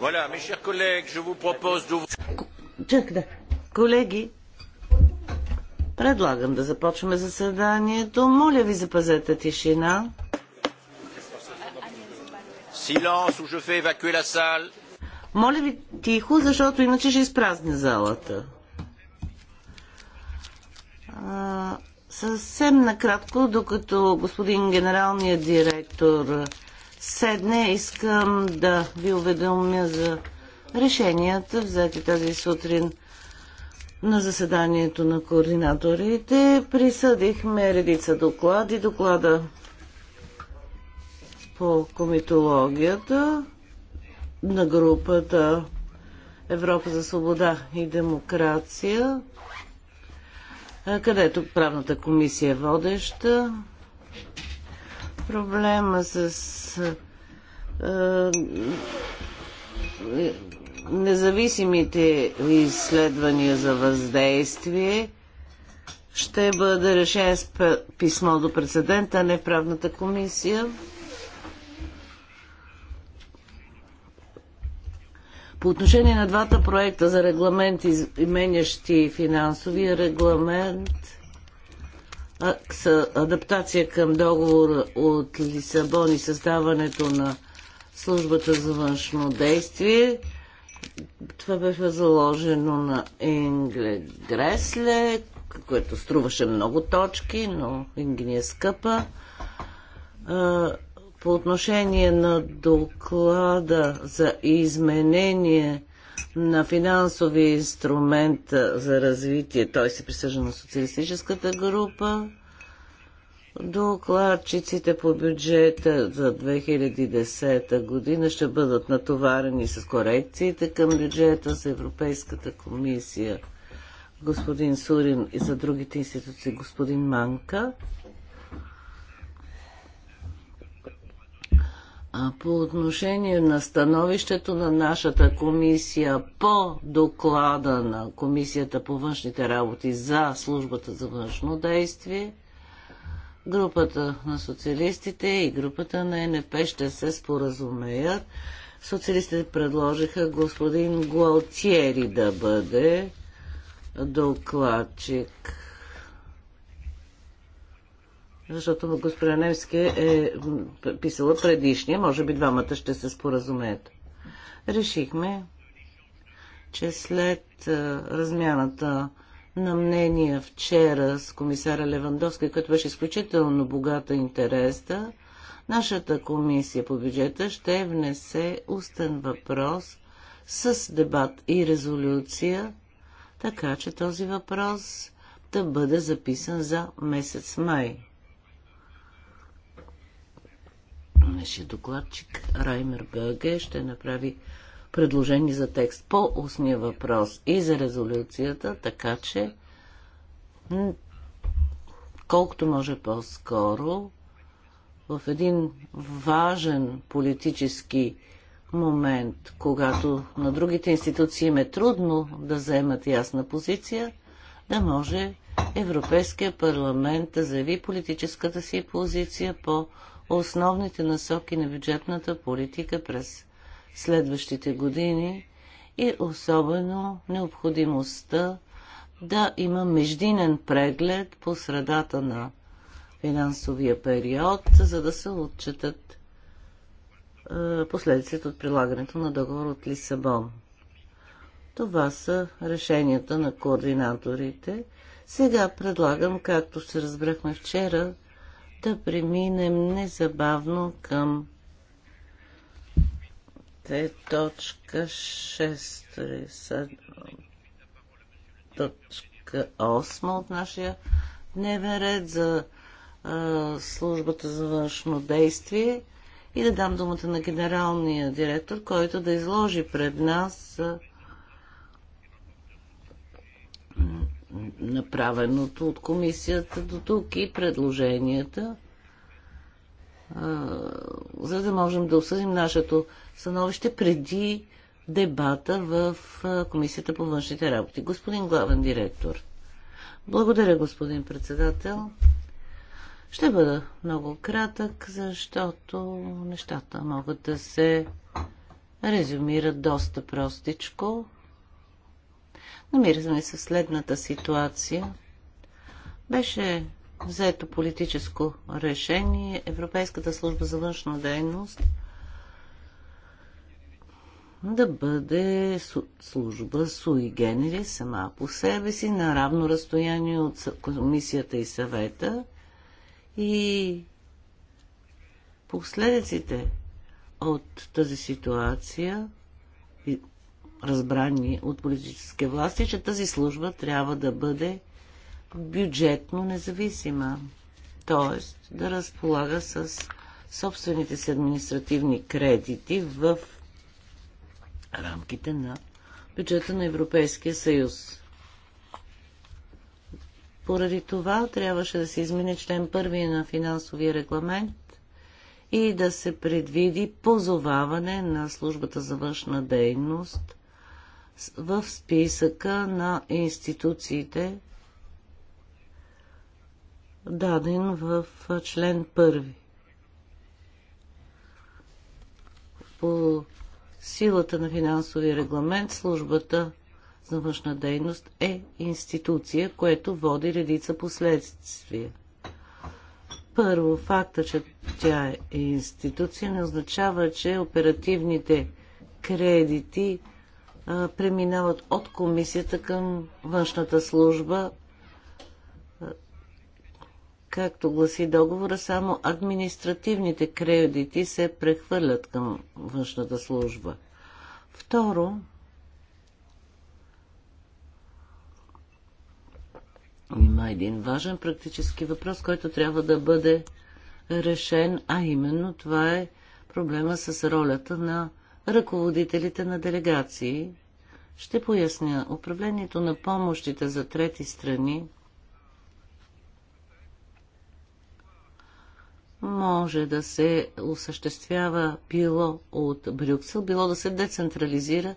Voilà, mes chers collègues, je vous propose колеги, предлагам да започваме заседанието. Моля ви, запазете тишина. Silence je fais évacuer la salle. Моля ви тихо, защото иначе ще изпразне залата. А, съвсем накратко, докато господин генералният директор седне, искам да ви уведомя за решенията, взети тази сутрин на заседанието на координаторите. Присъдихме редица доклади. Доклада по комитологията на групата Европа за свобода и демокрация, където правната комисия е водеща. Проблема с независимите изследвания за въздействие ще бъде решен с писмо до прецедента, а не в правната комисия. По отношение на двата проекта за регламент, изменящи финансовия регламент, адаптация към договора от Лисабон и създаването на службата за външно действие. Това беше заложено на Ингле Гресле, което струваше много точки, но Инги ни е скъпа. По отношение на доклада за изменение на финансови инструмент за развитие. Той се присъжда на социалистическата група. Докладчиците по бюджета за 2010 година ще бъдат натоварени с корекциите към бюджета с Европейската комисия. Господин Сурин и за другите институции господин Манка. А по отношение на становището на нашата комисия по доклада на Комисията по външните работи за службата за външно действие – Групата на социалистите и групата на НП ще се споразумеят. Социалистите предложиха господин Гуалтиери да бъде докладчик. Защото господин Невски е писала предишния, може би двамата ще се споразумеят. Решихме, че след размяната на мнения вчера с комисара Левандовска, който беше изключително богата интереса, нашата комисия по бюджета ще внесе устен въпрос с дебат и резолюция, така че този въпрос да бъде записан за месец май. Нашия докладчик Раймер Бълге ще направи предложение за текст по устния въпрос и за резолюцията, така че колкото може по-скоро в един важен политически момент, когато на другите институции им е трудно да вземат ясна позиция, да може Европейския парламент да заяви политическата си позиция по основните насоки на бюджетната политика през следващите години и особено необходимостта да има междинен преглед по средата на финансовия период, за да се отчитат е, последиците от прилагането на договор от Лисабон. Това са решенията на координаторите. Сега предлагам, както се разбрахме вчера, да преминем незабавно към е точка 6, точка 8 от нашия дневен ред за а, службата за външно действие и да дам думата на генералния директор, който да изложи пред нас а, направеното от комисията до тук и предложенията, а, за да можем да осъдим нашето становище преди дебата в Комисията по външните работи. Господин главен директор. Благодаря, господин председател. Ще бъда много кратък, защото нещата могат да се резюмират доста простичко. Намираме се в следната ситуация. Беше взето политическо решение Европейската служба за външна дейност – да бъде служба Суи Генери сама по себе си на равно разстояние от комисията и съвета и последиците от тази ситуация разбрани от политически власти, че тази служба трябва да бъде бюджетно независима, т.е. да разполага с собствените си административни кредити в рамките на бюджета на Европейския съюз. Поради това трябваше да се измени член първи на финансовия регламент и да се предвиди позоваване на службата за външна дейност в списъка на институциите, даден в член първи. По силата на финансовия регламент службата за външна дейност е институция, което води редица последствия. Първо, факта, че тя е институция, не означава, че оперативните кредити а, преминават от комисията към външната служба Както гласи договора, само административните кредити се прехвърлят към външната служба. Второ, има един важен практически въпрос, който трябва да бъде решен, а именно това е проблема с ролята на ръководителите на делегации. Ще поясня, управлението на помощите за трети страни може да се осъществява било от Брюксел, било да се децентрализира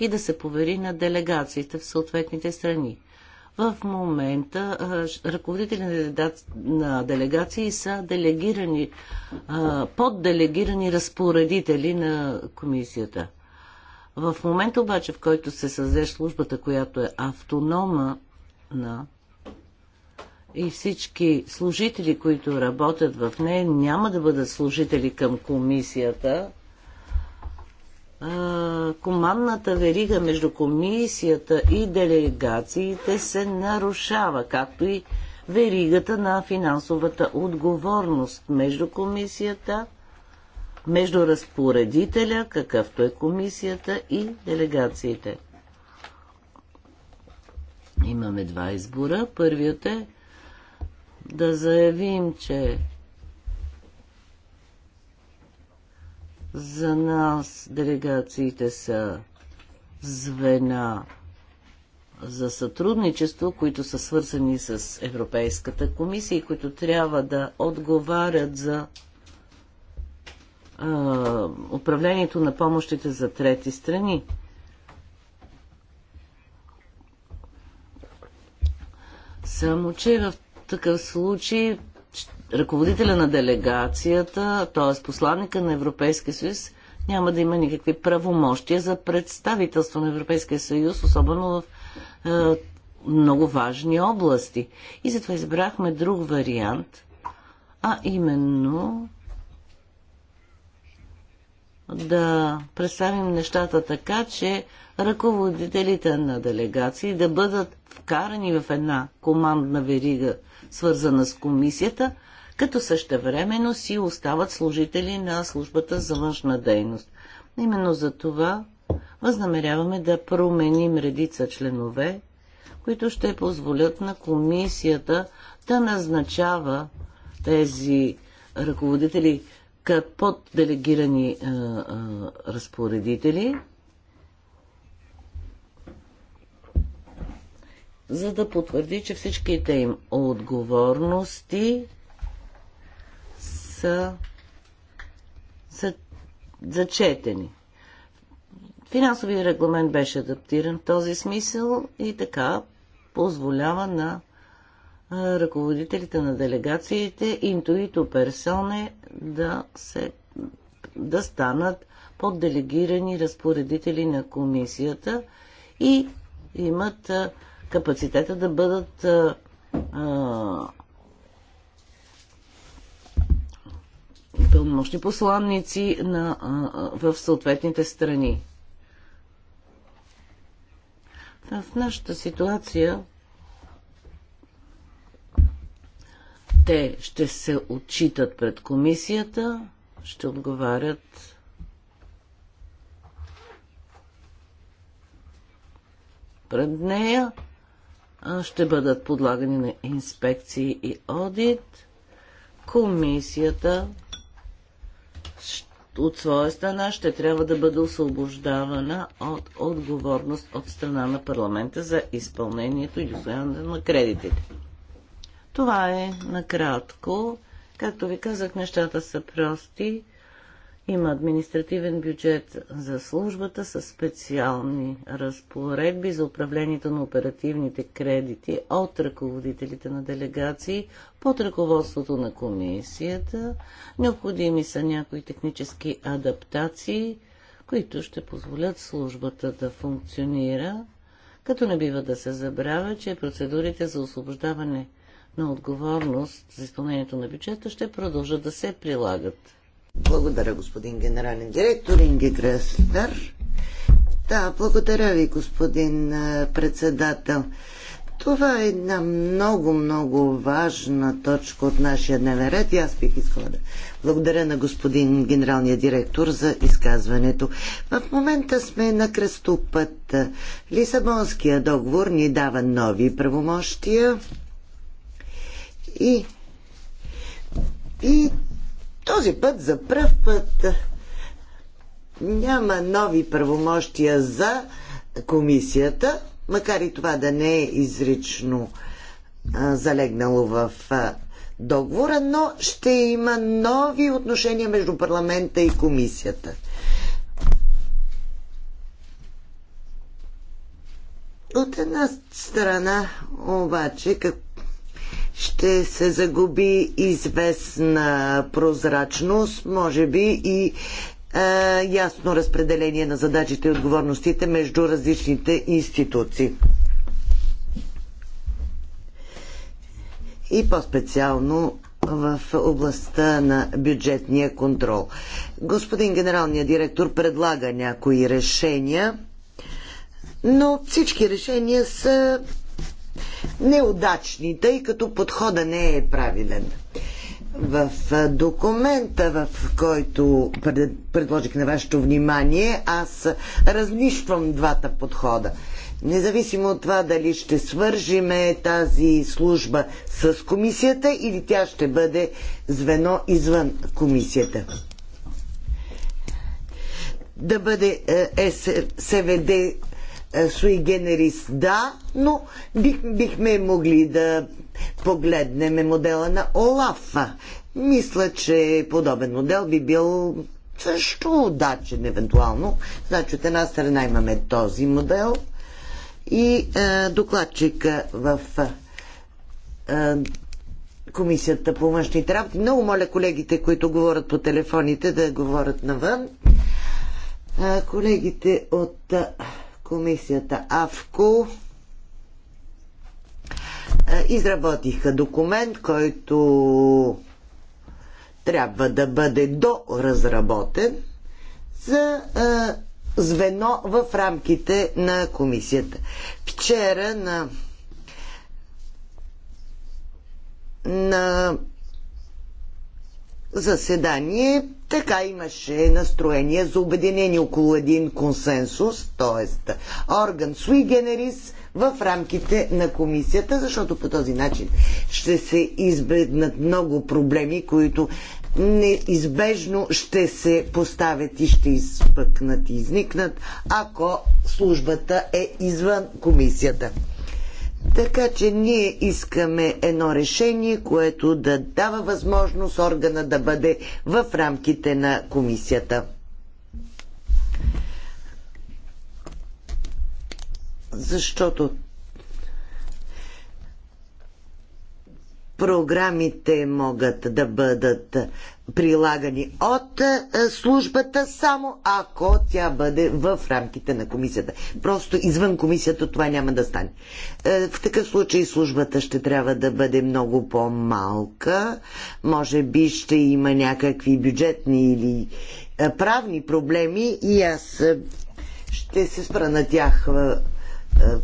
и да се повери на делегациите в съответните страни. В момента ръководители на делегации са делегирани, подделегирани разпоредители на комисията. В момента обаче, в който се създаде службата, която е автонома на и всички служители, които работят в нея, няма да бъдат служители към комисията. Командната верига между комисията и делегациите се нарушава, както и веригата на финансовата отговорност между комисията, между разпоредителя, какъвто е комисията и делегациите. Имаме два избора. Първият е да заявим, че за нас делегациите са звена за сътрудничество, които са свързани с Европейската комисия и които трябва да отговарят за а, управлението на помощите за трети страни. Само, че в такъв случай ръководителя на делегацията, т.е. посланника на Европейския съюз, няма да има никакви правомощия за представителство на Европейския съюз, особено в е, много важни области. И затова избрахме друг вариант, а именно да представим нещата така, че ръководителите на делегации да бъдат вкарани в една командна верига свързана с комисията, като същевременно си остават служители на службата за външна дейност. Именно за това възнамеряваме да променим редица членове, които ще позволят на комисията да назначава тези ръководители под делегирани а, а, разпоредители за да потвърди, че всичките им отговорности са, са зачетени. Финансовият регламент беше адаптиран в този смисъл и така позволява на ръководителите на делегациите интуито персоне да, се, да станат подделегирани разпоредители на комисията и имат капацитета да бъдат а, пълномощни посланници на, а, а, в съответните страни. В нашата ситуация те ще се отчитат пред комисията, ще отговарят пред нея ще бъдат подлагани на инспекции и одит. Комисията от своя страна ще трябва да бъде освобождавана от отговорност от страна на парламента за изпълнението и усвояването на кредитите. Това е накратко. Както ви казах, нещата са прости. Има административен бюджет за службата с специални разпоредби за управлението на оперативните кредити от ръководителите на делегации под ръководството на комисията. Необходими са някои технически адаптации, които ще позволят службата да функционира, като не бива да се забравя, че процедурите за освобождаване на отговорност за изпълнението на бюджета ще продължат да се прилагат. Благодаря, господин генерален директор Инги Греснер. Да, благодаря ви, господин председател. Това е една много, много важна точка от нашия дневен ред и аз бих искала да благодаря на господин генералния директор за изказването. В момента сме на кръстопът. Лисабонския договор ни дава нови правомощия и, и този път, за пръв път, няма нови правомощия за комисията, макар и това да не е изрично а, залегнало в а, договора, но ще има нови отношения между парламента и комисията. От една страна, обаче, как, ще се загуби известна прозрачност, може би и е, ясно разпределение на задачите и отговорностите между различните институции. И по-специално в областта на бюджетния контрол. Господин генералният директор предлага някои решения, но всички решения са неудачни, тъй като подхода не е правилен. В документа, в който предложих на вашето внимание, аз разнищвам двата подхода. Независимо от това дали ще свържиме тази служба с комисията или тя ще бъде звено извън комисията да бъде е, СВД суи е, генерис да, но бих, бихме могли да погледнем модела на Олаф. Мисля, че подобен модел би бил също удачен, евентуално. Значи, от една страна имаме този модел и е, докладчика в е, Комисията по външните работи. Много моля колегите, които говорят по телефоните, да говорят навън. Е, колегите от. Е, комисията АВКО е, изработиха документ, който трябва да бъде доразработен за е, звено в рамките на комисията. Вчера на на заседание така имаше настроение за обединение около един консенсус, т.е. орган sui generis в рамките на комисията, защото по този начин ще се избегнат много проблеми, които неизбежно ще се поставят и ще изпъкнат и изникнат, ако службата е извън комисията. Така че ние искаме едно решение, което да дава възможност органа да бъде в рамките на комисията. Защото програмите могат да бъдат прилагани от службата, само ако тя бъде в рамките на комисията. Просто извън комисията това няма да стане. Е, в такъв случай службата ще трябва да бъде много по-малка. Може би ще има някакви бюджетни или правни проблеми и аз ще се спра на тях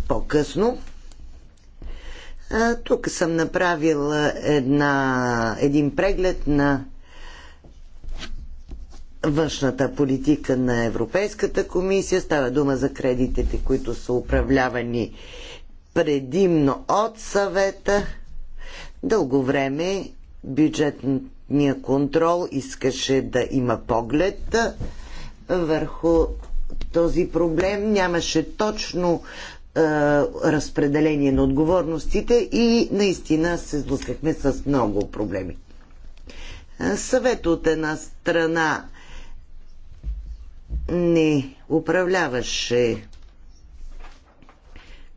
по-късно. Тук съм направила една, един преглед на външната политика на Европейската комисия. Става дума за кредитите, които са управлявани предимно от съвета. Дълго време бюджетния контрол искаше да има поглед върху този проблем. Нямаше точно е, разпределение на отговорностите и наистина се сблъскахме с много проблеми. Съвет от една страна не управляваше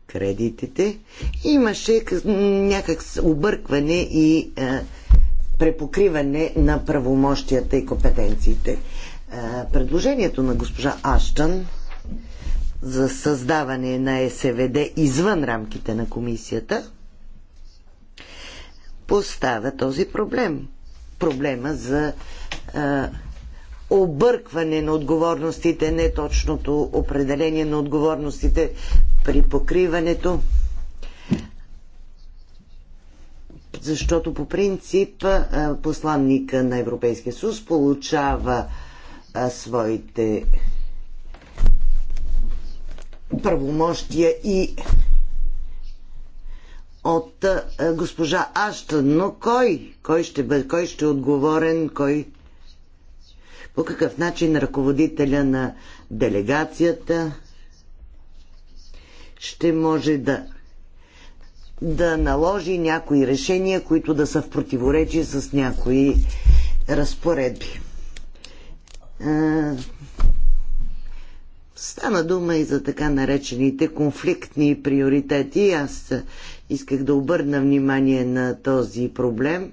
кредитите, имаше някак объркване и а, препокриване на правомощията и компетенциите. А, предложението на госпожа Аштън за създаване на СВД извън рамките на комисията поставя този проблем. Проблема за а, объркване на отговорностите, не точното определение на отговорностите при покриването. Защото по принцип посланника на Европейския съюз получава своите правомощия и от госпожа Аштън. Но кой? Кой ще, бъде, кой ще е отговорен? Кой по какъв начин ръководителя на делегацията ще може да да наложи някои решения, които да са в противоречие с някои разпоредби. Стана дума и за така наречените конфликтни приоритети. Аз исках да обърна внимание на този проблем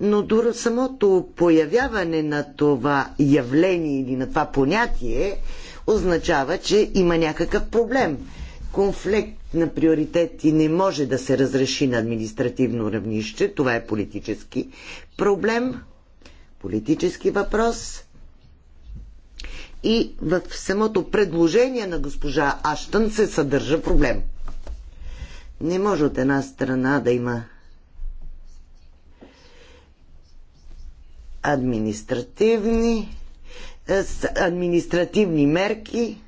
но дори самото появяване на това явление или на това понятие означава, че има някакъв проблем. Конфликт на приоритети не може да се разреши на административно равнище. Това е политически проблем, политически въпрос. И в самото предложение на госпожа Аштън се съдържа проблем. Не може от една страна да има административни, е, административни мерки,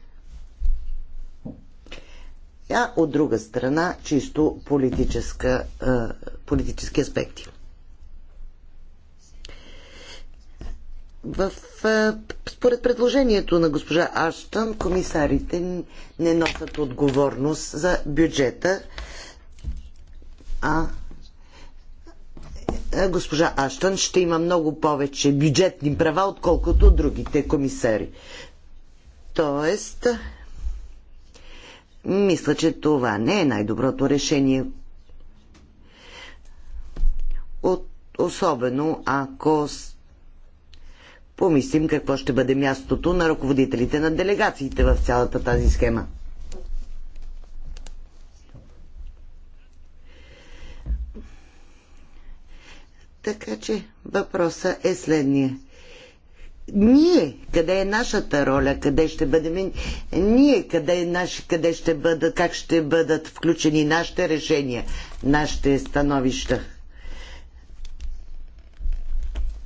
а от друга страна чисто политическа, е, политически аспекти. В, е, според предложението на госпожа Аштън, комисарите не носят отговорност за бюджета, а е, госпожа Аштън ще има много повече бюджетни права, отколкото другите комисари. Тоест, мисля, че това не е най-доброто решение. От, особено ако помислим какво ще бъде мястото на ръководителите на делегациите в цялата тази схема. Така че въпросът е следния. Ние, къде е нашата роля, къде ще бъдем, ние, къде, е наши, къде ще бъдат, как ще бъдат включени нашите решения, нашите становища.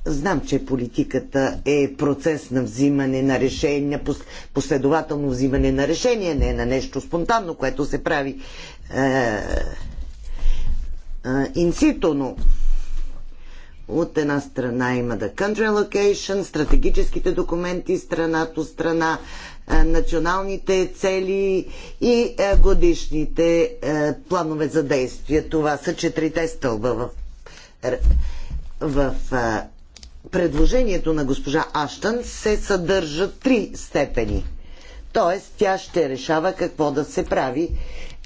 Знам, че политиката е процес на взимане на решения, последователно взимане на решения, не е на нещо спонтанно, което се прави е, е, инсито, но от една страна има да country allocation, стратегическите документи страна по страна, е, националните цели и е, годишните е, планове за действие. Това са четирите стълба в, в предложението на госпожа Аштън се съдържат три степени. Тоест, тя ще решава какво да се прави,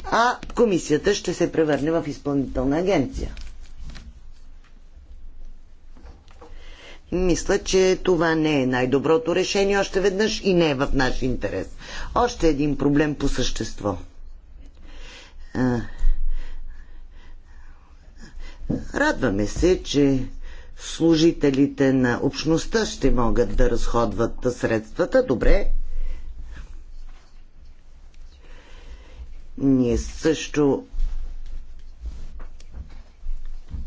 а комисията ще се превърне в изпълнителна агенция. Мисля, че това не е най-доброто решение още веднъж и не е в наш интерес. Още един проблем по същество. Радваме се, че служителите на общността ще могат да разходват средствата. Добре. Ние също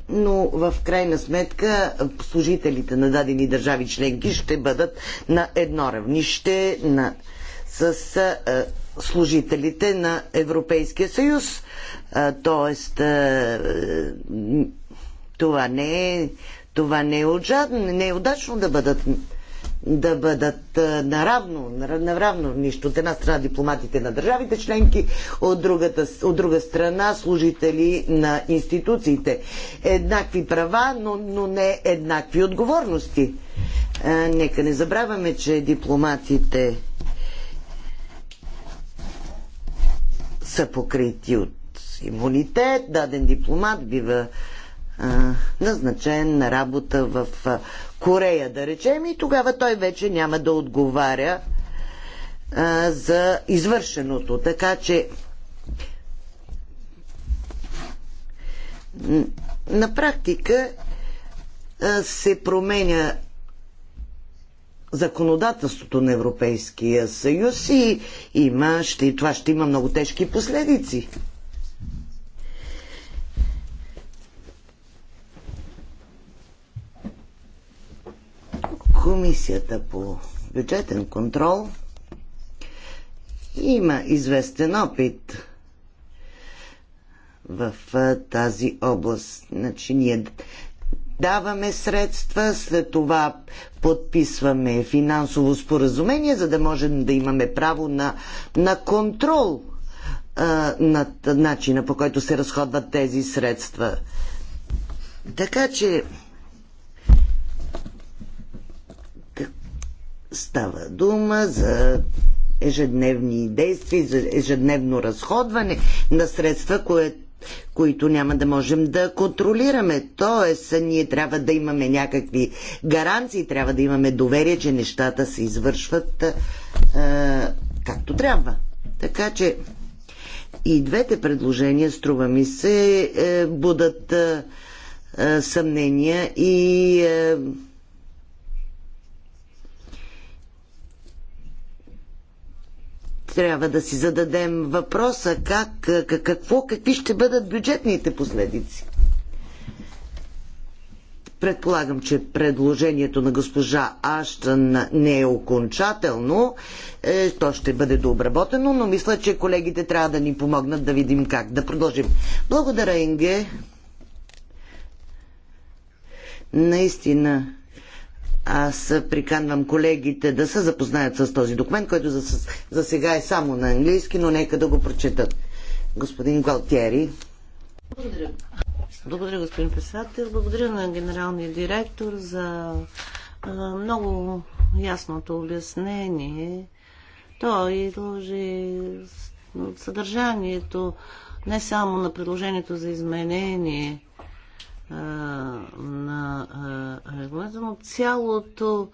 но в крайна сметка служителите на дадени държави членки ще бъдат на едно равнище на, с а, служителите на Европейския съюз. А, тоест, а, това не е, това не е, не е удачно да бъдат да бъдат наравно, наравно нищо. От една страна дипломатите на държавите членки, от, другата, от друга страна служители на институциите. Еднакви права, но, но не еднакви отговорности. А, нека не забравяме, че дипломатите са покрити от имунитет. Даден дипломат бива назначен на работа в Корея, да речем, и тогава той вече няма да отговаря а, за извършеното. Така че на практика а, се променя законодателството на Европейския съюз и има, ще, това ще има много тежки последици. Комисията по бюджетен контрол има известен опит в тази област. Значи ние даваме средства, след това подписваме финансово споразумение, за да можем да имаме право на, на контрол а, над начина по който се разходват тези средства. Така че Става дума за ежедневни действия, за ежедневно разходване на средства, кое, които няма да можем да контролираме. Тоест, ние трябва да имаме някакви гаранции, трябва да имаме доверие, че нещата се извършват е, както трябва. Така че и двете предложения, струва ми се, е, будат е, е съмнения и. Е, трябва да си зададем въпроса как, какво, какви ще бъдат бюджетните последици. Предполагам, че предложението на госпожа Аштън не е окончателно. Е, то ще бъде дообработено, но мисля, че колегите трябва да ни помогнат да видим как да продължим. Благодаря, Инге. Наистина аз приканвам колегите да се запознаят с този документ, който за, за сега е само на английски, но нека да го прочетат. Господин Галтери. Благодаря. Благодаря, господин председател. Благодаря на генералния директор за много ясното обяснение. Той изложи съдържанието не само на предложението за изменение, на регулация, но цялото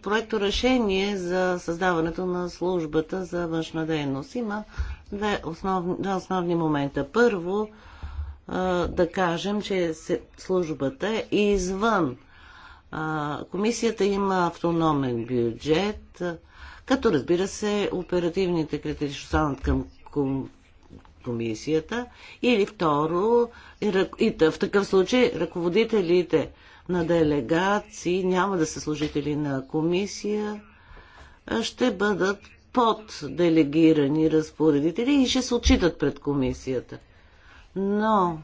проекто решение за създаването на службата за външна дейност. Има две основни, две основни момента. Първо, да кажем, че службата е извън. Комисията има автономен бюджет, като разбира се, оперативните критерии ще станат към комисията. Или второ, и в такъв случай ръководителите на делегации няма да са служители на комисия, ще бъдат под делегирани разпоредители и ще се отчитат пред комисията. Но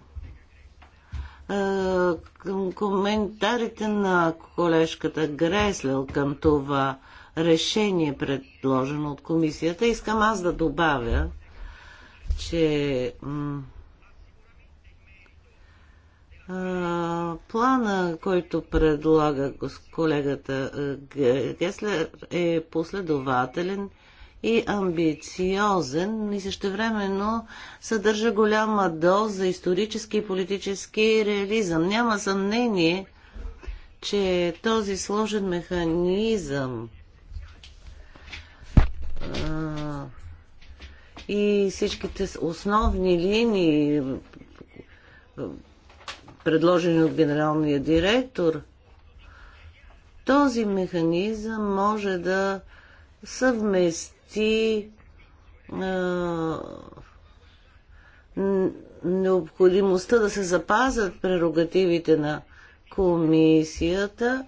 към коментарите на колежката Греслел към това решение, предложено от комисията, искам аз да добавя, че плана, който предлага колегата Геслер е последователен и амбициозен и същевременно съдържа голяма доза исторически и политически реализъм. Няма съмнение, че този сложен механизъм и всичките основни линии, предложени от генералния директор, този механизъм може да съвмести необходимостта да се запазят прерогативите на комисията,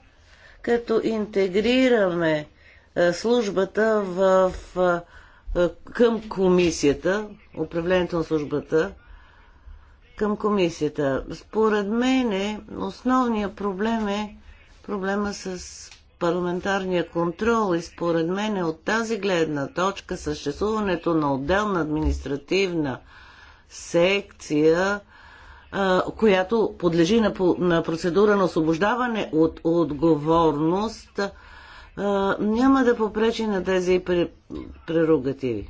като интегрираме службата в към комисията, управлението на службата, към комисията. Според мен основният проблем е проблема с парламентарния контрол и според мен от тази гледна точка съществуването на отделна административна секция, която подлежи на процедура на освобождаване от отговорност, няма да попречи на тези прерогативи.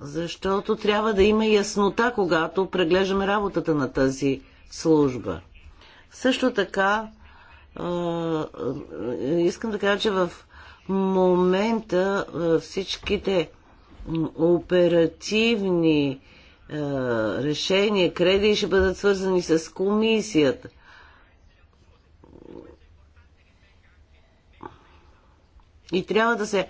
Защото трябва да има яснота, когато преглеждаме работата на тази служба. Също така, искам да кажа, че в момента всичките оперативни решения, кредити ще бъдат свързани с комисията – И трябва да се е,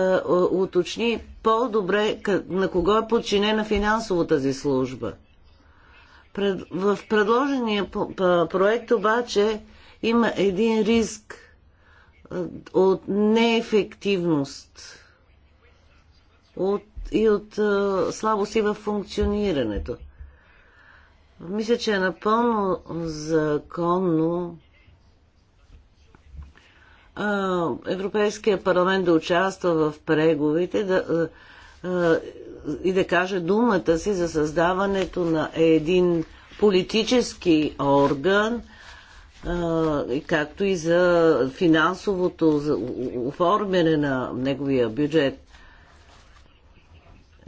е, уточни по-добре на кого е подчинена финансово тази служба. В предложения проект обаче има един риск е, от неефективност от, и от слабости в функционирането. Мисля, че е напълно законно Европейския парламент да участва в преговорите да, и да каже думата си за създаването на един политически орган, както и за финансовото за оформяне на неговия бюджет.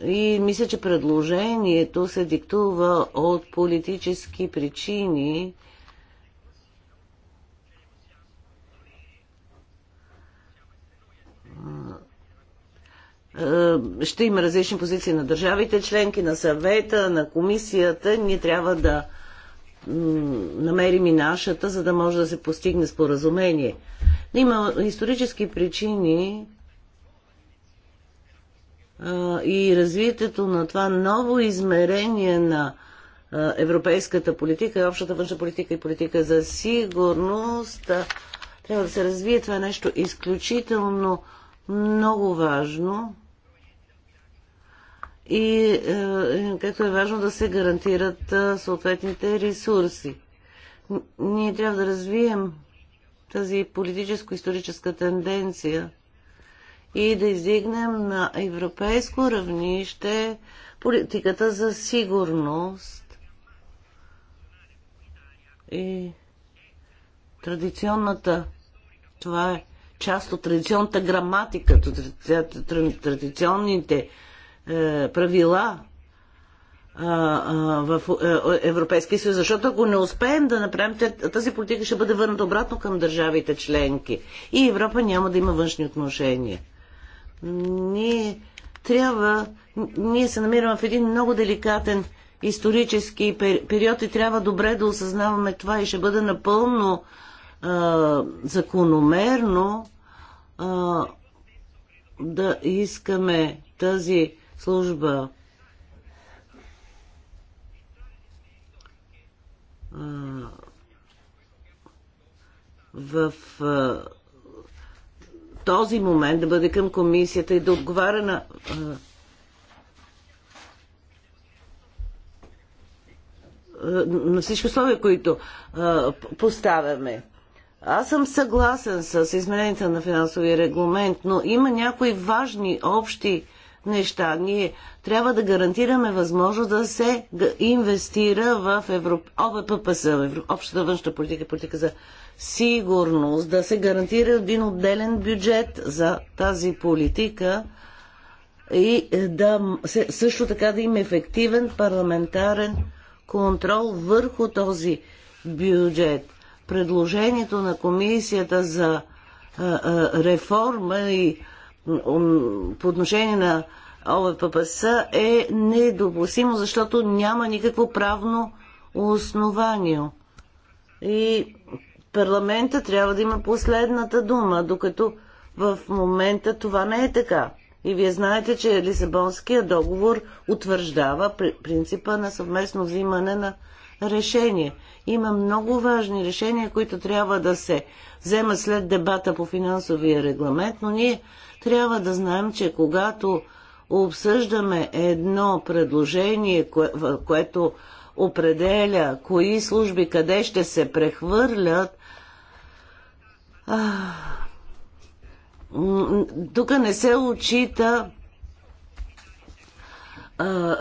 И мисля, че предложението се диктува от политически причини, Е, ще има различни позиции на държавите, членки на съвета, на комисията. Ние трябва да намерим и нашата, за да може да се постигне споразумение. Има исторически причини и развитието на това ново измерение на европейската политика, общата външна политика и политика за сигурност. Трябва да се развие това е нещо изключително много важно и е, е, както е важно да се гарантират е, съответните ресурси. Ние трябва да развием тази политическо-историческа тенденция и да издигнем на европейско равнище политиката за сигурност и традиционната. Това е част от традиционната граматика, традиционните е, правила е, е, в Европейския съюз, защото ако не успеем да направим тази политика, ще бъде върната обратно към държавите членки и Европа няма да има външни отношения. Ние трябва, ние се намираме в един много деликатен исторически период и трябва добре да осъзнаваме това и ще бъде напълно а, закономерно а, да искаме тази служба. в този момент да бъде към комисията и да отговаря на. на всички условия, които поставяме. Аз съм съгласен с измененията на финансовия регламент, но има някои важни общи неща. Ние трябва да гарантираме възможност да се инвестира в Европ... ОВППС, Евро... Общата външна политика, политика за сигурност, да се гарантира един отделен бюджет за тази политика и е, да също така да има ефективен парламентарен контрол върху този бюджет. Предложението на комисията за а, а, реформа и по отношение на ОВППС е недопустимо, защото няма никакво правно основание. И парламента трябва да има последната дума, докато в момента това не е така. И вие знаете, че Лисабонския договор утвърждава принципа на съвместно взимане на решение. Има много важни решения, които трябва да се вземат след дебата по финансовия регламент, но ние трябва да знаем, че когато обсъждаме едно предложение, кое, което определя кои служби къде ще се прехвърлят, тук не се отчита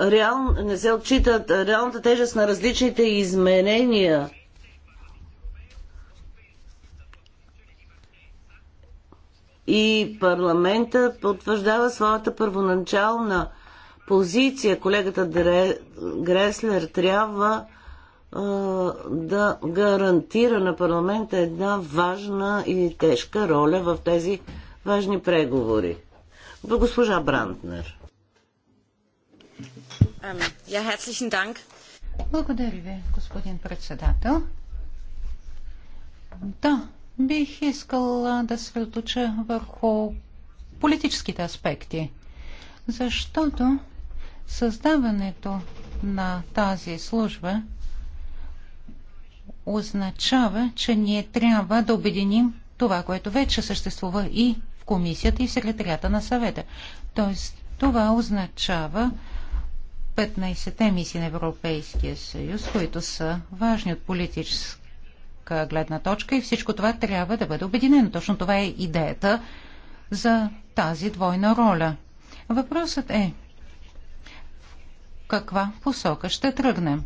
реал, не се отчитат реалната тежест на различните изменения и парламента потвърждава своята първоначална позиция. Колегата Греслер трябва да гарантира на парламента една важна и тежка роля в тези важни преговори. Госпожа Брантнер. Благодаря ви, господин председател. Да, Бих искала да средоточа върху политическите аспекти, защото създаването на тази служба означава, че ние трябва да обединим това, което вече съществува и в комисията, и в секретарията на съвета. Тоест, това означава 15-те мисии на Европейския съюз, които са важни от политическа всяка гледна точка и всичко това трябва да бъде обединено. Точно това е идеята за тази двойна роля. Въпросът е в каква посока ще тръгнем.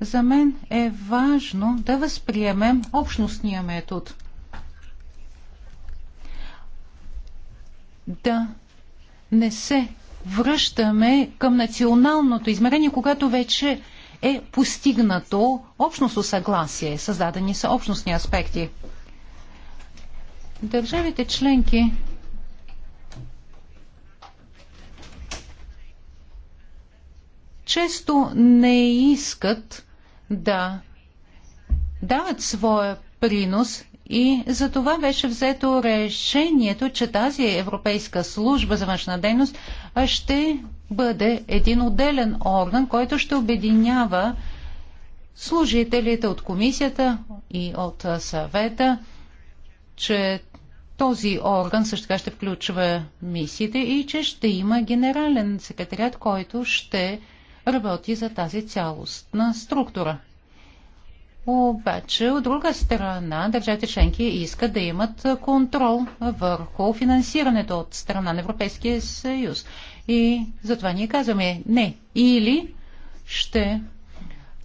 За мен е важно да възприемем общностния метод. Да не се връщаме към националното измерение, когато вече е постигнато общностно съгласие, създадени са общностни аспекти. Държавите членки често не искат да дават своя принос и за това беше взето решението, че тази Европейска служба за външна дейност ще бъде един отделен орган, който ще обединява служителите от комисията и от съвета, че този орган също така ще включва мисиите и че ще има генерален секретарят, който ще работи за тази цялостна структура. Обаче, от друга страна, държавите членки искат да имат контрол върху финансирането от страна на Европейския съюз. И затова ние казваме не. Или ще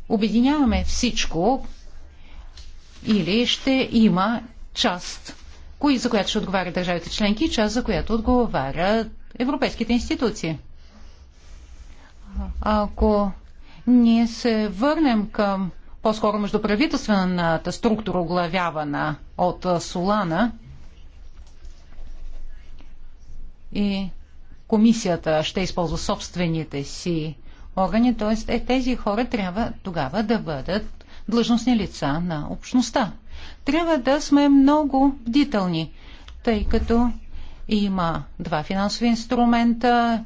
обединяваме всичко, или ще има част, кои за която ще отговарят държавите членки и част за която отговарят европейските институции. Ако ние се върнем към по-скоро междуправителствената структура, оглавявана от Солана и комисията ще използва собствените си органи, т.е. Е, тези хора трябва тогава да бъдат длъжностни лица на общността. Трябва да сме много бдителни, тъй като има два финансови инструмента,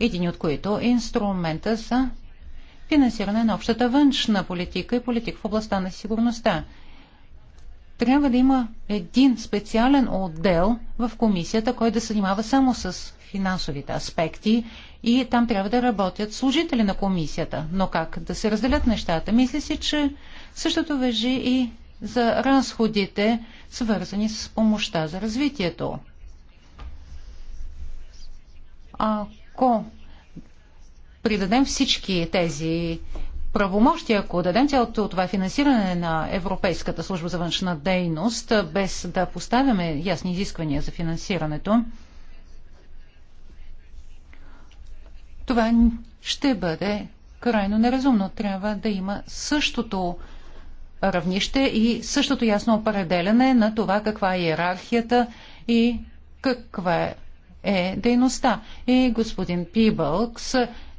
един от които инструмента са финансиране на общата външна политика и политик в областта на сигурността. Трябва да има един специален отдел в комисията, който да се занимава само с финансовите аспекти и там трябва да работят служители на комисията. Но как да се разделят нещата? мисли си, че същото въжи и за разходите, свързани с помощта за развитието. Ако придадем всички тези правомощия, ако дадем цялото това финансиране на Европейската служба за външна дейност, без да поставяме ясни изисквания за финансирането, това ще бъде крайно неразумно. Трябва да има същото равнище и същото ясно определяне на това каква е иерархията и каква е дейността. И господин Пибълкс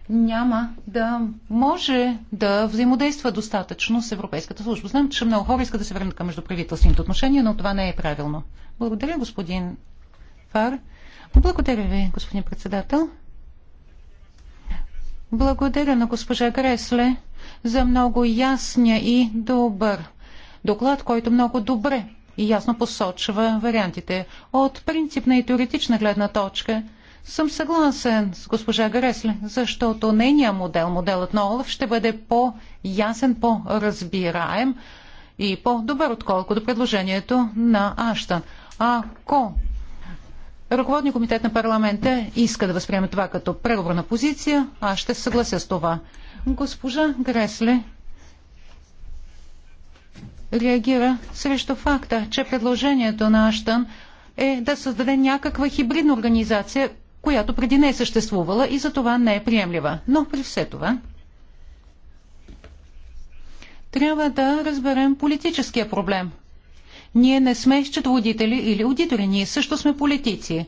няма да може да взаимодейства достатъчно с Европейската служба. Знам, че много хора искат да се върнат към междуправителствените отношения, но това не е правилно. Благодаря, господин Фар. Благодаря ви, господин председател. Благодаря на госпожа Гресле за много ясния и добър доклад, който много добре и ясно посочва вариантите. От принципна и теоретична гледна точка – съм съгласен с госпожа Гресле, защото нейният модел, моделът на Олаф, ще бъде по-ясен, по-разбираем и по-добър, отколкото предложението на Аштан. Ако ръководния комитет на парламента иска да възприеме това като преговорна позиция, аз ще се съглася с това. Госпожа Гресле реагира срещу факта, че предложението на Аштан е да създаде някаква хибридна организация, която преди не е съществувала и за това не е приемлива. Но при все това трябва да разберем политическия проблем. Ние не сме счетоводители или аудитори, ние също сме политици.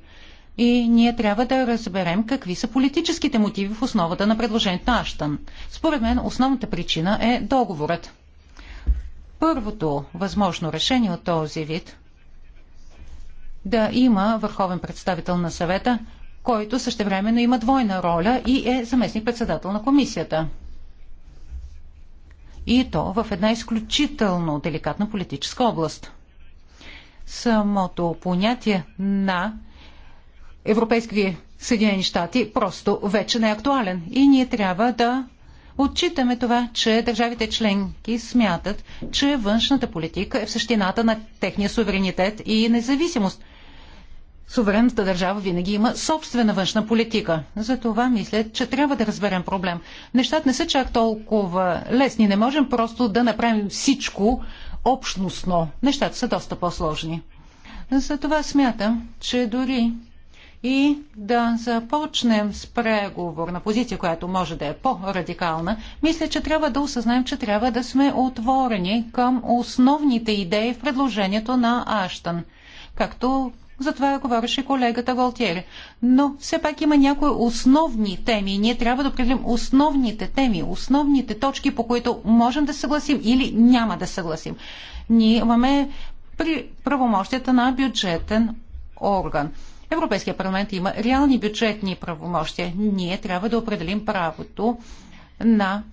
И ние трябва да разберем какви са политическите мотиви в основата на предложението на Аштън. Според мен основната причина е договорът. Първото възможно решение от този вид да има върховен представител на съвета, който същевременно има двойна роля и е заместник-председател на комисията. И то в една изключително деликатна политическа област. Самото понятие на Европейски Съединени щати просто вече не е актуален. И ние трябва да отчитаме това, че държавите членки смятат, че външната политика е в същината на техния суверенитет и независимост – суверенната държава винаги има собствена външна политика. Затова мисля, че трябва да разберем проблем. Нещата не са чак толкова лесни. Не можем просто да направим всичко общностно. Нещата са доста по-сложни. Затова смятам, че дори и да започнем с преговор на позиция, която може да е по-радикална, мисля, че трябва да осъзнаем, че трябва да сме отворени към основните идеи в предложението на Аштън. Както за това говореше колегата Голтери. Но все пак има някои основни теми. Ние трябва да определим основните теми, основните точки, по които можем да съгласим или няма да съгласим. Ние имаме при правомощията на бюджетен орган. Европейския парламент има реални бюджетни правомощия. Ние трябва да определим правото на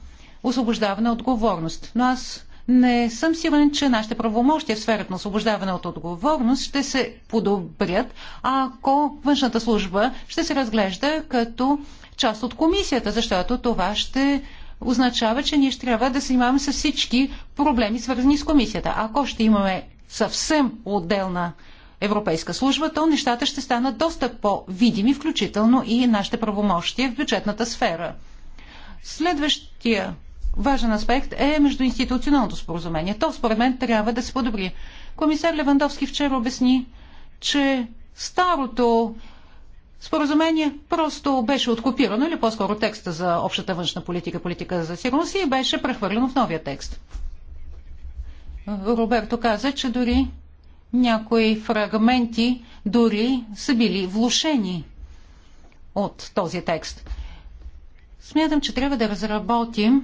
освобождаване отговорност. Но аз не съм сигурен, че нашите правомощия в сферата на освобождаване от отговорност ще се подобрят, ако външната служба ще се разглежда като част от комисията, защото това ще означава, че ние ще трябва да се занимаваме с всички проблеми, свързани с комисията. Ако ще имаме съвсем отделна Европейска служба, то нещата ще станат доста по-видими, включително и нашите правомощия в бюджетната сфера. Следващия важен аспект е междуинституционалното споразумение. То, според мен, трябва да се подобри. Комисар Левандовски вчера обясни, че старото споразумение просто беше откопирано, или по-скоро текста за общата външна политика, политика за сигурност и беше прехвърлено в новия текст. Роберто каза, че дори някои фрагменти дори са били влушени от този текст. Смятам, че трябва да разработим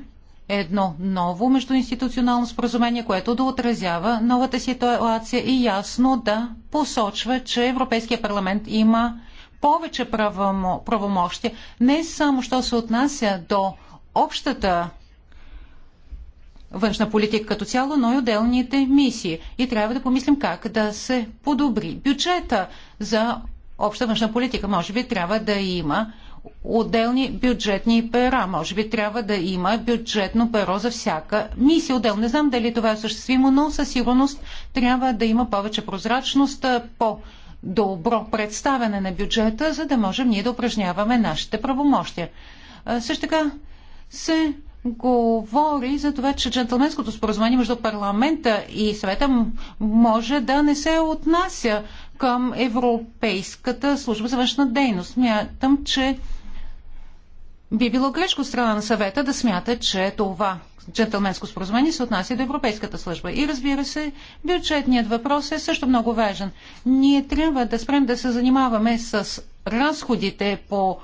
едно ново междуинституционално споразумение, което да отразява новата ситуация и ясно да посочва, че Европейския парламент има повече правомощи, не само що се отнася до общата външна политика като цяло, но и отделните мисии. И трябва да помислим как да се подобри бюджета за обща външна политика. Може би трябва да има отделни бюджетни пера. Може би трябва да има бюджетно перо за всяка мисия отдел. Не знам дали това е съществимо, но със сигурност трябва да има повече прозрачност, по добро представяне на бюджета, за да можем ние да упражняваме нашите правомощия. Също така се говори за това, че джентлменското споразумение между парламента и съвета може да не се отнася към Европейската служба за външна дейност. Мятам, че би било грешко страна на съвета да смята, че това джентълменско споразумение се отнася до Европейската служба. И разбира се, бюджетният въпрос е също много важен. Ние трябва да спрем да се занимаваме с разходите по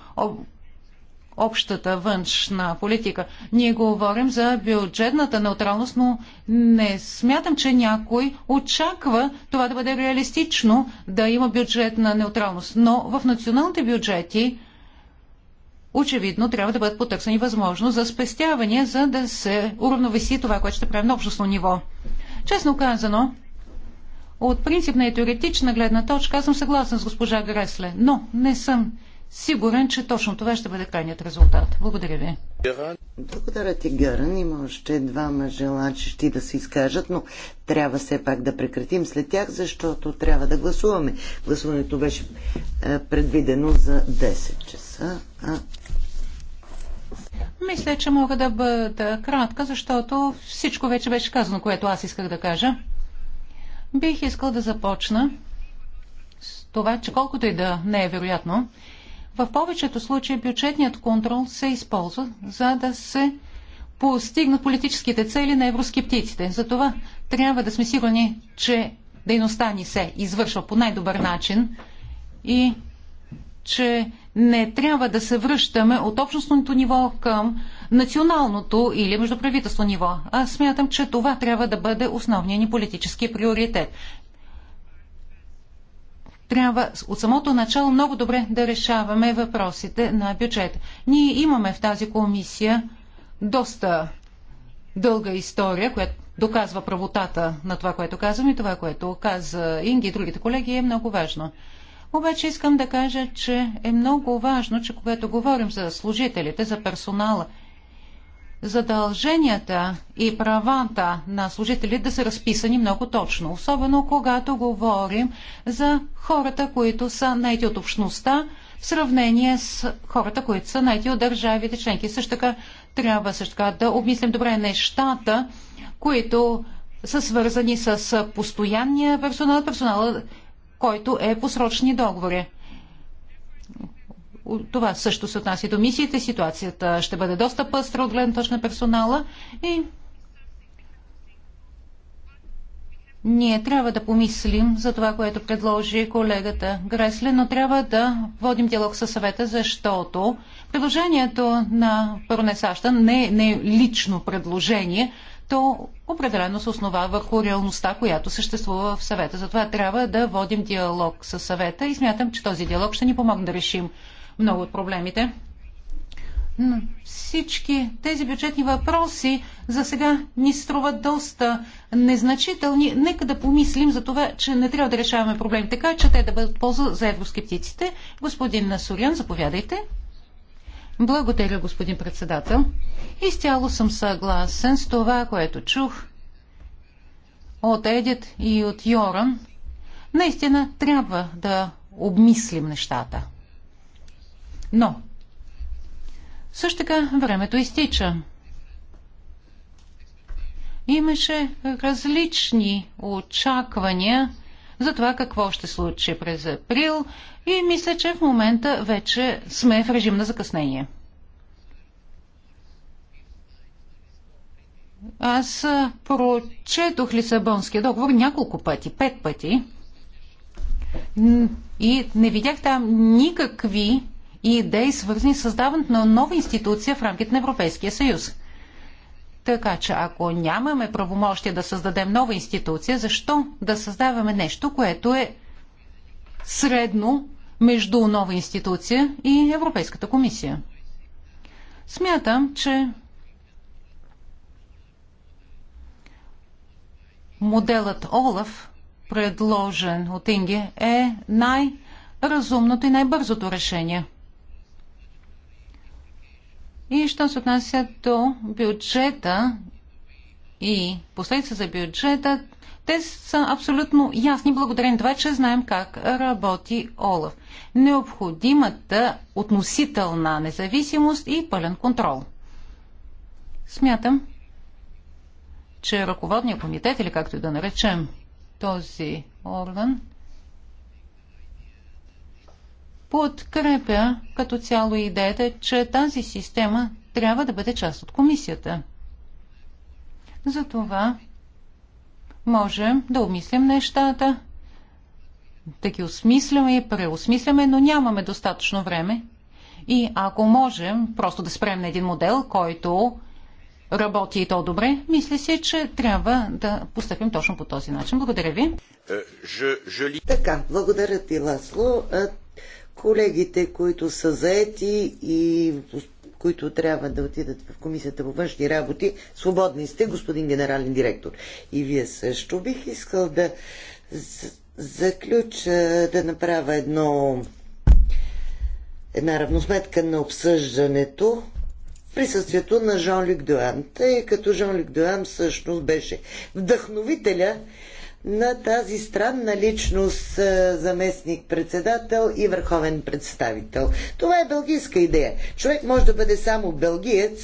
общата външна политика. Ние говорим за бюджетната неутралност, но не смятам, че някой очаква това да бъде реалистично, да има бюджетна неутралност. Но в националните бюджети очевидно трябва да бъдат потърсени възможност за спестявания, за да се уравновеси това, което ще правим на общностно ниво. Честно казано, от принципна и теоретична гледна точка аз съм съгласен с госпожа Гресле, но не съм сигурен, че точно това ще бъде крайният резултат. Благодаря ви. Благодаря ти, Гърън. Има още двама желачещи да се изкажат, но трябва все пак да прекратим след тях, защото трябва да гласуваме. Гласуването беше е, предвидено за 10 часа. А... Мисля, че мога да бъда кратка, защото всичко вече беше казано, което аз исках да кажа. Бих искал да започна с това, че колкото и да не е вероятно, в повечето случаи бюджетният контрол се използва, за да се постигнат политическите цели на евроскептиците. Затова трябва да сме сигурни, че дейността ни се извършва по най-добър начин и че не трябва да се връщаме от общностното ниво към националното или междуправителство ниво. Аз смятам, че това трябва да бъде основният ни политически приоритет трябва от самото начало много добре да решаваме въпросите на бюджет. Ние имаме в тази комисия доста дълга история, която доказва правотата на това, което казвам и това, което каза Инги и другите колеги е много важно. Обаче искам да кажа, че е много важно, че когато говорим за служителите, за персонала задълженията и правата на служителите да са разписани много точно, особено когато говорим за хората, които са найти от общността, в сравнение с хората, които са найти от държавите членки. Също така трябва също така да обмислим добре нещата, които са свързани с постоянния персонал, персонала, който е по срочни договори това също се отнася и до мисиите. Ситуацията ще бъде доста пъстра от гледна точка на персонала и ние трябва да помислим за това, което предложи колегата Гресле, но трябва да водим диалог със съвета, защото предложението на Пронесаща не, не е лично предложение, то определено се основа върху реалността, която съществува в съвета. Затова трябва да водим диалог със съвета и смятам, че този диалог ще ни помогне да решим много от проблемите. Но всички тези бюджетни въпроси за сега ни струват доста незначителни. Нека да помислим за това, че не трябва да решаваме проблеми така, че те да бъдат полза за евроскептиците. Господин Насурян, заповядайте. Благодаря, господин председател. Изцяло съм съгласен с това, което чух от Едит и от Йоран. Наистина трябва да обмислим нещата. Но, също така, времето изтича. Имаше различни очаквания за това какво ще случи през април и мисля, че в момента вече сме в режим на закъснение. Аз прочетох Лисабонския договор няколко пъти, пет пъти и не видях там никакви и идеи, свързани с създаването на нова институция в рамките на Европейския съюз. Така че ако нямаме правомощие да създадем нова институция, защо да създаваме нещо, което е средно между нова институция и Европейската комисия? Смятам, че моделът Олаф, предложен от Инги, е най-разумното и най-бързото решение. И що се отнася до бюджета и последица за бюджета, те са абсолютно ясни, благодарение това, че знаем как работи Олаф. Необходимата относителна независимост и пълен контрол. Смятам, че ръководният комитет, или както и да наречем този орган, подкрепя като цяло идеята, че тази система трябва да бъде част от комисията. Затова можем да обмислим нещата, да ги осмисляме и преосмисляме, но нямаме достатъчно време. И ако можем просто да спрем на един модел, който работи и то добре, мисля си, че трябва да постъпим точно по този начин. Благодаря ви. Е, така, благодаря ти, Ласло колегите, които са заети и които трябва да отидат в Комисията по външни работи, свободни сте, господин генерален директор. И вие също бих искал да заключа, да направя едно една равносметка на обсъждането присъствието на Жан-Люк Дуан, тъй като Жан-Люк Дуан всъщност беше вдъхновителя на тази странна личност е, заместник-председател и върховен представител. Това е белгийска идея. Човек може да бъде само белгиец,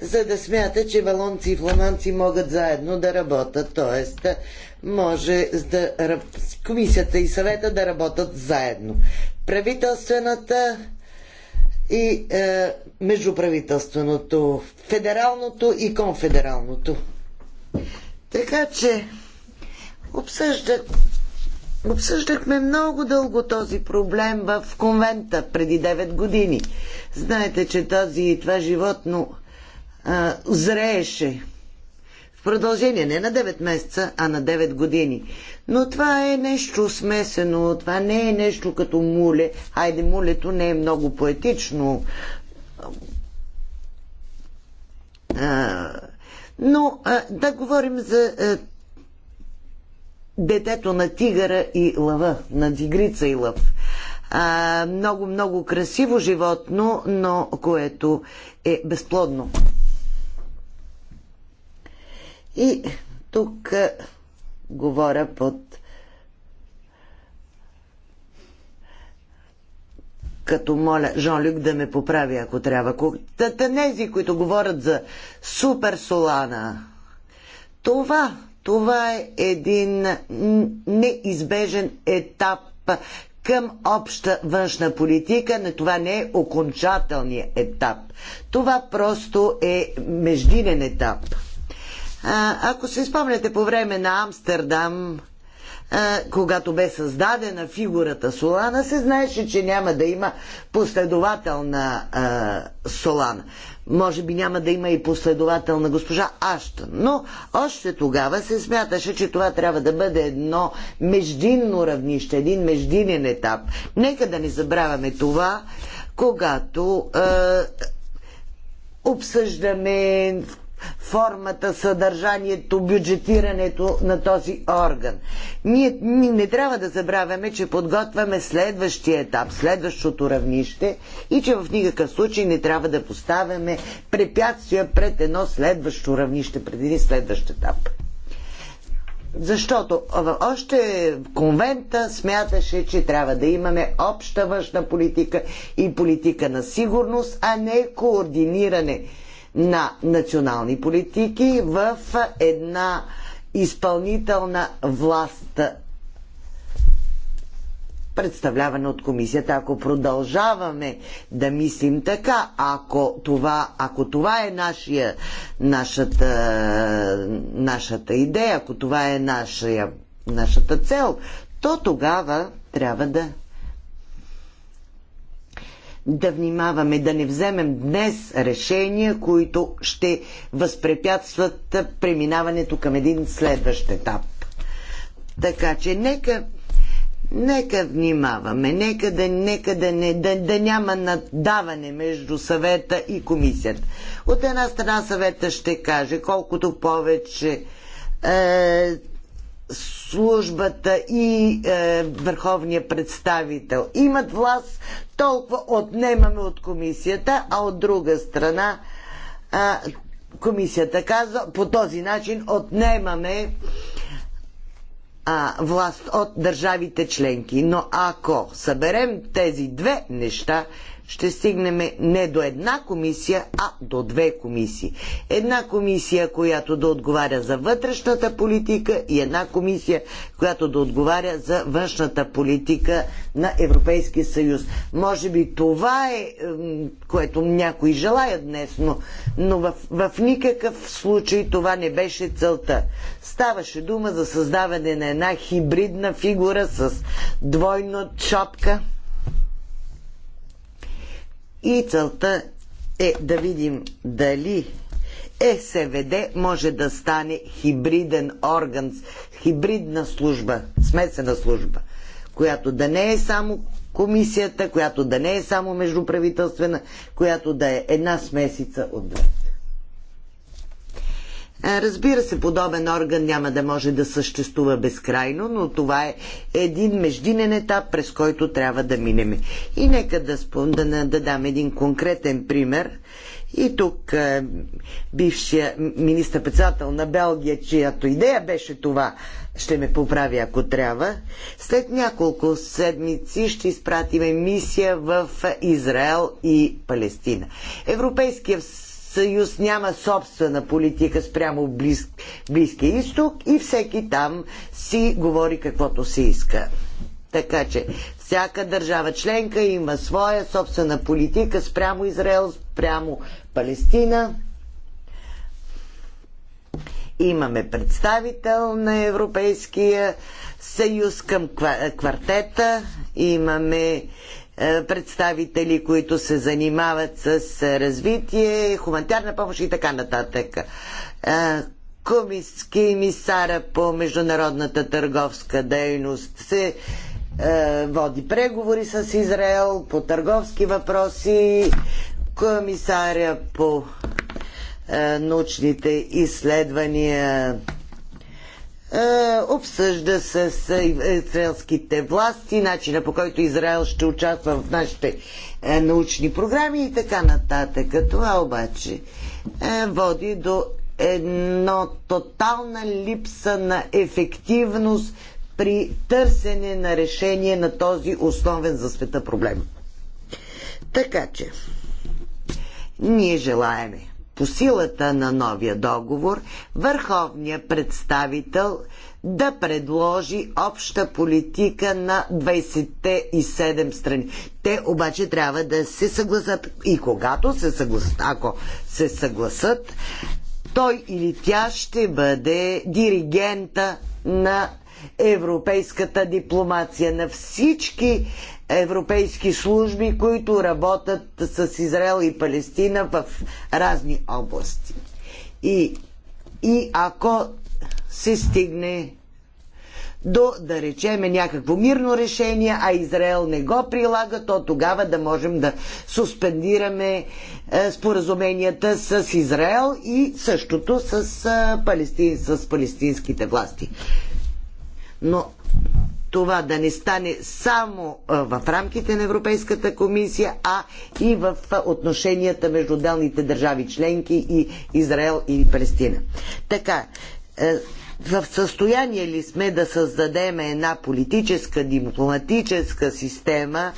за да смята, че валонци и фламанци могат заедно да работят. Тоест, може да, комисията и съвета да работят заедно. Правителствената и е, междуправителственото, федералното и конфедералното. Така че Обсъждах, обсъждахме много дълго този проблем в конвента преди 9 години. Знаете, че този, това животно а, зрееше в продължение не на 9 месеца, а на 9 години. Но това е нещо смесено, това не е нещо като муле. Айде, мулето не е много поетично. А, но а, да говорим за а, детето на тигъра и лъва, на тигрица и лъв. много, много красиво животно, но което е безплодно. И тук а, говоря под като моля Жон-Люк да ме поправи, ако трябва. тътанези, които говорят за супер солана, това това е един неизбежен етап към обща външна политика, но това не е окончателният етап. Това просто е междинен етап. А, ако се спомняте по време на Амстердам, а, когато бе създадена фигурата Солана, се знаеше, че няма да има последователна а, Солана може би няма да има и последовател на госпожа Аштън. Но още тогава се смяташе, че това трябва да бъде едно междинно равнище, един междинен етап. Нека да не забравяме това, когато е, обсъждаме формата, съдържанието, бюджетирането на този орган. Ние, не трябва да забравяме, че подготвяме следващия етап, следващото равнище и че в никакъв случай не трябва да поставяме препятствия пред едно следващо равнище, пред един следващ етап. Защото още конвента смяташе, че трябва да имаме обща външна политика и политика на сигурност, а не координиране на национални политики в една изпълнителна власт представлявана от комисията. Ако продължаваме да мислим така, ако това, ако това е нашия, нашата, нашата идея, ако това е нашия, нашата цел, то тогава трябва да да внимаваме да не вземем днес решения, които ще възпрепятстват преминаването към един следващ етап. Така че нека Нека внимаваме, нека да, нека да, не, да, да няма наддаване между съвета и комисията. От една страна съвета ще каже, колкото повече е, службата и е, върховния представител имат власт, толкова отнемаме от комисията, а от друга страна а, комисията казва по този начин отнемаме а, власт от държавите членки. Но ако съберем тези две неща, ще стигнем не до една комисия, а до две комисии. Една комисия, която да отговаря за вътрешната политика и една комисия, която да отговаря за външната политика на Европейския съюз. Може би това е, което някои желаят днес, но, но в, в никакъв случай това не беше целта. Ставаше дума за създаване на една хибридна фигура с двойна шапка – и целта е да видим дали ЕСВД може да стане хибриден орган, хибридна служба, смесена служба, която да не е само комисията, която да не е само междуправителствена, която да е една смесица от две. Разбира се, подобен орган няма да може да съществува безкрайно, но това е един междинен етап, през който трябва да минем. И нека да, спом... да, да дам един конкретен пример. И тук бившия министър-председател на Белгия, чиято идея беше това, ще ме поправи ако трябва. След няколко седмици ще изпратиме мисия в Израел и Палестина. Европейския съюз няма собствена политика спрямо близ, Близкия изток и всеки там си говори каквото си иска. Така че всяка държава членка има своя собствена политика спрямо Израел, спрямо Палестина. Имаме представител на Европейския съюз към квартета, имаме е, представители, които се занимават с е, развитие, хуманитарна помощ и така нататък. Е, Комиски мисара по международната търговска дейност се води преговори с Израел по търговски въпроси. Комисаря по научните изследвания е, обсъжда с израелските власти, начина по който Израел ще участва в нашите е, научни програми и така нататък. Това обаче е, води до едно тотална липса на ефективност при търсене на решение на този основен за света проблем. Така че, ние желаеме по силата на новия договор върховният представител да предложи обща политика на 27 страни. Те обаче трябва да се съгласат и когато се съгласат, ако се съгласат, той или тя ще бъде диригента на европейската дипломация, на всички европейски служби, които работят с Израел и Палестина в разни области. И, и ако се стигне до, да речеме, някакво мирно решение, а Израел не го прилага, то тогава да можем да суспендираме е, споразуменията с Израел и същото с, е, палестин, с палестинските власти но това да не стане само в рамките на Европейската комисия, а и в отношенията между отделните държави членки и Израел и Палестина. Така, е, в състояние ли сме да създадем една политическа, дипломатическа система,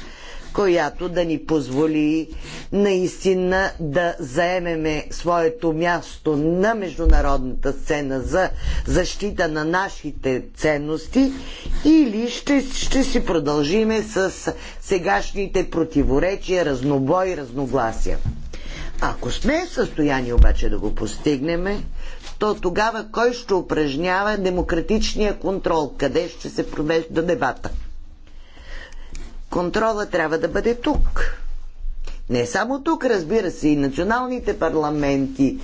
която да ни позволи наистина да заемеме своето място на международната сцена за защита на нашите ценности или ще, ще си продължиме с сегашните противоречия, разнобой, разногласия. Ако сме в състояние обаче да го постигнем, то тогава кой ще упражнява демократичния контрол? Къде ще се провежда дебата? Контрола трябва да бъде тук. Не само тук, разбира се, и националните парламенти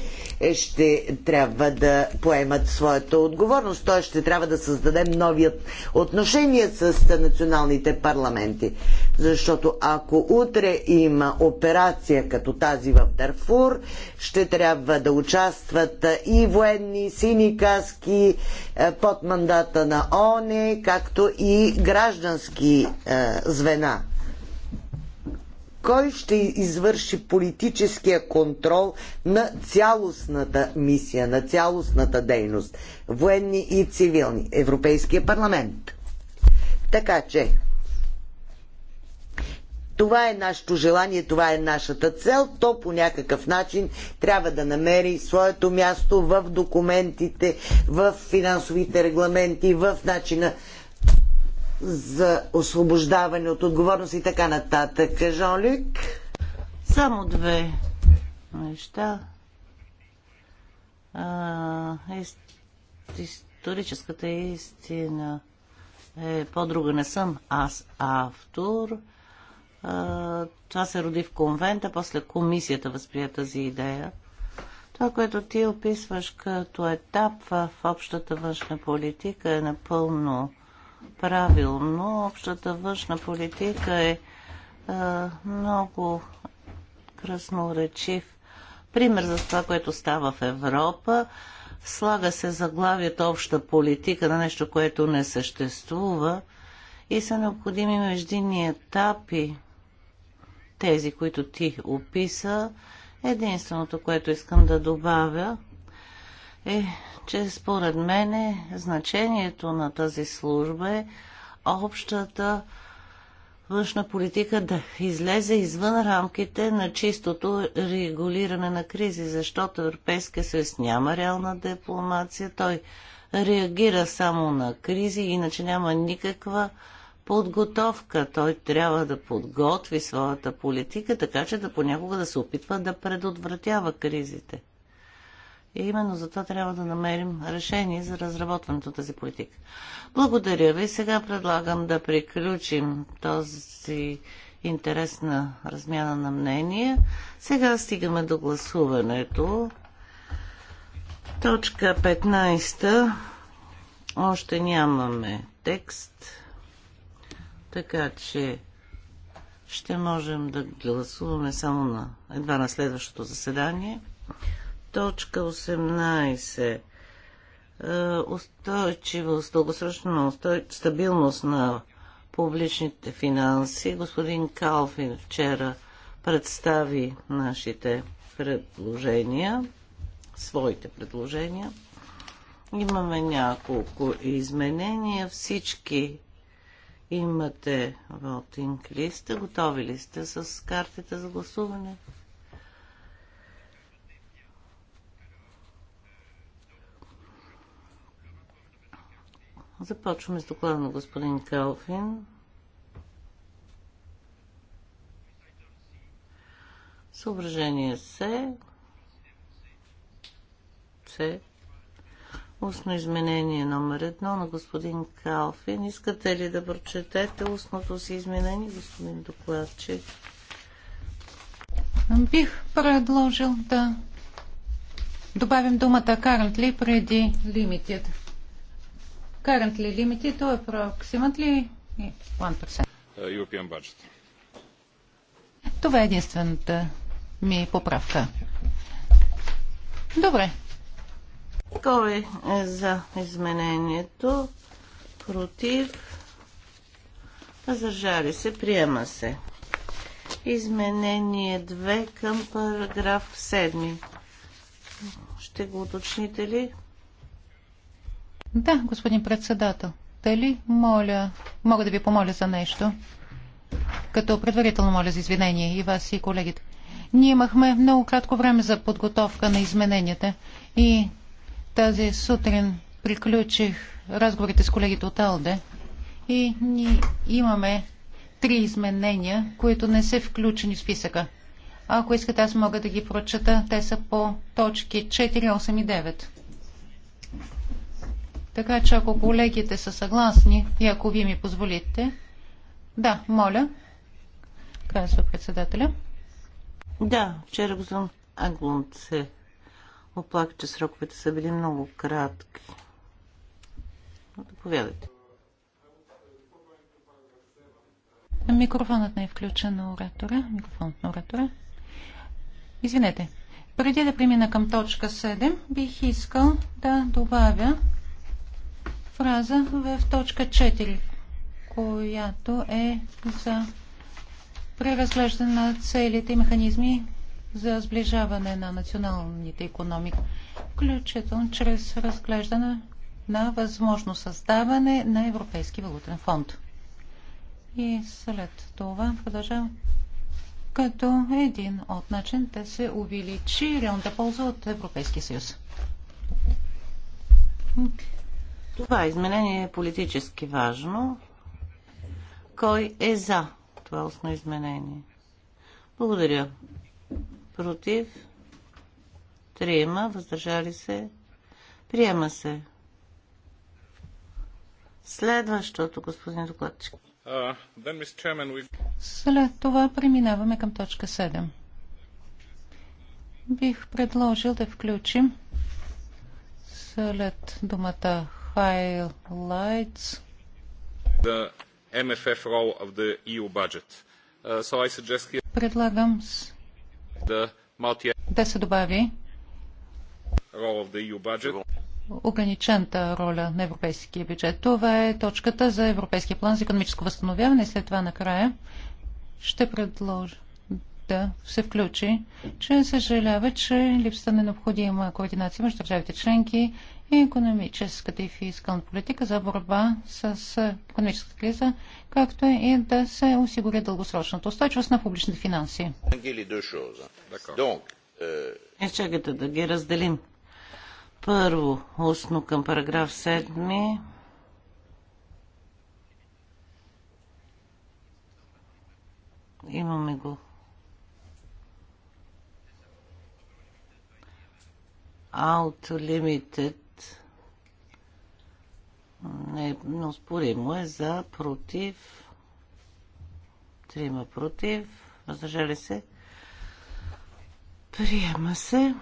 ще трябва да поемат своята отговорност. Той ще трябва да създадем нови отношения с националните парламенти. Защото ако утре има операция като тази в Дарфур, ще трябва да участват и военни сини каски под мандата на ОНЕ, както и граждански звена кой ще извърши политическия контрол на цялостната мисия, на цялостната дейност, военни и цивилни, Европейския парламент. Така че, това е нашето желание, това е нашата цел, то по някакъв начин трябва да намери своето място в документите, в финансовите регламенти, в начина за освобождаване от отговорност и така нататък. Жолик? Само две неща. А, ист, историческата истина е по-друга. Не съм аз автор. А, това се роди в конвента, после комисията възприе тази идея. Това, което ти описваш като етап в общата външна политика е напълно правилно. Общата външна политика е, е много красноречив пример за това, което става в Европа. Слага се заглавието обща политика на нещо, което не съществува и са необходими междинни етапи, тези, които ти описа. Единственото, което искам да добавя е че според мене значението на тази служба е общата външна политика да излезе извън рамките на чистото регулиране на кризи, защото Европейския съюз няма реална дипломация. Той реагира само на кризи, иначе няма никаква подготовка. Той трябва да подготви своята политика, така че да понякога да се опитва да предотвратява кризите. И именно за това трябва да намерим решение за разработването на тази политика. Благодаря ви. Сега предлагам да приключим този интересна размяна на мнения. Сега стигаме до гласуването. Точка 15. Още нямаме текст, така че ще можем да гласуваме само на едва на следващото заседание. Точка 18. Е, Устойчивост, дългосрочна устой... стабилност на публичните финанси. Господин Калфин вчера представи нашите предложения, своите предложения. Имаме няколко изменения. Всички имате вотинг листа. Готови ли сте с картите за гласуване? Започваме с доклада на господин Калфин. Съображение С. С. Устно изменение номер едно на господин Калфин. Искате ли да прочетете устното си изменение, господин докладчик? Бих предложил да добавим думата currently преди limited currently limited to approximately 1%. Uh, European budget. Това е единствената ми поправка. Добре. Кой е за изменението? Против? Зажали се, приема се. Изменение 2 към параграф 7. Ще го уточните ли? Да, господин председател. Дали моля, мога да ви помоля за нещо? Като предварително моля за извинение и вас и колегите. Ние имахме много кратко време за подготовка на измененията и тази сутрин приключих разговорите с колегите от Алде и ние имаме три изменения, които не са включени в списъка. Ако искате, аз мога да ги прочета. Те са по точки 4, 8 и 9. Така че ако колегите са съгласни и ако ви ми позволите. Да, моля. Казва председателя. Да, вчера господин Аглунд се оплака, че сроковете са били много кратки. Доповядайте. Микрофонът не е включен на оратора. Микрофонът на оратора. Извинете. Преди да премина към точка 7, бих искал да добавя фраза в точка 4, която е за преразглеждане на целите и механизми за сближаване на националните економики, включително чрез разглеждане на възможно създаване на Европейски валутен фонд. И след това продължавам като един от начин да се увеличи реалната полза от Европейския съюз. Това изменение е политически важно. Кой е за това устно изменение? Благодаря. Против? Трима. Въздържали се? Приема се. Следващото, господин докладчик. След това преминаваме към точка 7. Бих предложил да включим след думата highlights the MFF role of the EU budget. Uh, so I suggest here Предлагам с... the multi да се добави role of the EU budget. Ограничената роля на европейския бюджет. Това е точката за Европейския план за економическо възстановяване. След това накрая ще предложа да се включи, че съжалява, че липсата на необходима координация между държавите членки и економическата и фискална политика за борба с економическата криза, както и да се осигури дългосрочната устойчивост на публичните финанси. Е, чакайте да ги разделим. Първо, устно към параграф 7. Имаме го. Auto Limited не, но споримо е за против. Трима против. Въздържали се. Приема се.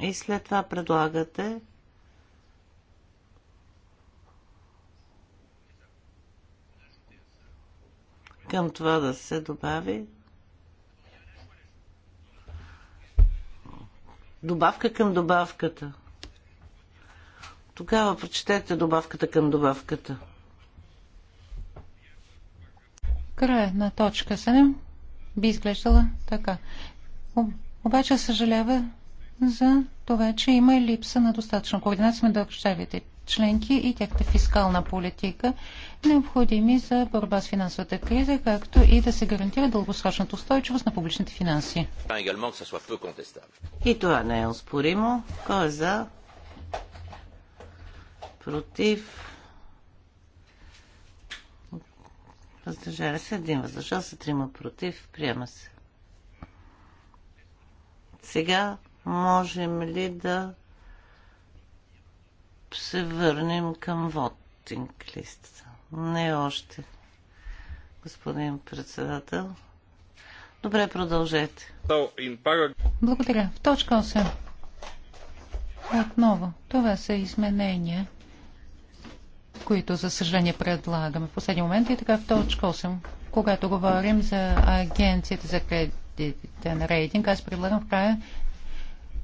И след това предлагате към това да се добави добавка към добавката. Тогава прочетете добавката към добавката. Края на точка 7 би изглеждала така. Обаче съжалява за това, че има и липса на достатъчно координация на държавите членки и тяхната фискална политика, необходими за борба с финансовата криза, както и да се гарантира дългосрочната устойчивост на публичните финанси. И това не е успоримо. Кой е за против, въздържали се, един въздържал се, трима против, приема се. Сега можем ли да се върнем към вотинг листа? Не още, господин председател. Добре, продължете. Благодаря. В точка 8. Отново, това са изменения които за съжаление предлагаме в последния момент и така в точка 8, когато говорим за агенцията за кредитен рейтинг, аз предлагам в края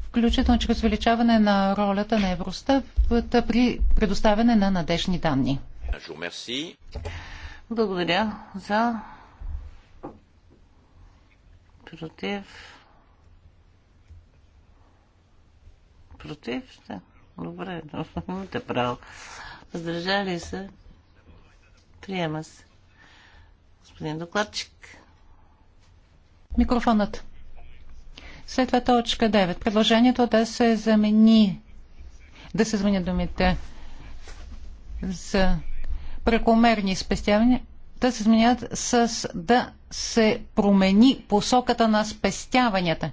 включително чрез увеличаване на ролята на Евростъпта при предоставяне на надежни данни. Благодаря за против против, да. Добре, да, имате право. Въздържали се. Приема се. Господин докладчик. Микрофонът. След това точка 9. Предложението да се замени, да се заменят думите за прекомерни спестявания, да се заменят с да се промени посоката на спестяванията.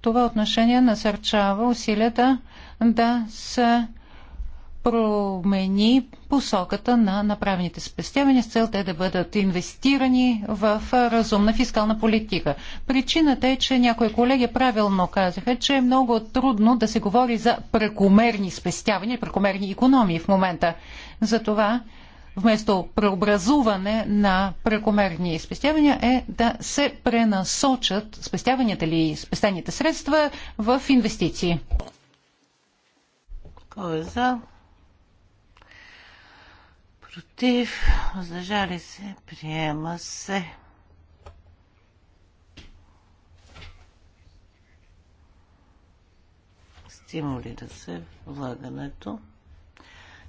това отношение насърчава усилията да се промени посоката на направените спестявания с цел те да бъдат инвестирани в разумна фискална политика. Причината е, че някои колеги правилно казаха, че е много трудно да се говори за прекомерни спестявания, прекомерни економии в момента. Затова вместо преобразуване на прекомерни спестявания е да се пренасочат спестяванията или спестените средства в инвестиции. Кой е за? Против. Въздържали се. Приема се. Стимулира се влагането.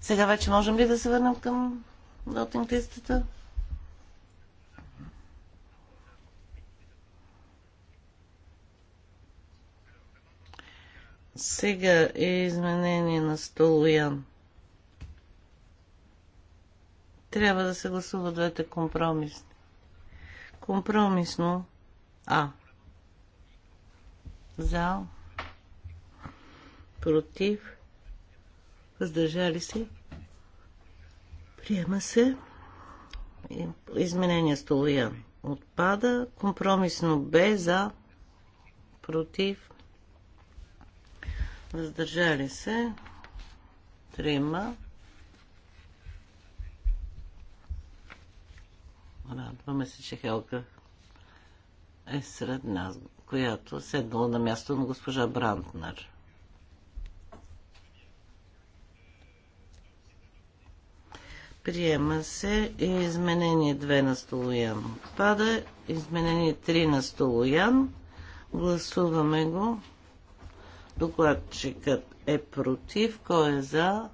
Сега вече можем ли да се върнем към дотинг листата? Сега е изменение на Столоян. Трябва да се гласува двете компромисни. Компромисно А. За. Против. Въздържали се. Приема се. Изменение столовия Отпада. Компромисно Б за. Против. Въздържали се. Трима. Радваме се, че Хелка е сред нас, която е седнала на място на госпожа Брантнер. Приема се и изменение 2 на Столоян отпада, изменение 3 на Столоян. Гласуваме го. Докладчикът е против. Кой е за?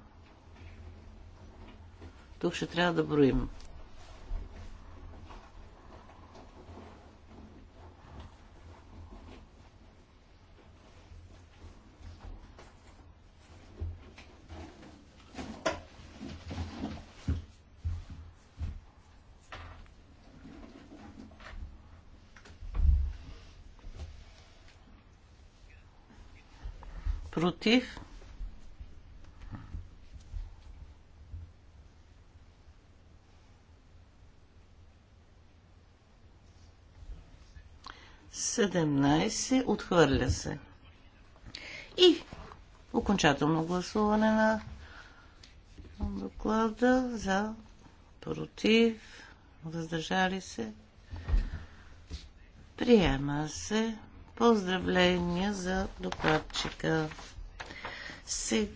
Тук ще трябва да броим. Против. Седемнайсет. Отхвърля се. И окончателно гласуване на доклада за против, въздържали се. Приема се. Поздравления за докладчика. Се...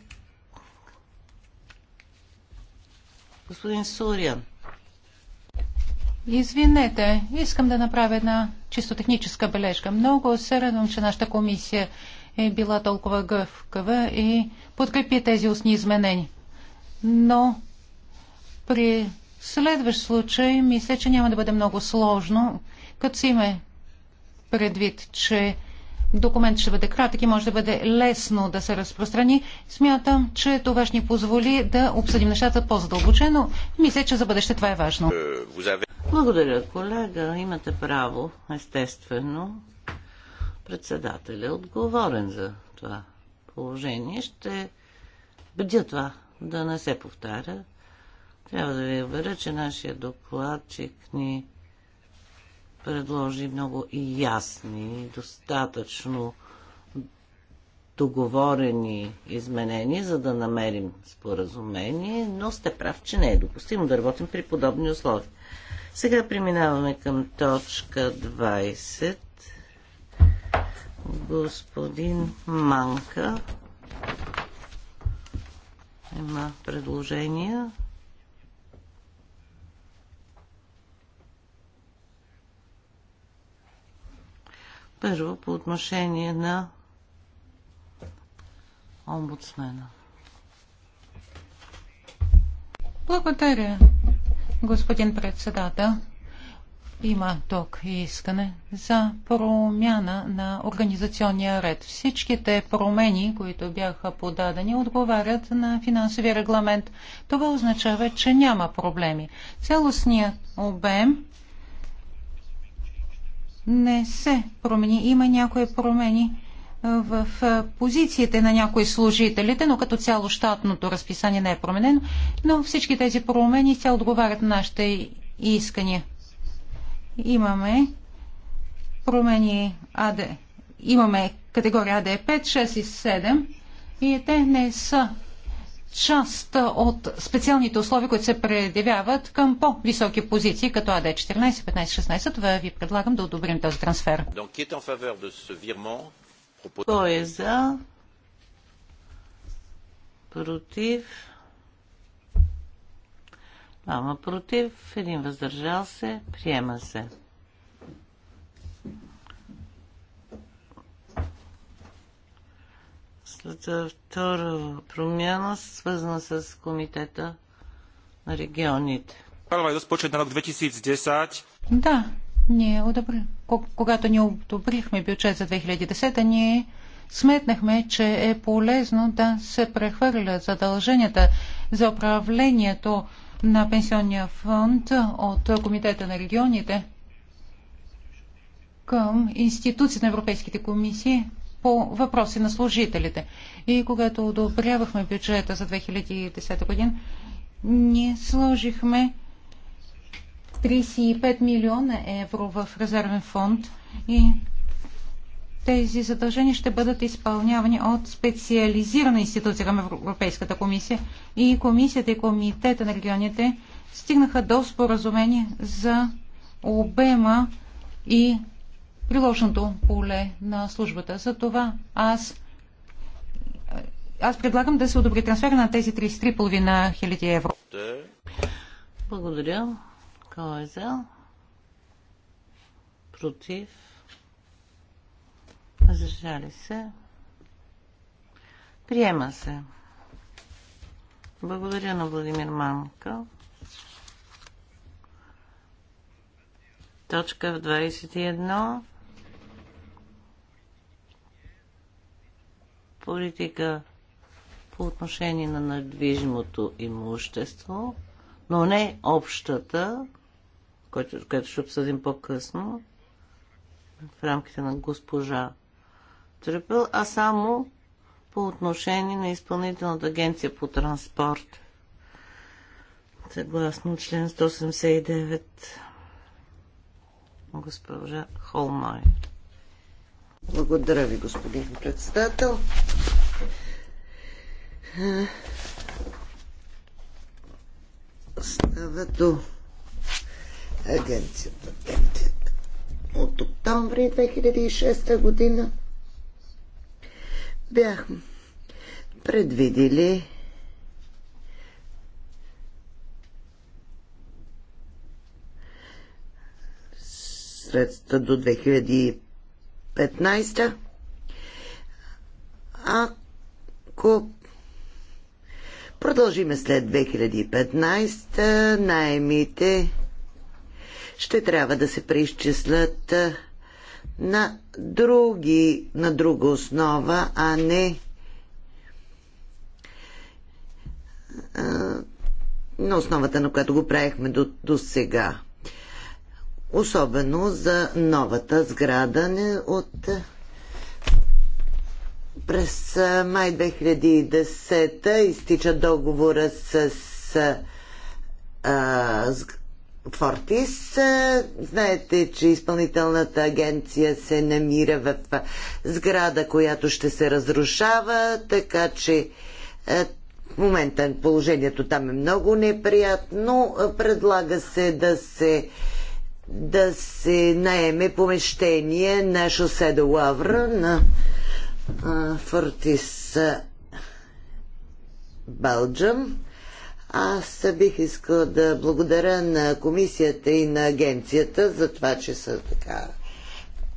Господин Сурян. Извинете, искам да направя една чисто техническа бележка. Много се радвам, че нашата комисия е била толкова гъвкава и подкрепи тези устни изменения. Но при следващ случай мисля, че няма да бъде много сложно, като си има предвид, че документ ще бъде кратък и може да бъде лесно да се разпространи, смятам, че това ще ни позволи да обсъдим нещата по-задълбочено. Мисля, че за бъдеще това е важно. Е, Благодаря, колега. Имате право, естествено. Председателя е отговорен за това положение. Ще бъдя това да не се повтаря. Трябва да ви уверя, че нашия докладчик ни предложи много и ясни, достатъчно договорени изменения, за да намерим споразумение, но сте прав, че не е допустимо да работим при подобни условия. Сега преминаваме към точка 20. Господин Манка има предложения. Първо, по отношение на омбудсмена. Благодаря, господин председател. Има тук искане за промяна на организационния ред. Всичките промени, които бяха подадени, отговарят на финансовия регламент. Това означава, че няма проблеми. Целостният обем не се промени. Има някои промени в позициите на някои служителите, но като цяло щатното разписание не е променено, но всички тези промени цяло отговарят на нашите искания. Имаме промени АД. Имаме категория АД 5, 6 и 7 и те не са част от специалните условия, които се предявяват към по-високи позиции, като АД 14, 15, 16. Това ви предлагам да одобрим този трансфер. Кой е за? Против? Двама против, един въздържал се, приема се. За Втора промяна, свързана с комитета на регионите. Първа е да спочне на 2010. Да, ние одобри... когато ни одобрихме бюджет за 2010, ние сметнахме, че е полезно да се прехвърля задълженията за управлението на пенсионния фонд от Комитета на регионите към институции на Европейските комисии по въпроси на служителите. И когато одобрявахме бюджета за 2010 година, ние сложихме 35 милиона евро в резервен фонд и тези задължения ще бъдат изпълнявани от специализирана институция към Европейската комисия и комисията и комитета на регионите стигнаха до споразумение за обема и приложното поле на службата. За това аз аз предлагам да се одобри трансфера на тези 33,5 хиляди евро. Благодаря. Кой е за? Против? Въздържали се? Приема се. Благодаря на Владимир Мамка. Точка в 21. политика по отношение на недвижимото имущество, но не общата, която, която ще обсъдим по-късно, в рамките на госпожа Трепел, а само по отношение на изпълнителната агенция по транспорт. Съгласно член 179 госпожа Холмайер. Благодаря ви, господин председател. Става до агенцията от октомври 2006 година бяхме предвидили средства до 2005 15. Ако продължиме след 2015, найемите ще трябва да се преизчислят на, други, на друга основа, а не на основата, на която го правихме до, до сега особено за новата сграда от през май 2010 изтича договора с, с а, Фортис. Знаете, че изпълнителната агенция се намира в сграда, която ще се разрушава, така че в момента положението там е много неприятно. Предлага се да се да се наеме помещение на шосе до Лавра на Фортис Балджам. Аз бих искала да благодаря на комисията и на агенцията за това, че са така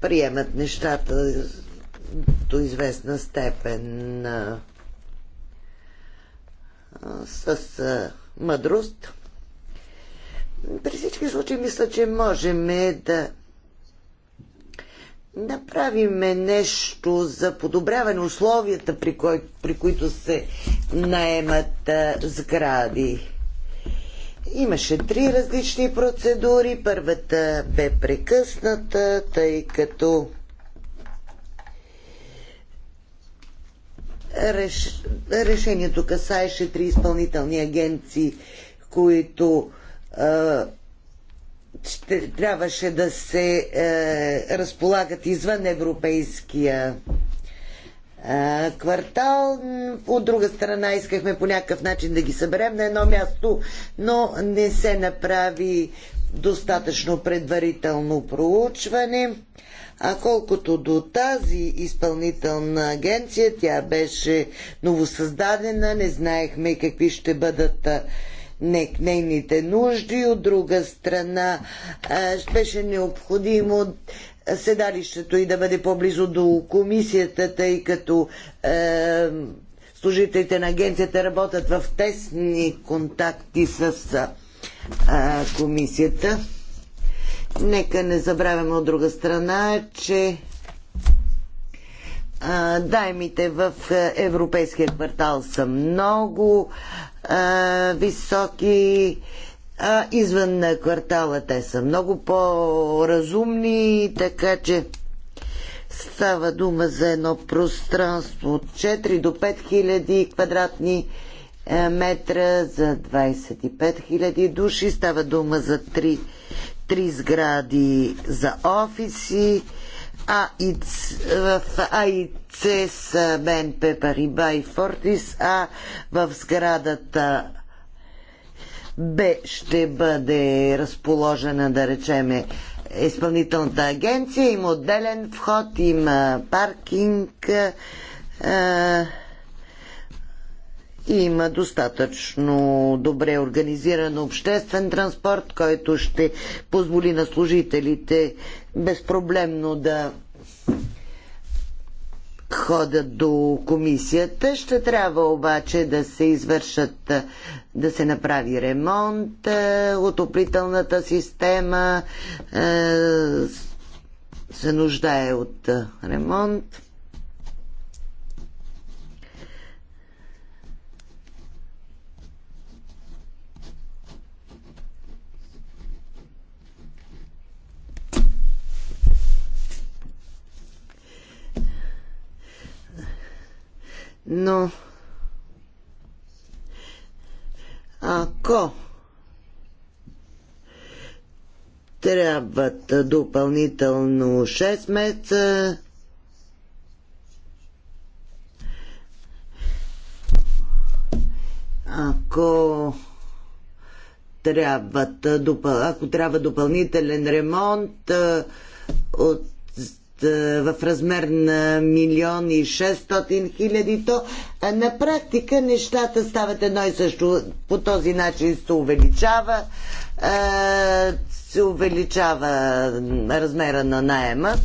приемат нещата до известна степен с мъдрост при всички случаи мисля, че можем да направим нещо за подобряване условията, при, кой, при които се наемат а, сгради. Имаше три различни процедури. Първата бе прекъсната, тъй като реш... решението касаеше три изпълнителни агенции, които ще, трябваше да се е, разполагат извън европейския е, квартал. От друга страна искахме по някакъв начин да ги съберем на едно място, но не се направи достатъчно предварително проучване. А колкото до тази изпълнителна агенция, тя беше новосъздадена, не знаехме какви ще бъдат е, нейните нужди, от друга страна беше необходимо седалището и да бъде по-близо до комисията, тъй като е, служителите на агенцията работят в тесни контакти с е, комисията. Нека не забравяме от друга страна, че е, даймите в европейския квартал са много високи а извън на квартала те са много по-разумни, така че става дума за едно пространство от 4 до 5 хиляди квадратни метра за 25 000 души. Става дума за 3, 3 сгради за офиси, АИЦ, в АИЦ БНП Париба и Фортис, а в сградата Б ще бъде разположена, да речеме, изпълнителната агенция. Има отделен вход, има паркинг, а, има достатъчно добре организиран обществен транспорт, който ще позволи на служителите безпроблемно да ходят до комисията. Ще трябва обаче да се извършат, да се направи ремонт, е, отоплителната система е, се нуждае от е, ремонт. Но ако трябват допълнително 6 месеца, ако трябват, ако трябва допълнителен ремонт от е, в размер на милион и 600 хиляди, то е, на практика нещата стават едно и също. По този начин се увеличава е, се увеличава размера на найема.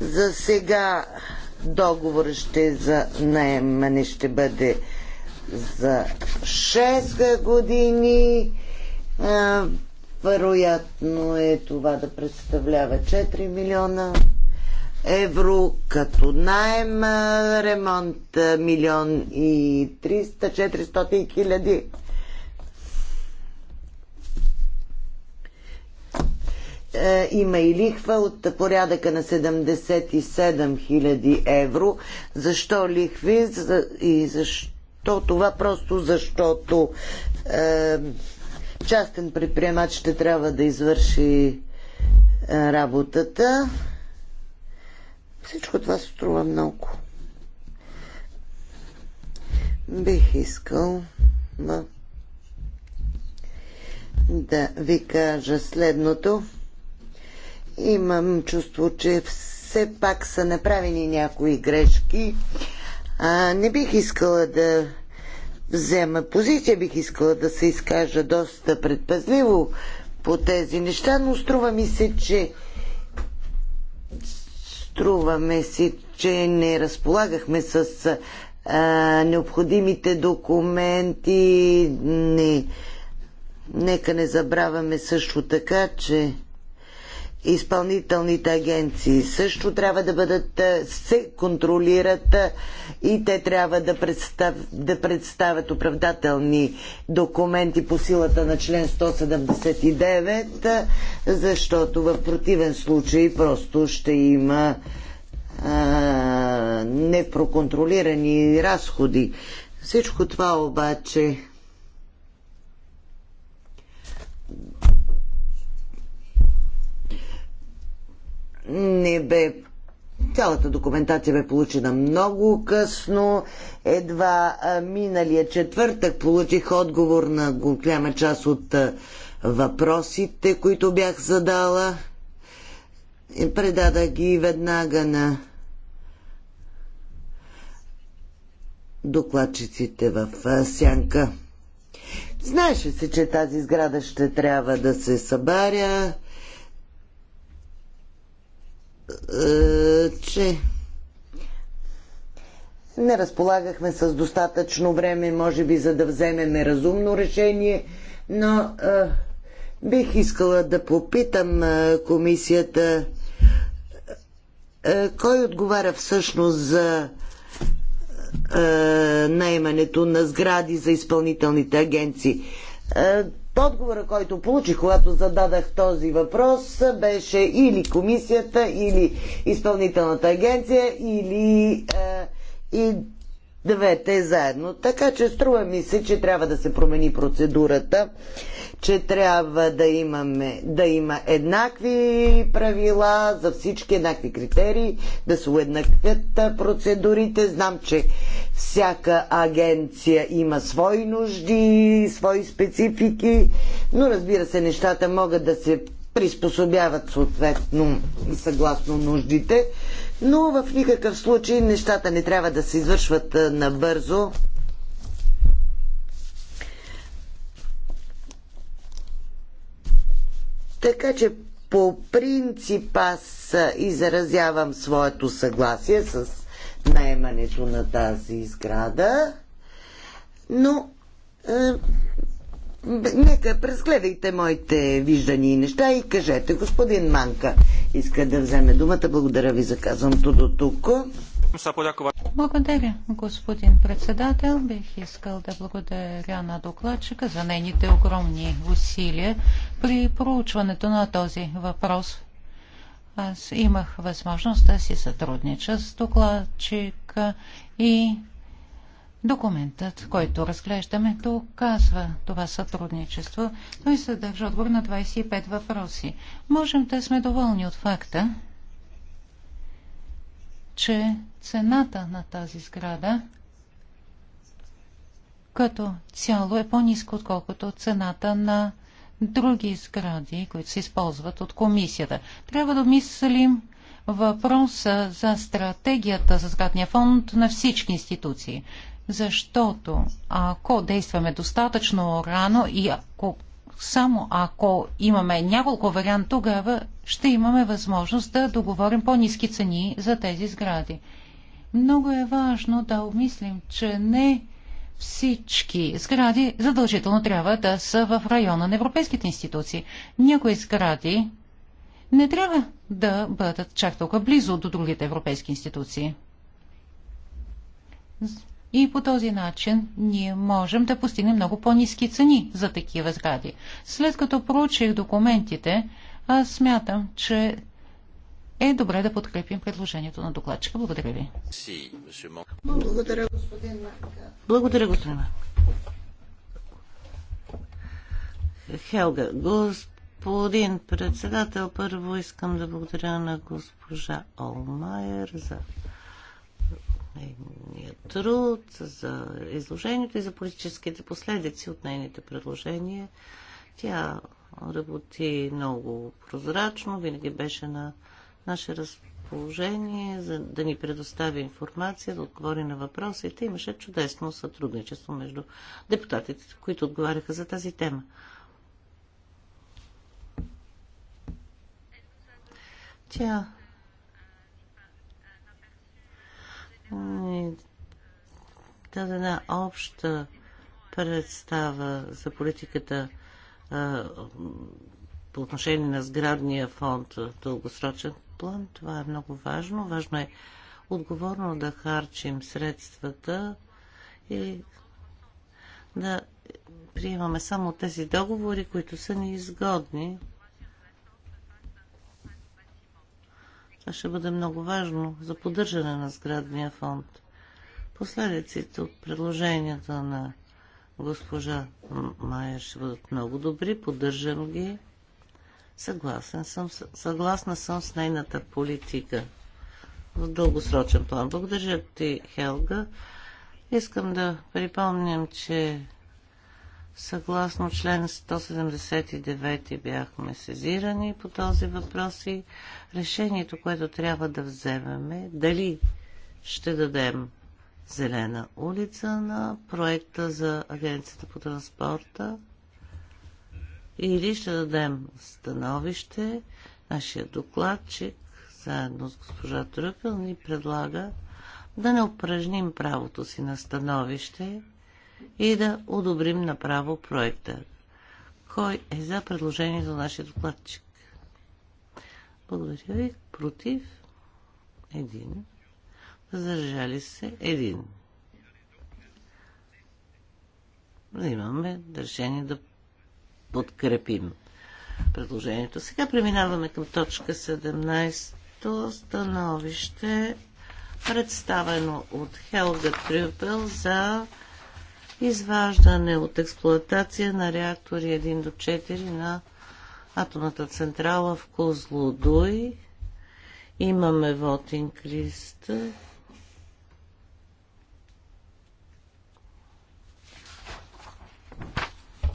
За сега договор ще за найемане ще бъде за 6 години. Вероятно е това да представлява 4 милиона евро като найем, ремонт милион и 300-400 хиляди. Е, има и лихва от порядъка на 77 хиляди евро. Защо лихви и защо това? Просто защото е, частен предприемач ще трябва да извърши е, работата. Всичко това струва много. Бих искал да, да ви кажа следното. Имам чувство, че все пак са направени някои грешки. А, не бих искала да взема позиция, бих искала да се изкажа доста предпазливо по тези неща, но струва ми се, че Струваме си, че не разполагахме с а, необходимите документи. Не. Нека не забравяме също така, че изпълнителните агенции също трябва да бъдат, се контролират и те трябва да, представ, да представят оправдателни документи по силата на член 179, защото в противен случай просто ще има а, непроконтролирани разходи. Всичко това обаче не бе Цялата документация бе получена много късно. Едва миналия четвъртък получих отговор на голяма част от въпросите, които бях задала. Предадах ги веднага на докладчиците в Сянка. Знаеше се, че тази сграда ще трябва да се събаря е, че не разполагахме с достатъчно време, може би, за да вземем разумно решение, но е, бих искала да попитам е, комисията е, кой отговаря всъщност за е, наймането на сгради за изпълнителните агенции. Е, Отговора, който получих, когато зададах този въпрос, беше или комисията, или изпълнителната агенция, или е, и двете заедно. Така че струва ми се, че трябва да се промени процедурата че трябва да, имаме, да има еднакви правила за всички еднакви критерии, да се уеднаквят процедурите. Знам, че всяка агенция има свои нужди, свои специфики, но разбира се, нещата могат да се приспособяват съответно и съгласно нуждите, но в никакъв случай нещата не трябва да се извършват набързо Така че по принцип аз изразявам своето съгласие с наемането на тази сграда, но е, нека преследайте моите виждани и неща и кажете, господин Манка иска да вземе думата. Благодаря ви за казаното до тук. Благодаря, господин председател. Бих искал да благодаря на докладчика за нейните огромни усилия при проучването на този въпрос. Аз имах възможност да си сътруднича с докладчика и Документът, който разглеждаме, доказва това сътрудничество. Той съдържа отговор на 25 въпроси. Можем да сме доволни от факта, че цената на тази сграда като цяло е по-ниска, отколкото цената на други сгради, които се използват от комисията. Трябва да мислим въпроса за стратегията за сградния фонд на всички институции. Защото ако действаме достатъчно рано и ако само ако имаме няколко вариант, тогава ще имаме възможност да договорим по-низки цени за тези сгради. Много е важно да обмислим, че не всички сгради задължително трябва да са в района на европейските институции. Някои сгради не трябва да бъдат чак толкова близо до другите европейски институции. И по този начин ние можем да постигнем много по-низки цени за такива сгради. След като проучих документите, аз смятам, че е добре да подкрепим предложението на докладчика. Благодаря ви. Благодаря, господин Марк. Благодаря, господин Хелга, господин председател, първо искам да благодаря на госпожа Олмайер за нейния труд, за изложението и за политическите последици от нейните предложения. Тя работи много прозрачно, винаги беше на наше разположение, за да ни предостави информация, да отговори на въпросите. Имаше чудесно сътрудничество между депутатите, които отговаряха за тази тема. Тя Е, даде една обща представа за политиката по отношение на сградния фонд в дългосрочен план. Това е много важно. Важно е отговорно да харчим средствата и да приемаме само тези договори, които са ни изгодни Това ще бъде много важно за поддържане на сградния фонд. Последиците от предложенията на госпожа Майер ще бъдат много добри. Поддържам ги. Съгласен съм, съгласна съм с нейната политика в дългосрочен план. Благодаря ти, Хелга. Искам да припомням, че Съгласно член 179 бяхме сезирани по този въпрос и решението, което трябва да вземем е дали ще дадем зелена улица на проекта за Агенцията по транспорта или ще дадем становище. Нашия докладчик, заедно с госпожа Трюпел, ни предлага да не упражним правото си на становище и да одобрим направо проекта. Кой е за предложението за нашия докладчик? Благодаря ви. Против? Един. Задържали се? Един. Имаме решение да подкрепим предложението. Сега преминаваме към точка 17. становище представено от Хелга Трюпел за изваждане от експлоатация на реактори 1 до 4 на атомната централа в Козлодуй. Имаме Вотин Криста.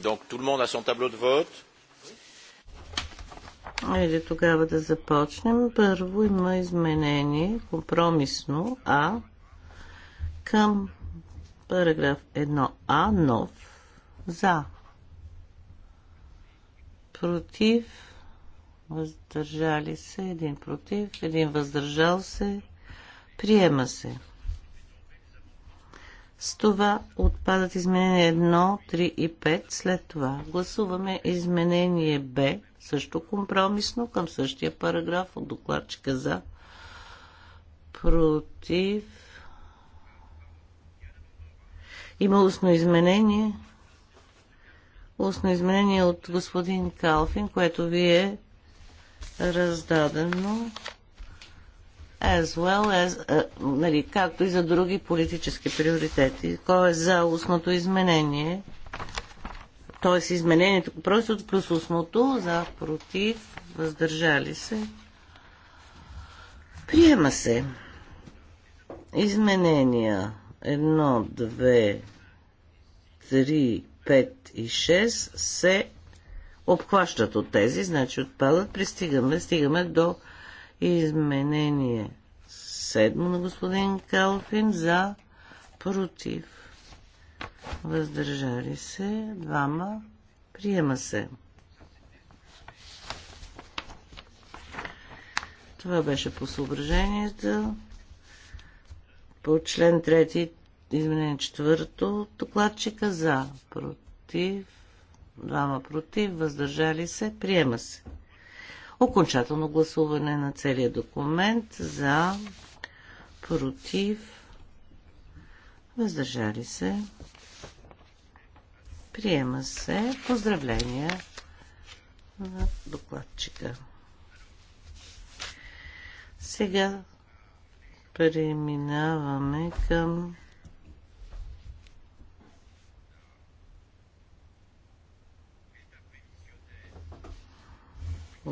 Donc tout le monde a son tableau de vote. Или тогава да започнем. Първо има изменение, компромисно, а към Параграф 1а, нов. За. Против. Въздържали се. Един против. Един въздържал се. Приема се. С това отпадат изменения 1, 3 и 5. След това гласуваме изменение Б, също компромисно, към същия параграф от докладчика за против има устно изменение. Устно изменение от господин Калфин, което ви е раздадено as well as, а, нали, както и за други политически приоритети. Кой е за устното изменение? Тоест изменението просто плюс устното, за против, въздържали се. Приема се. Изменения Едно, 2, 3, 5 и 6 се обхващат от тези, значи отпадат. Пристигаме, стигаме до изменение седмо на господин Калфин за против. Въздържали се двама. Приема се. Това беше по съображенията по член 3, Изменение четвърто. Докладчика за. Против. Двама против. Въздържали се. Приема се. Окончателно гласуване на целия документ. За. Против. Въздържали се. Приема се. Поздравления на докладчика. Сега преминаваме към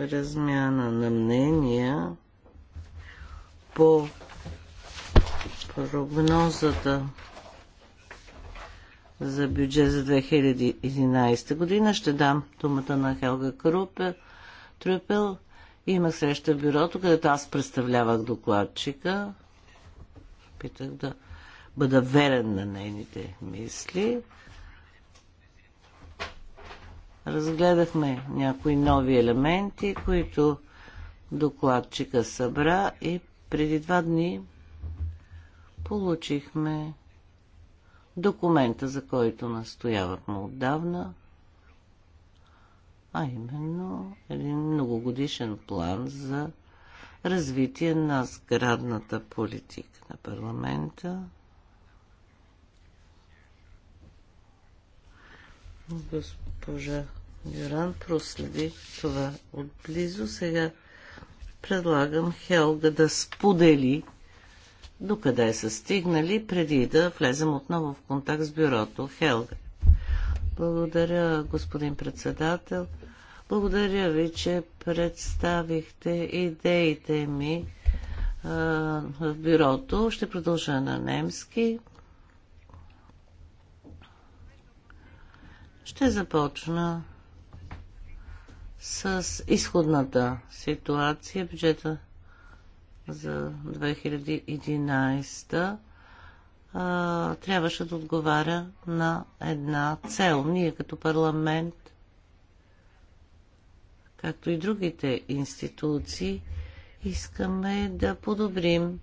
размяна на мнения по прогнозата за бюджет за 2011 година. Ще дам думата на Хелга Крупел. Трюпел. Имах среща в бюрото, където аз представлявах докладчика. Питах да бъда верен на нейните мисли. Разгледахме някои нови елементи, които докладчика събра и преди два дни получихме документа, за който настоявахме отдавна, а именно един многогодишен план за развитие на сградната политика на парламента. Госпожа Юран проследи това отблизо. Сега предлагам Хелга да сподели докъде са стигнали, преди да влезем отново в контакт с бюрото. Хелга. Благодаря, господин председател. Благодаря ви, че представихте идеите ми а, в бюрото. Ще продължа на немски. Ще започна с изходната ситуация, бюджета за 2011 а, трябваше да отговаря на една цел. Ние като парламент, както и другите институции, искаме да подобрим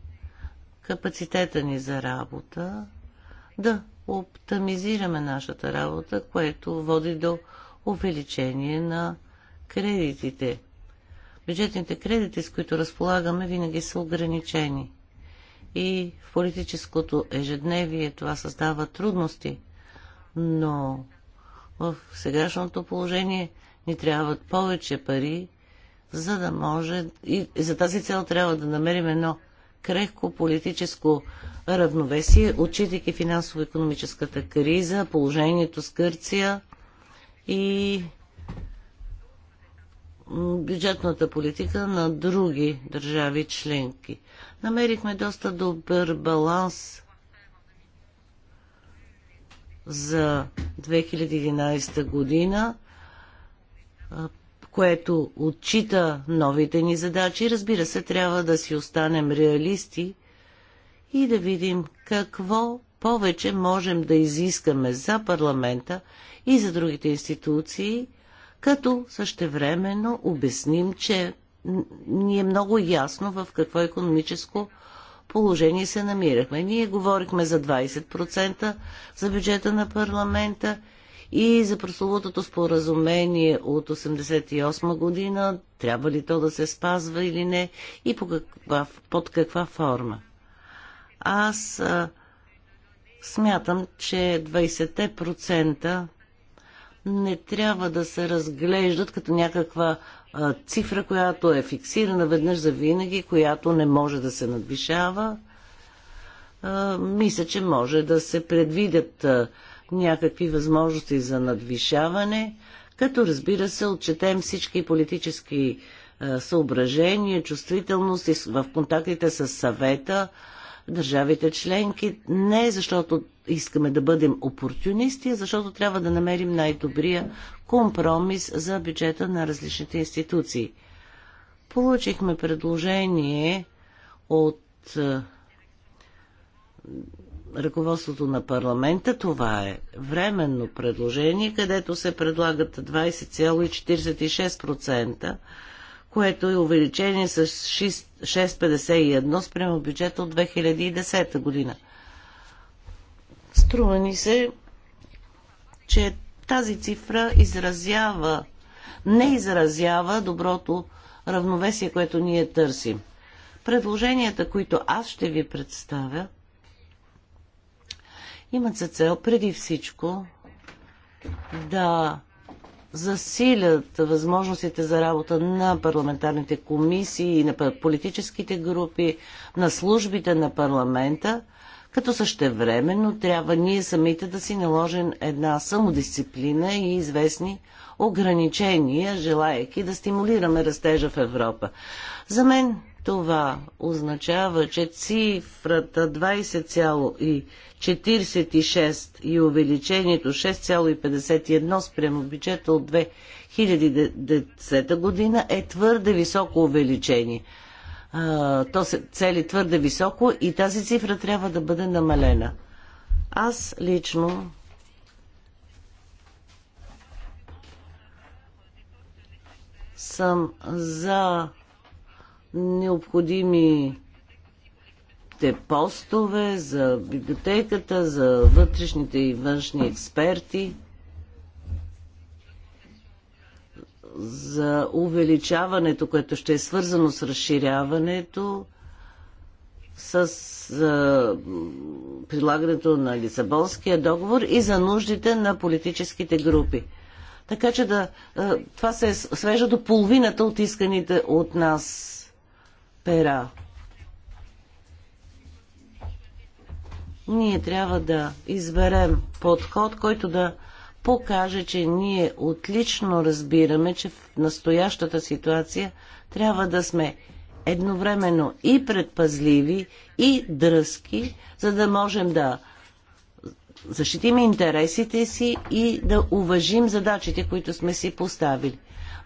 капацитета ни за работа, да оптимизираме нашата работа, което води до увеличение на кредитите. Бюджетните кредити, с които разполагаме, винаги са ограничени. И в политическото ежедневие това създава трудности, но в сегашното положение ни трябват повече пари, за да може и за тази цел трябва да намерим едно крехко политическо равновесие, отчитайки финансово-економическата криза, положението с Гърция и бюджетната политика на други държави членки. Намерихме доста добър баланс за 2011 година, което отчита новите ни задачи. Разбира се, трябва да си останем реалисти и да видим какво повече можем да изискаме за парламента и за другите институции – като същевременно обясним, че ни е много ясно в какво економическо положение се намирахме. Ние говорихме за 20% за бюджета на парламента и за прословутото споразумение от 1988 година, трябва ли то да се спазва или не и по каква, под каква форма. Аз а, смятам, че 20% не трябва да се разглеждат като някаква а, цифра, която е фиксирана веднъж за винаги, която не може да се надвишава. А, мисля, че може да се предвидят а, някакви възможности за надвишаване, като разбира се отчетем всички политически съображения, чувствителност в контактите с съвета, държавите членки не защото искаме да бъдем опортунисти, а защото трябва да намерим най-добрия компромис за бюджета на различните институции. Получихме предложение от е, ръководството на парламента. Това е временно предложение, където се предлагат 20,46% което е увеличение с 6,51 спрямо бюджета от 2010 година. Струва ни се, че тази цифра изразява, не изразява доброто равновесие, което ние търсим. Предложенията, които аз ще ви представя, имат за цел преди всичко да засилят възможностите за работа на парламентарните комисии, на политическите групи, на службите на парламента, като същевременно трябва ние самите да си наложим една самодисциплина и известни ограничения, желаяки да стимулираме растежа в Европа. За мен това означава, че цифрата 20,46 и увеличението 6,51 спрямо бюджета от 2010 година е твърде високо увеличение. То се цели твърде високо и тази цифра трябва да бъде намалена. Аз лично съм за необходими постове за библиотеката, за вътрешните и външни експерти, за увеличаването, което ще е свързано с разширяването, с прилагането на Лисабонския договор и за нуждите на политическите групи. Така че да, това се свежда до половината от исканите от нас пера. Ние трябва да изберем подход, който да покаже, че ние отлично разбираме, че в настоящата ситуация трябва да сме едновременно и предпазливи, и дръзки, за да можем да защитим интересите си и да уважим задачите, които сме си поставили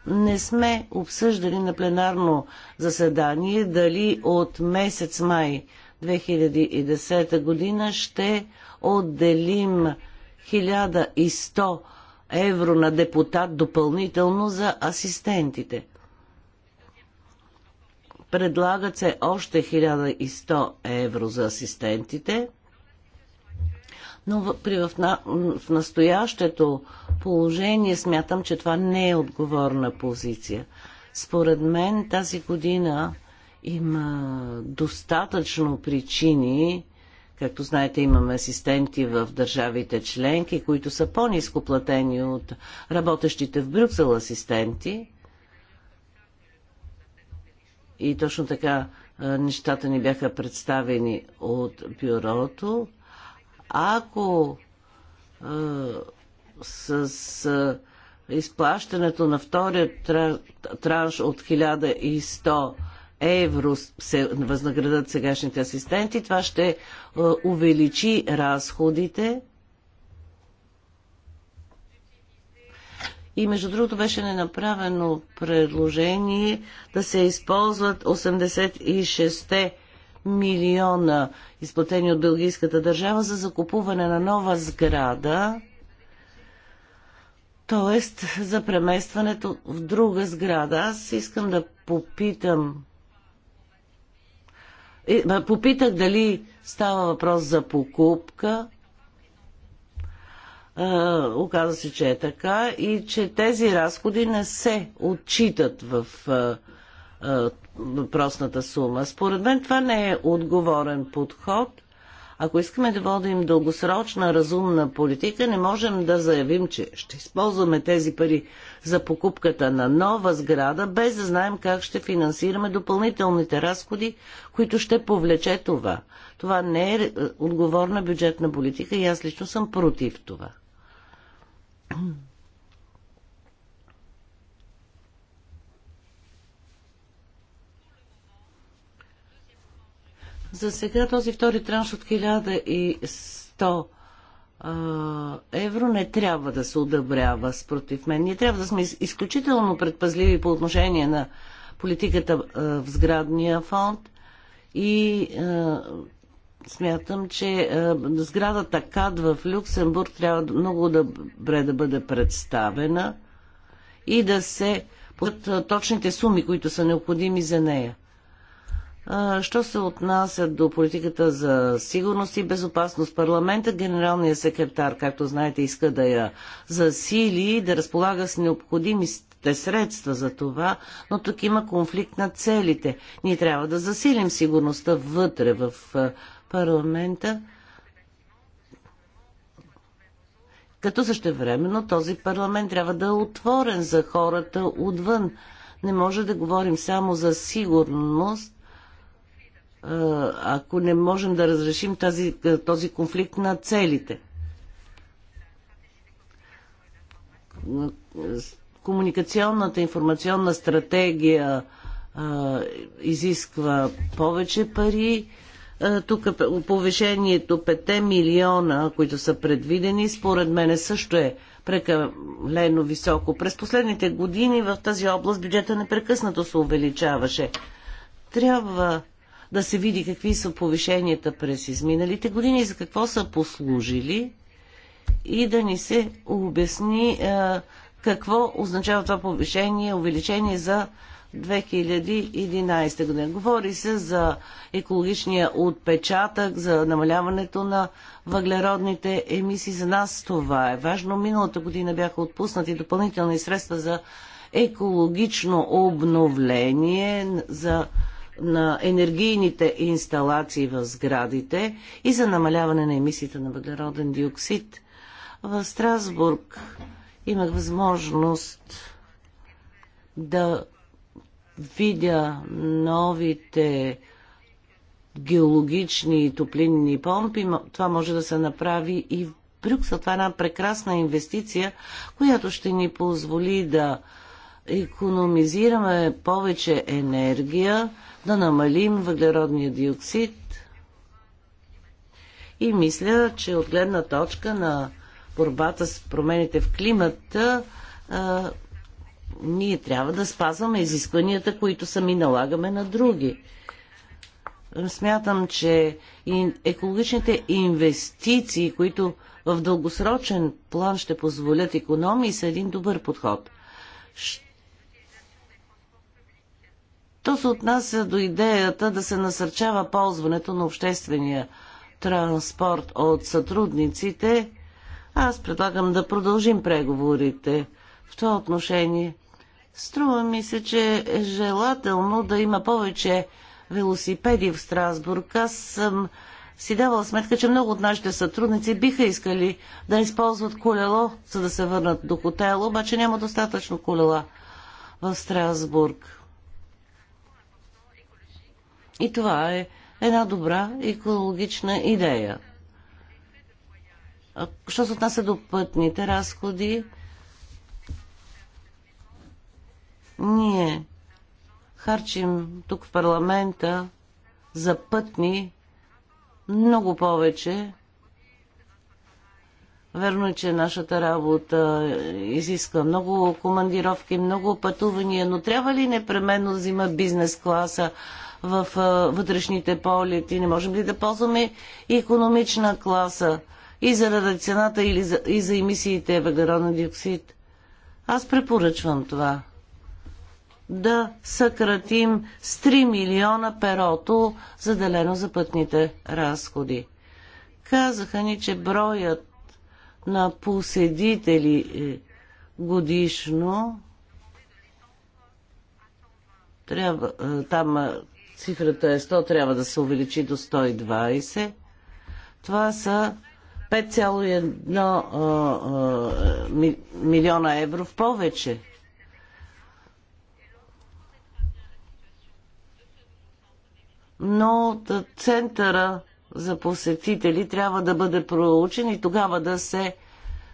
не сме обсъждали на пленарно заседание дали от месец май 2010 година ще отделим 1100 евро на депутат допълнително за асистентите. Предлагат се още 1100 евро за асистентите но при в, на, в настоящето положение смятам, че това не е отговорна позиция. Според мен тази година има достатъчно причини. Както знаете, имаме асистенти в държавите членки, които са по-низко платени от работещите в Брюксел асистенти. И точно така нещата ни бяха представени от бюрото. Ако а, с а, изплащането на втория транш от 1100 евро се възнаградат сегашните асистенти, това ще а, увеличи разходите. И между другото беше ненаправено предложение да се използват 86-те милиона, изплатени от бългийската държава за закупуване на нова сграда, т.е. за преместването в друга сграда. Аз искам да попитам. Е, попитах дали става въпрос за покупка. Оказва се, че е така и че тези разходи не се отчитат в е, въпросната сума. Според мен това не е отговорен подход. Ако искаме да водим дългосрочна, разумна политика, не можем да заявим, че ще използваме тези пари за покупката на нова сграда, без да знаем как ще финансираме допълнителните разходи, които ще повлече това. Това не е, е отговорна бюджетна политика и аз лично съм против това. За сега този втори транш от 1100 евро не трябва да се одобрява, спротив мен. Ние трябва да сме изключително предпазливи по отношение на политиката в сградния фонд и смятам, че сградата КАД в Люксембург трябва много добре да бъде представена и да се под точните суми, които са необходими за нея. Що се отнася до политиката за сигурност и безопасност, парламента, генералният секретар, както знаете, иска да я засили и да разполага с необходимите средства за това, но тук има конфликт на целите. Ние трябва да засилим сигурността вътре в парламента, като същевременно този парламент трябва да е отворен за хората отвън. Не може да говорим само за сигурност, ако не можем да разрешим тази, този конфликт на целите. Комуникационната информационна стратегия а, изисква повече пари. А, тук повишението 5 милиона, които са предвидени, според мен също е прекалено високо. През последните години в тази област бюджета непрекъснато се увеличаваше. Трябва да се види какви са повишенията през изминалите години и за какво са послужили и да ни се обясни а, какво означава това повишение, увеличение за 2011 година. Говори се за екологичния отпечатък, за намаляването на въглеродните емисии. За нас това е важно. Миналата година бяха отпуснати допълнителни средства за екологично обновление, за на енергийните инсталации в сградите и за намаляване на емисиите на въглероден диоксид. В Страсбург имах възможност да видя новите геологични и топлинни помпи. Това може да се направи и в Брюксел. Това е една прекрасна инвестиция, която ще ни позволи да економизираме повече енергия, да намалим въглеродния диоксид и мисля, че от гледна точка на борбата с промените в климата а, ние трябва да спазваме изискванията, които сами налагаме на други. Смятам, че екологичните инвестиции, които в дългосрочен план ще позволят економии, са един добър подход. Ще то се отнася до идеята да се насърчава ползването на обществения транспорт от сътрудниците. Аз предлагам да продължим преговорите в това отношение. Струва ми се, че е желателно да има повече велосипеди в Страсбург. Аз съм си давала сметка, че много от нашите сътрудници биха искали да използват колело, за да се върнат до хотела, обаче няма достатъчно колела в Страсбург. И това е една добра екологична идея. Що се отнася до пътните разходи, ние харчим тук в парламента за пътни много повече. Верно е, че нашата работа изисква много командировки, много пътувания, но трябва ли непременно да взима бизнес класа, в вътрешните полети? Не можем ли да ползваме и економична класа и заради цената или за, и за емисиите въглероден диоксид? Аз препоръчвам това. Да съкратим с 3 милиона перото, заделено за пътните разходи. Казаха ни, че броят на поседители е, годишно трябва е, там е, цифрата е 100, трябва да се увеличи до 120. Това са 5,1 милиона евро в повече. Но центъра за посетители трябва да бъде проучен и тогава да се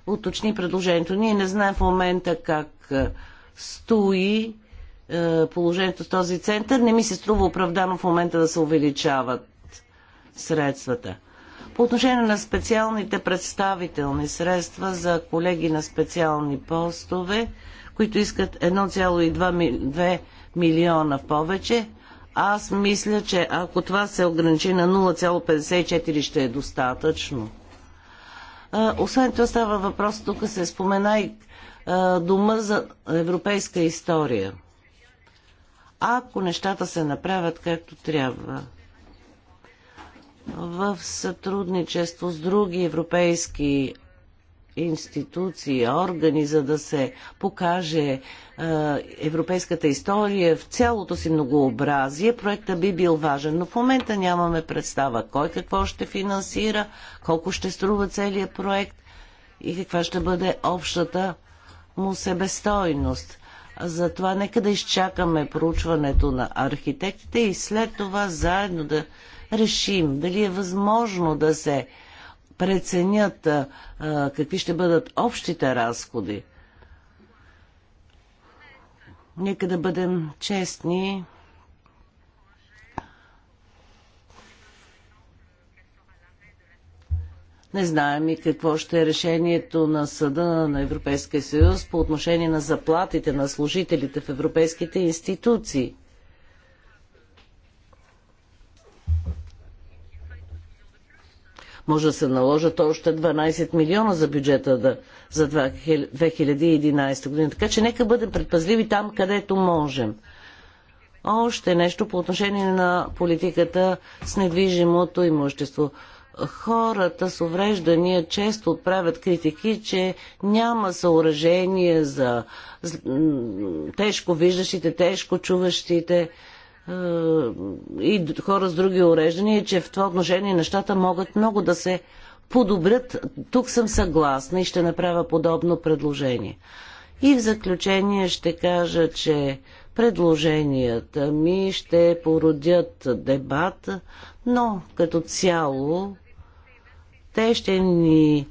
уточни предложението. Ние не знаем в момента как стои е, положението с този център, не ми се струва оправдано в момента да се увеличават средствата. По отношение на специалните представителни средства за колеги на специални постове, които искат 1,2 милиона в повече, аз мисля, че ако това се ограничи на 0,54 ще е достатъчно. Освен това става въпрос, тук се спомена и Дома за европейска история – ако нещата се направят както трябва. В сътрудничество с други европейски институции, органи, за да се покаже е, европейската история в цялото си многообразие, проекта би бил важен. Но в момента нямаме представа кой какво ще финансира, колко ще струва целият проект и каква ще бъде общата му себестойност. Затова нека да изчакаме проучването на архитектите и след това заедно да решим дали е възможно да се преценят а, какви ще бъдат общите разходи. Нека да бъдем честни Не знаем и какво ще е решението на Съда на Европейския съюз по отношение на заплатите на служителите в европейските институции. Може да се наложат още 12 милиона за бюджета да, за 2011 година. Така че нека бъдем предпазливи там, където можем. Още нещо по отношение на политиката с недвижимото имущество хората с увреждания често отправят критики, че няма съоръжение за тежко виждащите, тежко чуващите е, и хора с други увреждания, че в това отношение нещата могат много да се подобрят. Тук съм съгласна и ще направя подобно предложение. И в заключение ще кажа, че предложенията ми ще породят дебат, но като цяло те ще ни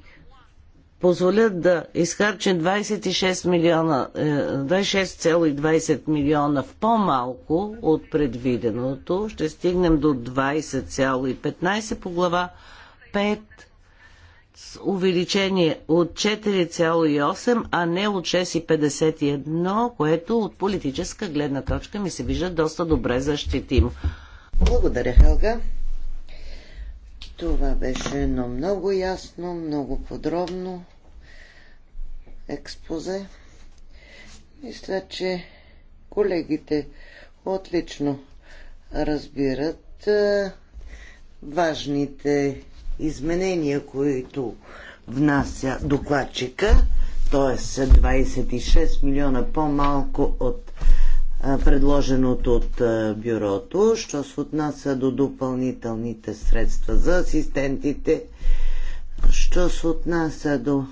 позволят да изхарчим 26 милиона, 26,20 е, милиона в по-малко от предвиденото. Ще стигнем до 20,15 по глава 5 с увеличение от 4,8, а не от 6,51, което от политическа гледна точка ми се вижда доста добре защитимо. Благодаря, Хелга. Това беше едно много ясно, много подробно експозе. Мисля, че колегите отлично разбират е, важните изменения, които внася докладчика, т.е. 26 милиона по-малко от предложеното от бюрото. Що се отнася до допълнителните средства за асистентите, що се отнася до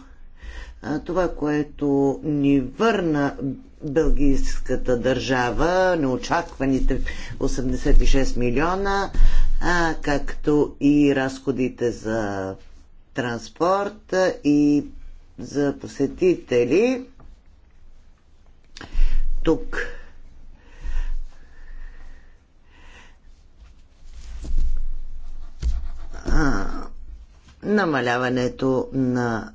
това, което ни върна бългийската държава, неочакваните 86 милиона, а, както и разходите за транспорт и за посетители. Тук намаляването на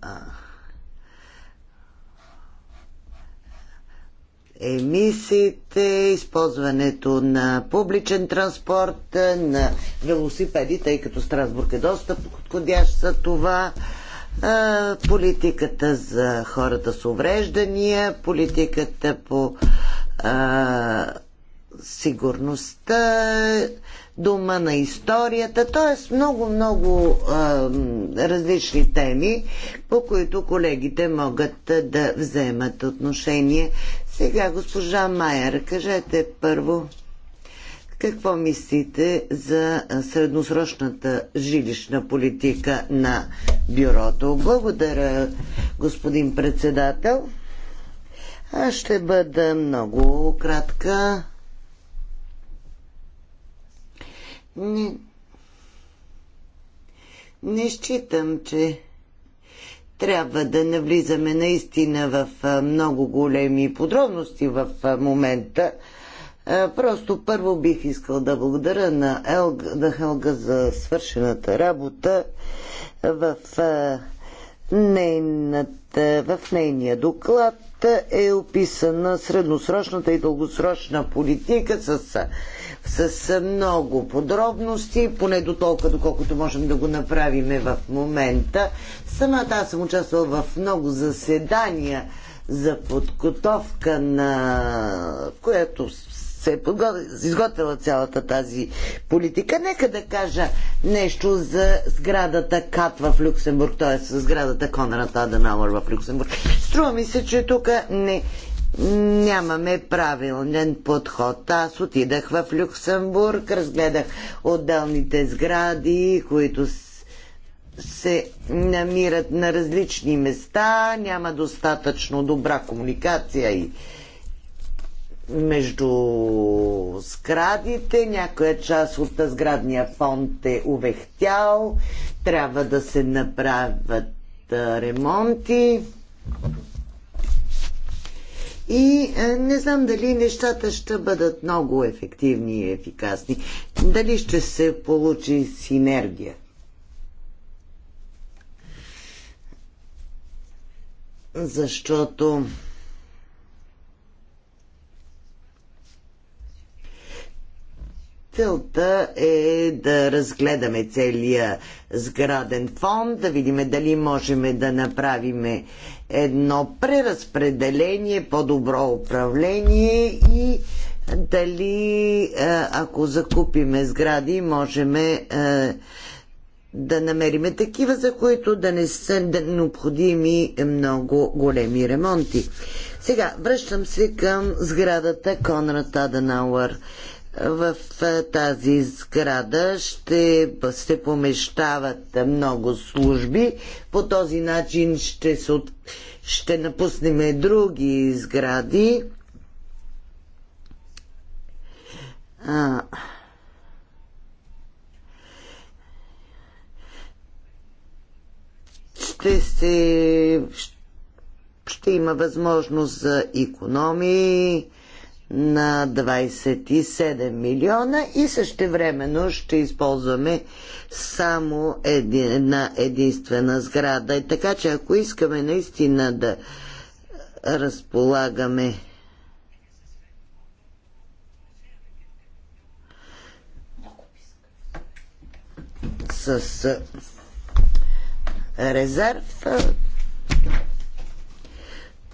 емисиите, използването на публичен транспорт, на велосипеди, тъй като Страсбург е доста подходящ за това, политиката за хората с увреждания, политиката по а, сигурността, дума на историята, т.е. много-много различни теми, по които колегите могат да вземат отношение. Сега, госпожа Майер, кажете първо какво мислите за средносрочната жилищна политика на бюрото? Благодаря, господин председател. Аз ще бъда много кратка. Не, не считам, че трябва да навлизаме наистина в много големи подробности в момента. Просто първо бих искал да благодаря на Елга, на Хелга за свършената работа в нейната, в нейния доклад е описана средносрочната и дългосрочна политика с, с много подробности, поне до толкова, доколкото можем да го направим в момента. Самата аз съм участвал в много заседания за подготовка на което се е изготвила цялата тази политика. Нека да кажа нещо за сградата КАТ в Люксембург, т.е. сградата Конрад Аденауър в Люксембург. Струва ми се, че тук не, нямаме правилен подход. Аз отидах в Люксембург, разгледах отделните сгради, които се намират на различни места, няма достатъчно добра комуникация и между сградите, някоя част от сградния фонд е увехтял, трябва да се направят ремонти. И не знам дали нещата ще бъдат много ефективни и ефикасни. Дали ще се получи синергия. Защото Целта е да разгледаме целия сграден фонд, да видим дали можем да направим едно преразпределение, по-добро управление и дали ако закупиме сгради, можем да намериме такива, за които да не са необходими много големи ремонти. Сега, връщам се към сградата Конрад Аденауър в тази сграда ще се помещават много служби. По този начин ще, се от... ще напуснем други сгради. А... Ще се ще има възможност за економии на 27 милиона и също времено ще използваме само една единствена сграда. И така че ако искаме наистина да разполагаме с резерв,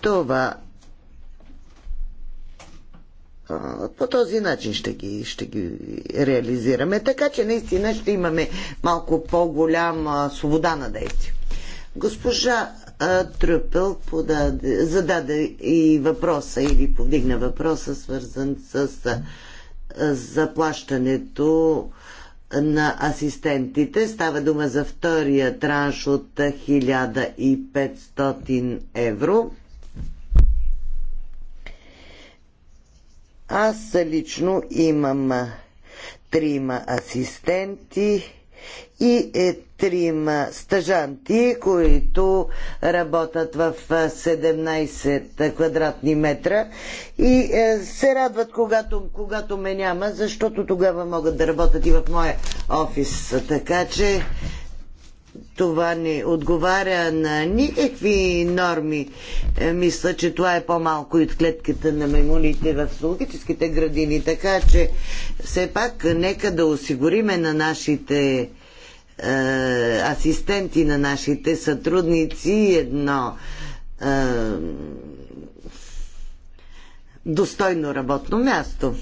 това по този начин ще ги, ще ги реализираме. Така че наистина ще имаме малко по-голяма свобода на действие. Госпожа Трюпел подаде, зададе и въпроса или повдигна въпроса, свързан с заплащането на асистентите. Става дума за втория транш от 1500 евро. Аз лично имам трима асистенти и е, трима стъжанти, които работят в 17 квадратни метра и е, се радват, когато, когато ме няма, защото тогава могат да работят и в моя офис. Така че това не отговаря на никакви норми. Е, мисля, че това е по-малко и от клетката на маймуните в зоологическите градини. Така че все пак нека да осигуриме на нашите е, асистенти, на нашите сътрудници едно е, достойно работно място.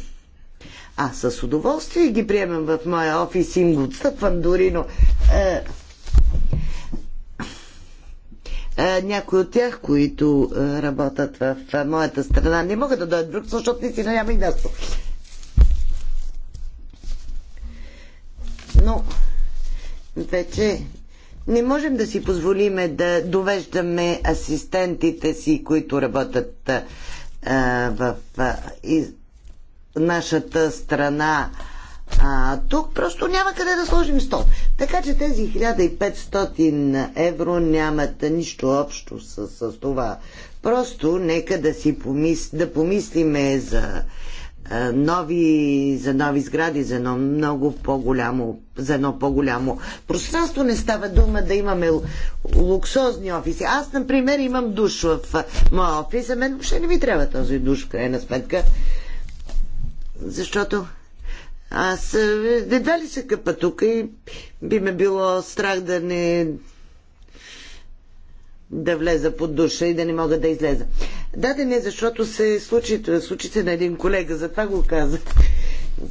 Аз с удоволствие ги приемам в моя офис и им го отстъпвам дори, но е, е, някои от тях, които е, работят в е, моята страна, не могат да дойдат в Брюксел, защото наистина няма и място. Но вече не можем да си позволиме да довеждаме асистентите си, които работят а, в а, и, нашата страна а тук просто няма къде да сложим стол. Така че тези 1500 евро нямат нищо общо с, с това. Просто нека да си помис... да помислиме за а, нови, за нови сгради, за едно много по-голямо, за едно по-голямо пространство. Не става дума да имаме луксозни офиси. Аз, например, имам душ в моя офис, а мен въобще не ми трябва този душ, в крайна сметка. Защото аз е, едва ли се къпа тук и би ме било страх да не да влеза под душа и да не мога да излеза. Да, да не, защото се случи, случи се на един колега, затова го казах.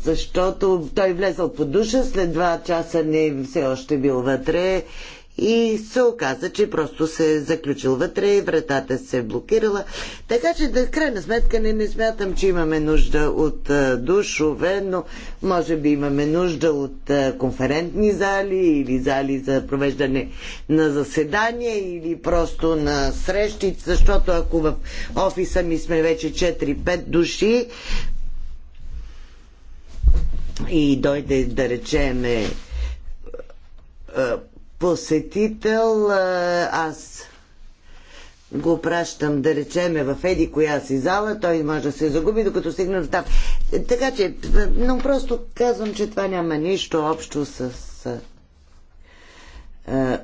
Защото той влезъл под душа, след два часа не все още бил вътре и се оказа, че просто се е заключил вътре и вратата се е блокирала. Така че, да, крайна сметка, не, не смятам, че имаме нужда от а, душове, но може би имаме нужда от а, конферентни зали или зали за провеждане на заседания или просто на срещи, защото ако в офиса ми сме вече 4-5 души, и дойде да речеме посетител, аз го пращам, да речеме, в еди коя си зала, той може да се загуби, докато стигна. до там. Така че, но просто казвам, че това няма нищо общо с, с е,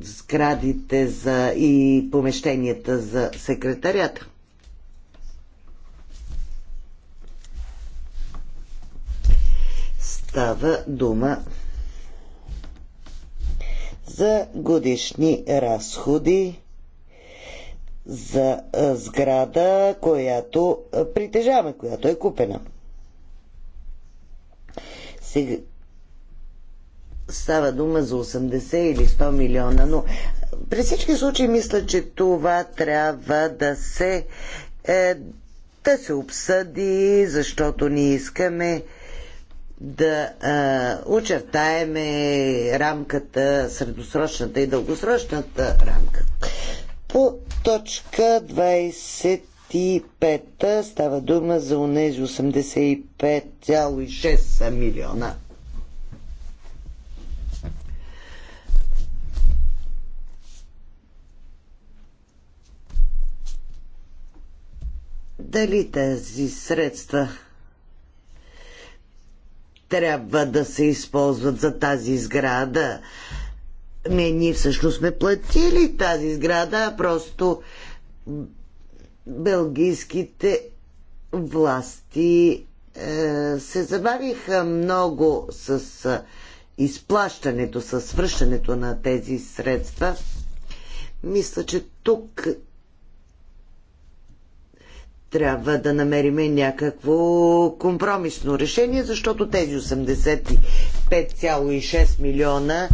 сградите за, и помещенията за секретарята. Става дума за годишни разходи за сграда, която притежаваме, която е купена. Сега става дума за 80 или 100 милиона, но при всички случаи мисля, че това трябва да се е, да се обсъди, защото ние искаме да а, очертаеме рамката, средосрочната и дългосрочната рамка. По точка 25 става дума за унези 85,6 милиона. Дали тези средства трябва да се използват за тази сграда. Не, ние всъщност сме платили тази сграда, а просто белгийските власти е, се забавиха много с е, изплащането, с връщането на тези средства. Мисля, че тук трябва да намерим някакво компромисно решение, защото тези 85,6 милиона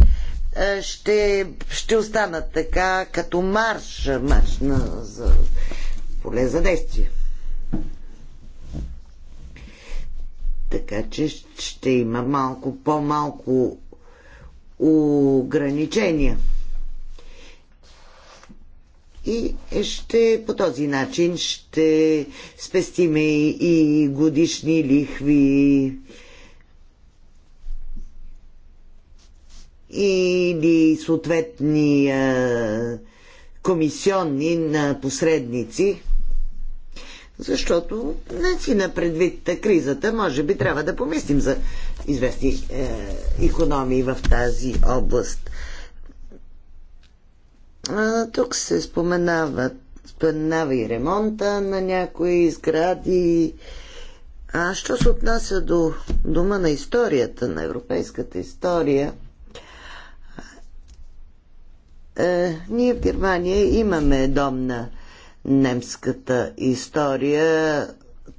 е, ще, ще останат така като марш, марш на, за поле за действие. Така че ще има малко по-малко ограничения и ще по този начин ще спестиме и годишни лихви или съответни а, комисионни на посредници, защото не си на предвид кризата, може би трябва да помислим за известни економии в тази област. Тук се споменава, споменава и ремонта на някои сгради. А що се отнася до дума на историята, на европейската история, е, ние в Германия имаме дом на немската история.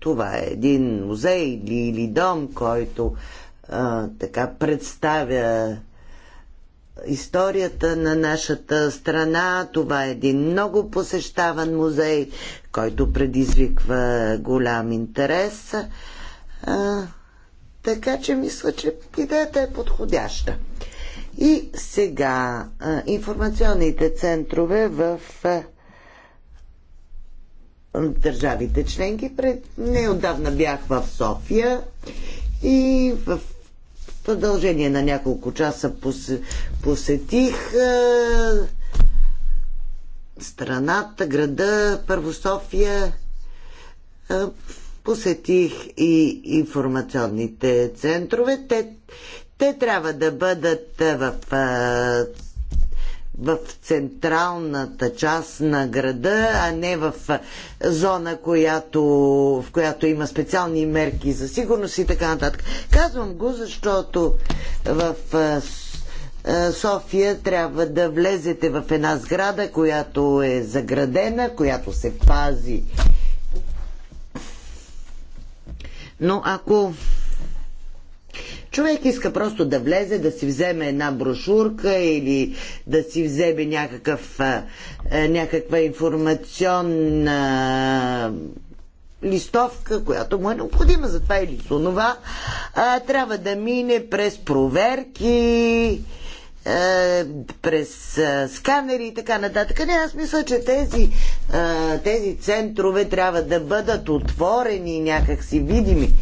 Това е един музей или, или дом, който а, така представя историята на нашата страна. Това е един много посещаван музей, който предизвиква голям интерес. А, така че мисля, че идеята е подходяща. И сега а, информационните центрове в а, държавите членки. Пред... Неодавна бях в София и в продължение на няколко часа посетих е, страната, града, първо София. Е, посетих и информационните центрове. Те, те трябва да бъдат е, в в централната част на града, а не в зона, която, в която има специални мерки за сигурност и така нататък. Казвам го, защото в София трябва да влезете в една сграда, която е заградена, която се пази. Но ако Човек иска просто да влезе, да си вземе една брошурка или да си вземе някакъв, някаква информационна листовка, която му е необходима за това или за това, трябва да мине през проверки, през сканери и така нататък. Не, аз мисля, че тези, тези центрове трябва да бъдат отворени някакси видими.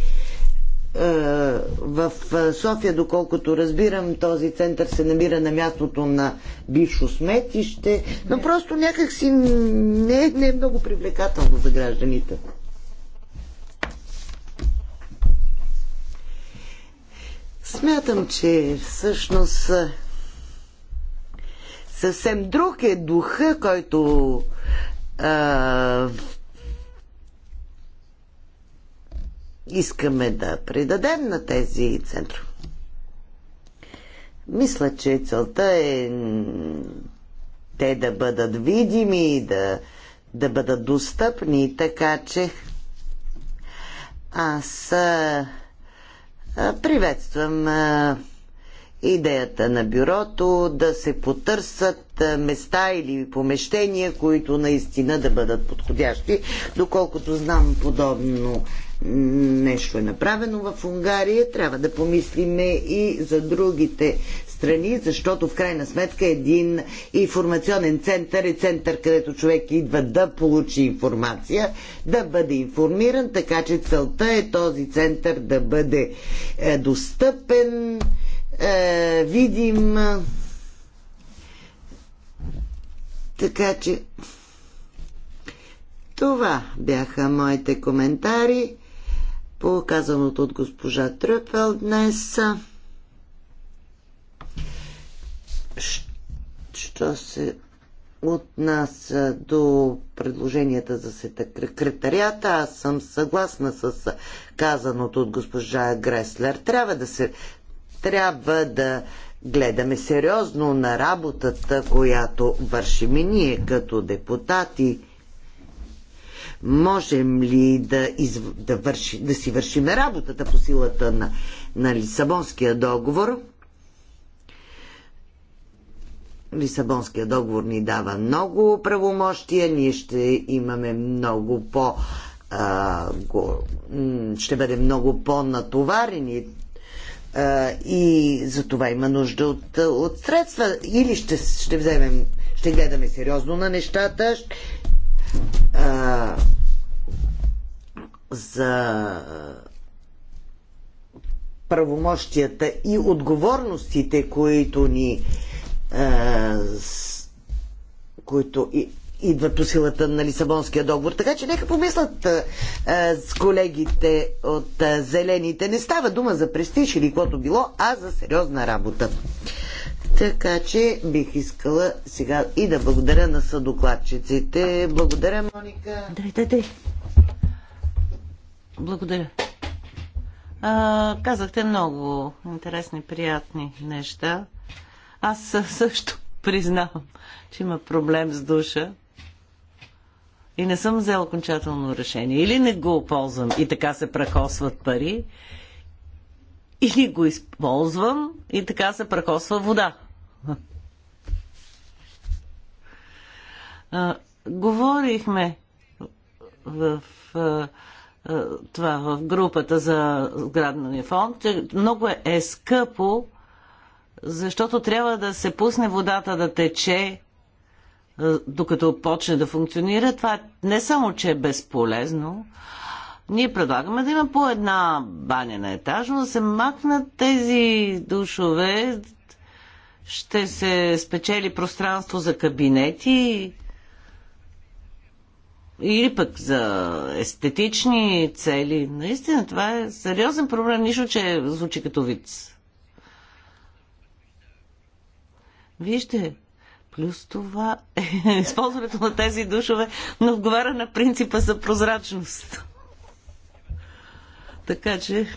Е, в е, София, доколкото разбирам, този център се намира на мястото на бившо сметище, но просто някакси не, не е много привлекателно за гражданите. Смятам, че всъщност е, съвсем друг е духа, който а, искаме да предадем на тези центрове. Мисля, че целта е те да бъдат видими, да, да бъдат достъпни, така че аз а, приветствам а, идеята на бюрото да се потърсят места или помещения, които наистина да бъдат подходящи. Доколкото знам, подобно нещо е направено в Унгария. Трябва да помислиме и за другите страни, защото в крайна сметка един информационен център е център, където човек идва да получи информация, да бъде информиран, така че целта е този център да бъде е, достъпен е, видим. Така че това бяха моите коментари по казаното от госпожа Трюпел днес. Що се от нас до предложенията за секретарията. Аз съм съгласна с казаното от госпожа Греслер. Трябва да се трябва да гледаме сериозно на работата, която вършим и ние като депутати. Можем ли да, из... да, върши... да си вършим работата по силата на, на Лисабонския договор? Лисабонския договор ни дава много правомощия, ние ще имаме много по- а, го, ще бъде много по-натоварени, и за това има нужда от, от средства. Или ще, ще вземем, ще гледаме сериозно на нещата а, за правомощията и отговорностите, които ни а, с, които и идват по силата на Лисабонския договор. Така че нека помислят а, с колегите от а, Зелените. Не става дума за престиж или каквото било, а за сериозна работа. Така че бих искала сега и да благодаря на съдокладчиците. Благодаря, Моника. Дай, дай, дай. Благодаря. А, казахте много интересни, приятни неща. Аз също признавам, че има проблем с душа и не съм взел окончателно решение. Или не го ползвам и така се прахосват пари, или го използвам и така се прахосва вода. А, говорихме в в, в това в групата за сградния фонд, че много е, е скъпо, защото трябва да се пусне водата да тече докато почне да функционира, това не само, че е безполезно, ние предлагаме да има по една баня на етажно, да се махнат тези душове, ще се спечели пространство за кабинети или пък за естетични цели. Наистина, това е сериозен проблем, нищо, че звучи като вид. Вижте, Плюс това, е използването на тези душове не отговаря на принципа за прозрачност. Така че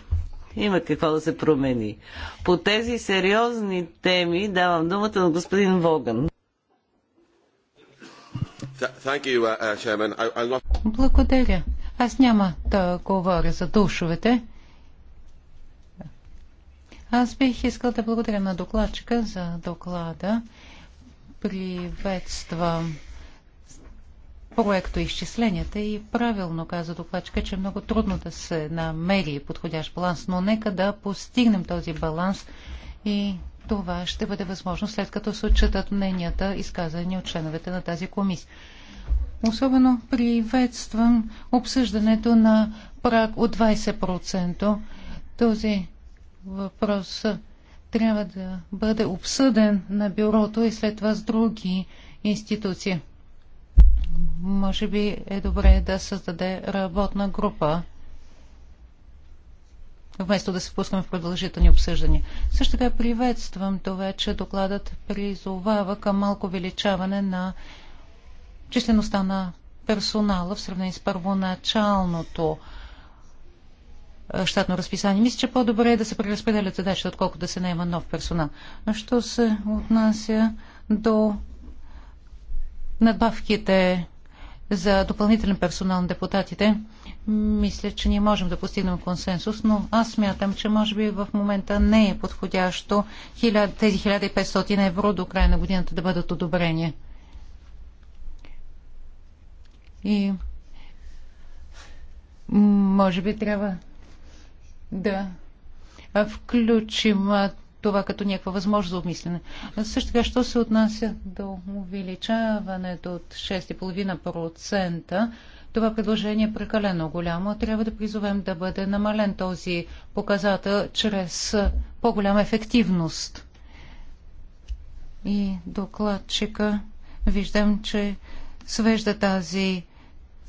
има какво да се промени. По тези сериозни теми давам думата на господин Воган. Uh, uh, благодаря. Аз няма да говоря за душовете. Аз бих искал да благодаря на докладчика за доклада приветствам проекто изчисленията и правилно каза докладчика, че е много трудно да се намери подходящ баланс, но нека да постигнем този баланс и това ще бъде възможно след като се отчитат мненията, изказани от членовете на тази комисия. Особено приветствам обсъждането на прак от 20%. Този въпрос трябва да бъде обсъден на бюрото и след това с други институции. Може би е добре да създаде работна група, вместо да се пускаме в продължителни обсъждания. Също така приветствам това, че докладът призовава към малко увеличаване на числеността на персонала в сравнение с първоначалното е, щатно разписание. Мисля, че по-добре е да се преразпределят задачи, отколкото да се наема нов персонал. Но що се отнася до надбавките за допълнителен персонал на депутатите, мисля, че ние можем да постигнем консенсус, но аз смятам, че може би в момента не е подходящо тези 1500 евро до края на годината да бъдат одобрени. И може би трябва да включим това като някаква възможност за обмислене. Също така, що се отнася до увеличаването от 6,5%, това предложение е прекалено голямо. Трябва да призовем да бъде намален този показател чрез по-голяма ефективност. И докладчика виждам, че свежда тази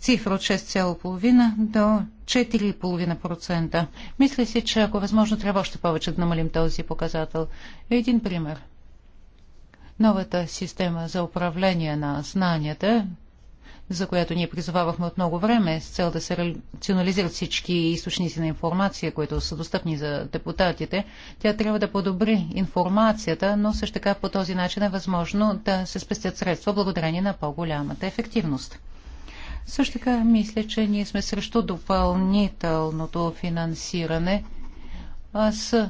цифра от 6,5 до 4,5%. Мисля си, че ако е възможно трябва още повече да намалим този показател. Един пример. Новата система за управление на знанията, за която ние призовавахме от много време с цел да се рационализират всички източници на информация, които са достъпни за депутатите. Тя трябва да подобри информацията, но също така по този начин е възможно да се спестят средства благодарение на по-голямата ефективност. Също така мисля, че ние сме срещу допълнителното финансиране. Аз uh,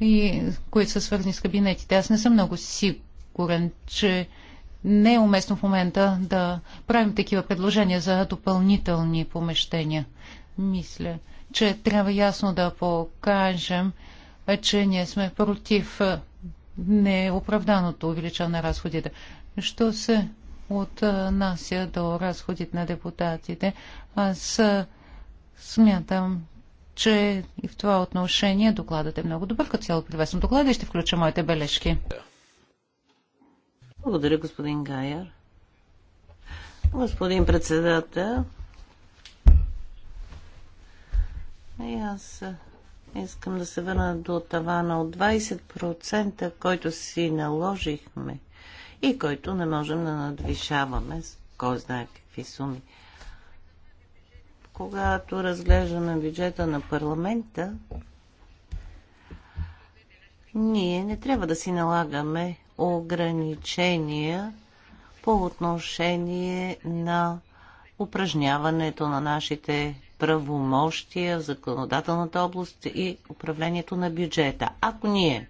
и които са свързани с кабинетите. Аз не съм много сигурен, че не е уместно в момента да правим такива предложения за допълнителни помещения. Мисля, че трябва ясно да покажем, че ние сме против неоправданото увеличаване на разходите. Що се отнася до разходите на депутатите, аз смятам, че и в това отношение докладът е много добър. Като цяло приветствам доклада и ще включа моите бележки. Благодаря, господин Гайер. Господин председател, и аз Искам да се върна до тавана от 20%, който си наложихме и който не можем да надвишаваме, кой знае какви суми. Когато разглеждаме бюджета на парламента, ние не трябва да си налагаме ограничения по отношение на упражняването на нашите правомощия в законодателната област и управлението на бюджета. Ако ние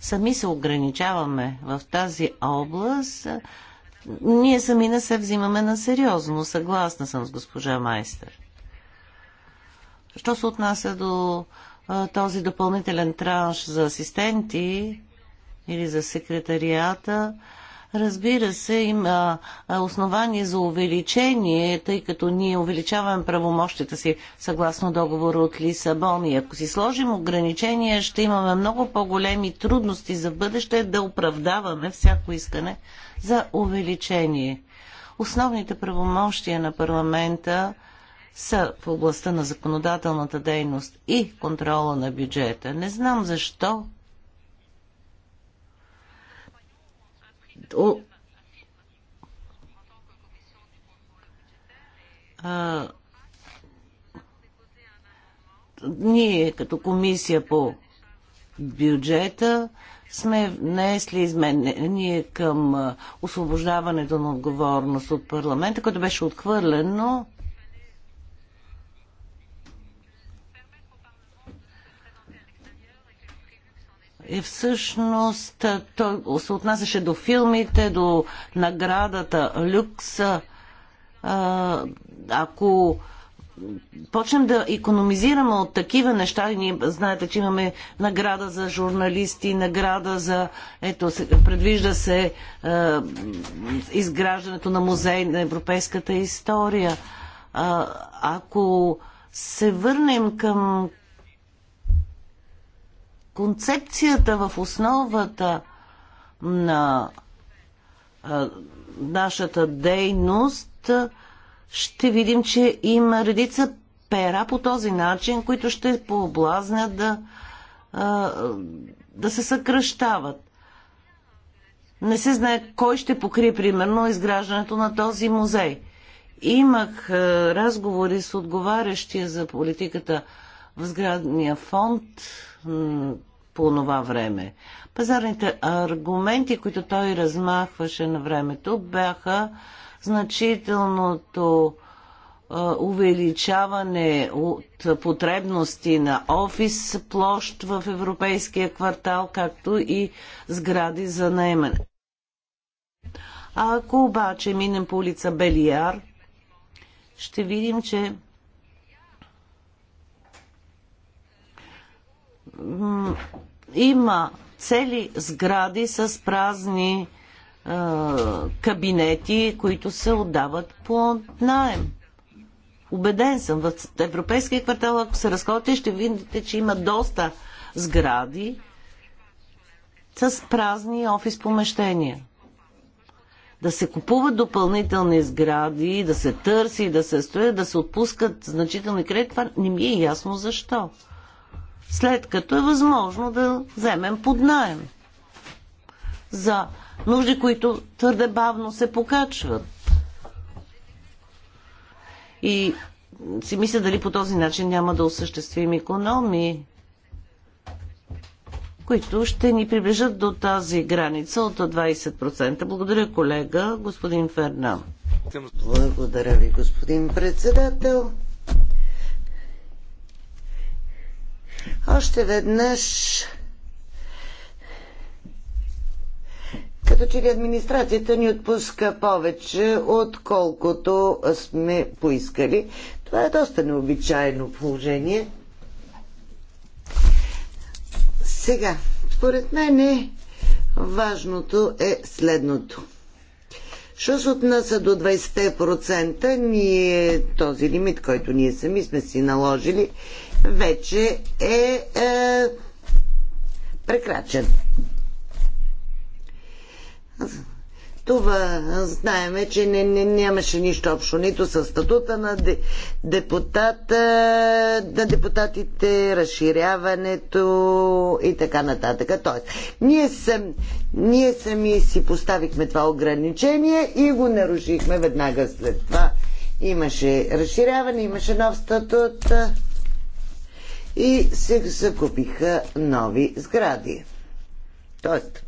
сами се ограничаваме в тази област, ние сами не се взимаме на сериозно. Съгласна съм с госпожа Майстер. Що се отнася до този допълнителен транш за асистенти или за секретарията, Разбира се, има основание за увеличение, тъй като ние увеличаваме правомощите си съгласно договора от Лисабон. И ако си сложим ограничения, ще имаме много по-големи трудности за бъдеще да оправдаваме всяко искане за увеличение. Основните правомощия на парламента са в областта на законодателната дейност и контрола на бюджета. Не знам защо а, ние като комисия по бюджета сме внесли изменение към освобождаването на отговорност от парламента, което беше отхвърлено. е всъщност, той се отнасяше до филмите, до наградата Люкс. Ако почнем да економизираме от такива неща, и ние знаете, че имаме награда за журналисти, награда за, ето, предвижда се е, изграждането на музей на европейската история. А, ако се върнем към концепцията в основата на а, нашата дейност, ще видим, че има редица пера по този начин, които ще пооблазнят да, да се съкръщават. Не се знае кой ще покрие, примерно, изграждането на този музей. Имах а, разговори с отговарящия за политиката в сградния фонд по това време. Пазарните аргументи, които той размахваше на времето, бяха значителното увеличаване от потребности на офис площ в европейския квартал, както и сгради за наемане. А ако обаче минем по улица Белияр, ще видим, че има цели сгради с празни е, кабинети, които се отдават по найем. Убеден съм, в европейския квартал, ако се разходите, ще видите, че има доста сгради с празни офис помещения. Да се купуват допълнителни сгради, да се търси, да се строят, да се отпускат значителни кредити, това не ми е ясно защо след като е възможно да вземем под найем за нужди, които твърде бавно се покачват. И си мисля дали по този начин няма да осъществим економии, които ще ни приближат до тази граница от 20%. Благодаря, колега, господин Фернан. Благодаря ви, господин председател. Още веднъж като че ли администрацията ни отпуска повече, отколкото сме поискали. Това е доста необичайно положение. Сега, според мен е, важното е следното. Що се отнася до 20% ние, този лимит, който ние сами сме си наложили, вече е, е прекрачен. Това знаеме, че не, не, нямаше нищо общо нито с статута на депутата, на депутатите, разширяването и така нататък. Тоест, ние, сам, ние сами си поставихме това ограничение и го нарушихме веднага след това. Имаше разширяване, имаше нов статут и се закупиха нови сгради. Тоест,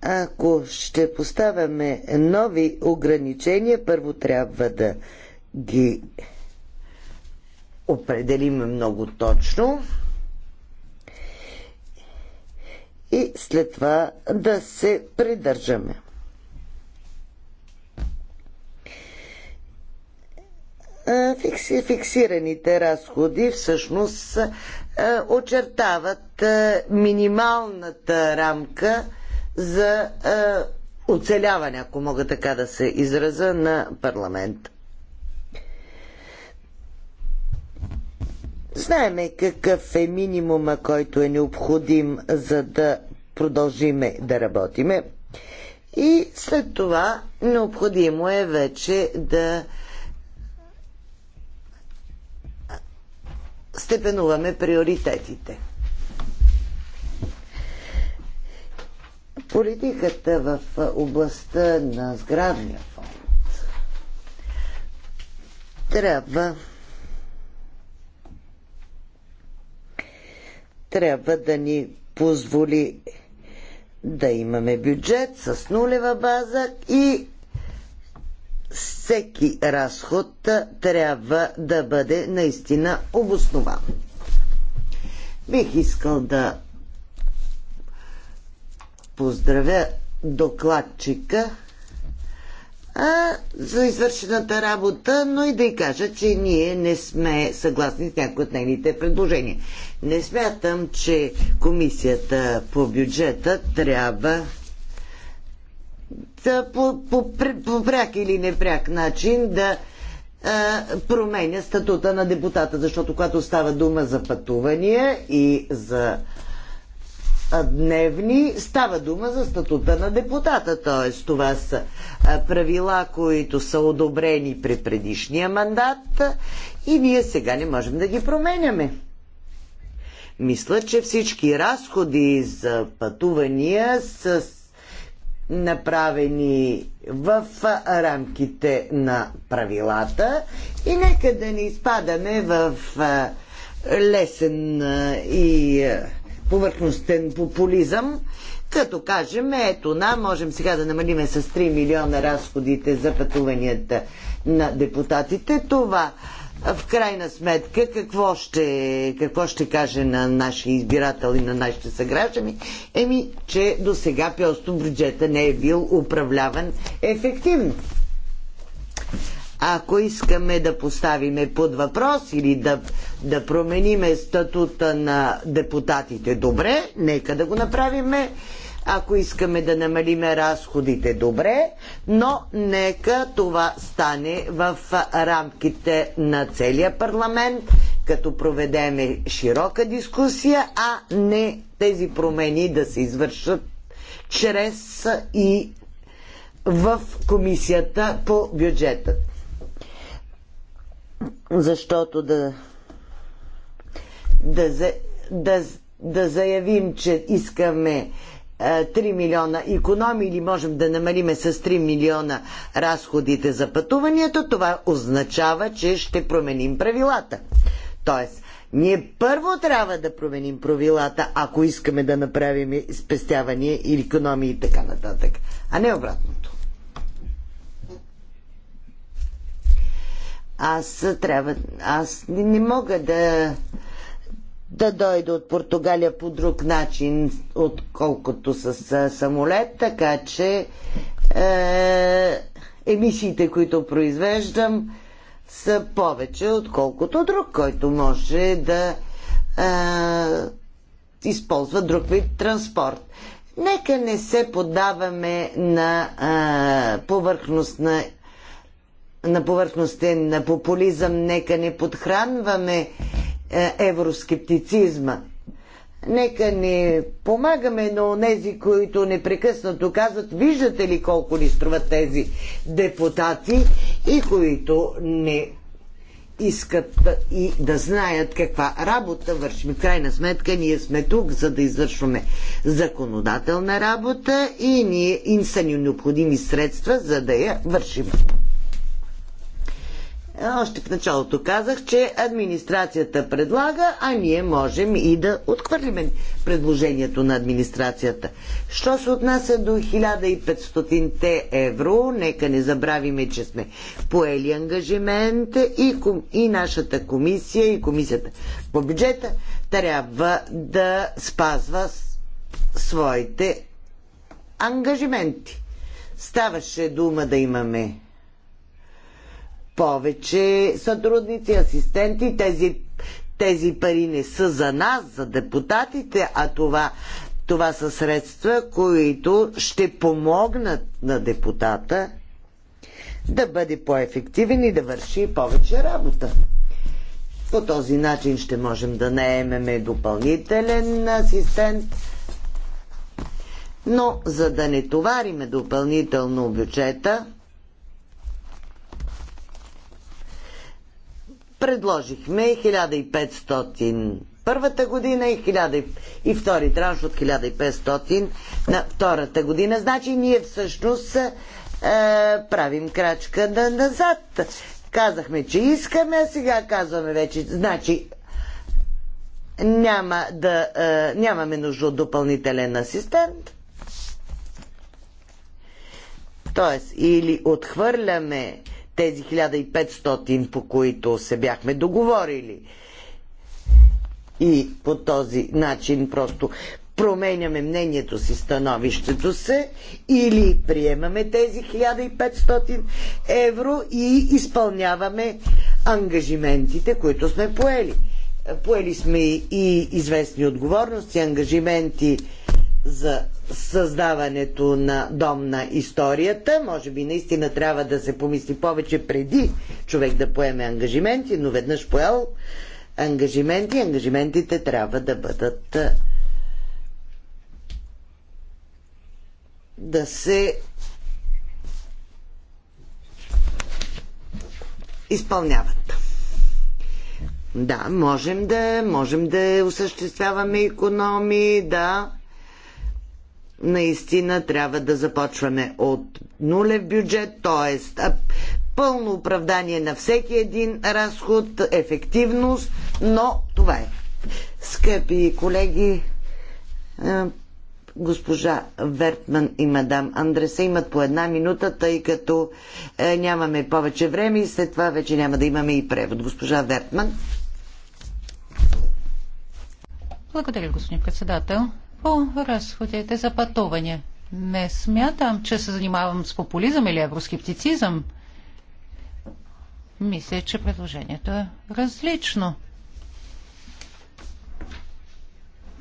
ако ще поставяме нови ограничения, първо трябва да ги определим много точно и след това да се придържаме. фиксираните разходи всъщност очертават минималната рамка за оцеляване, ако мога така да се израза, на парламент. Знаеме какъв е минимума, който е необходим, за да продължиме да работиме. И след това необходимо е вече да степенуваме приоритетите. Политиката в областта на сградния фонд трябва трябва да ни позволи да имаме бюджет с нулева база и всеки разход трябва да бъде наистина обоснован. Бих искал да поздравя докладчика а, за извършената работа, но и да й кажа, че ние не сме съгласни с някои от нейните предложения. Не смятам, че комисията по бюджета трябва по, по, по пряк или непряк начин да променя статута на депутата, защото когато става дума за пътувания и за дневни, става дума за статута на депутата. Т.е. това са правила, които са одобрени при предишния мандат и ние сега не можем да ги променяме. Мисля, че всички разходи за пътувания са направени в рамките на правилата и нека да не изпадаме в лесен и повърхностен популизъм, като кажем, ето на, можем сега да намалиме с 3 милиона разходите за пътуванията на депутатите. Това в крайна сметка какво ще, какво ще каже на нашите избирател и на нашите съграждани? Еми, че до сега просто бюджета не е бил управляван ефективно. Ако искаме да поставиме под въпрос или да, да промениме статута на депутатите, добре, нека да го направиме ако искаме да намалиме разходите, добре, но нека това стане в рамките на целия парламент, като проведеме широка дискусия, а не тези промени да се извършат чрез и в комисията по бюджета. Защото да, да, да, да заявим, че искаме 3 е, милиона економи или можем да намалиме с 3 милиона разходите за пътуванията, това означава, че ще променим правилата. Тоест, ние първо трябва да променим правилата, ако искаме да направим спестявания или економии и така нататък, а не обратното. Аз трябва. Аз не мога да да дойде от Португалия по друг начин, отколкото с самолет, така че е, емисиите, които произвеждам, са повече, отколкото друг, който може да е, използва друг вид транспорт. Нека не се подаваме на е, повърхност на на повърхностен на популизъм, нека не подхранваме е, евроскептицизма. Нека не помагаме на онези, които непрекъснато казват, виждате ли колко ни струват тези депутати и които не искат и да знаят каква работа вършим. В крайна сметка ние сме тук, за да извършваме законодателна работа и ние им са ни необходими средства, за да я вършим. Още в началото казах, че администрацията предлага, а ние можем и да отхвърлим предложението на администрацията. Що се отнася до 1500-те евро, нека не забравиме, че сме поели ангажимент и, ком, и нашата комисия, и комисията по бюджета трябва да спазва своите ангажименти. Ставаше дума да имаме повече сътрудници, асистенти. Тези, тези пари не са за нас, за депутатите, а това, това са средства, които ще помогнат на депутата да бъде по-ефективен и да върши повече работа. По този начин ще можем да наемеме допълнителен асистент, но за да не товариме допълнително бюджета, Предложихме 1500 първата година и, 1000, и втори транш от 1500 на втората година. Значи ние всъщност е, правим крачка на, назад. Казахме, че искаме, а сега казваме вече. Значи няма да, е, нямаме нужда от допълнителен асистент. Тоест, или отхвърляме тези 1500, по които се бяхме договорили. И по този начин просто променяме мнението си, становището се или приемаме тези 1500 евро и изпълняваме ангажиментите, които сме поели. Поели сме и известни отговорности, ангажименти за създаването на дом на историята. Може би наистина трябва да се помисли повече преди човек да поеме ангажименти, но веднъж поел ангажименти, ангажиментите трябва да бъдат е, да се изпълняват. Да, можем да, можем да осъществяваме економии, да, наистина трябва да започваме от нулев бюджет, т.е. пълно оправдание на всеки един разход, ефективност, но това е. Скъпи колеги, е, госпожа Вертман и мадам Андреса имат по една минута, тъй като е, нямаме повече време и след това вече няма да имаме и превод. Госпожа Вертман. Благодаря, господин председател. По разходите за пътуване. Не смятам, че се занимавам с популизъм или евроскептицизъм. Мисля, че предложението е различно.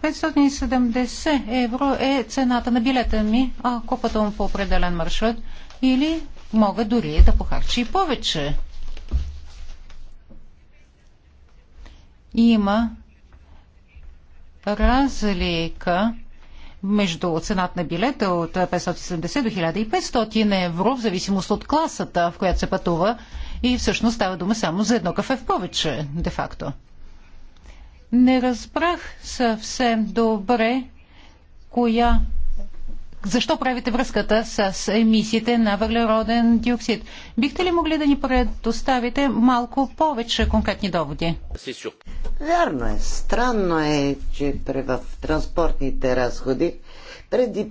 570 евро е цената на билета ми, ако пътувам по определен маршрут, или мога дори да похарча и повече. Има разлика между цената на билета от 570 до 1500 евро, в зависимост от класата, в която се пътува. И всъщност става дума само за едно кафе в повече, де-факто. Не разбрах съвсем добре коя защо правите връзката с емисиите на въглероден диоксид? Бихте ли могли да ни предоставите малко повече конкретни доводи? Вярно е. Странно е, че в транспортните разходи преди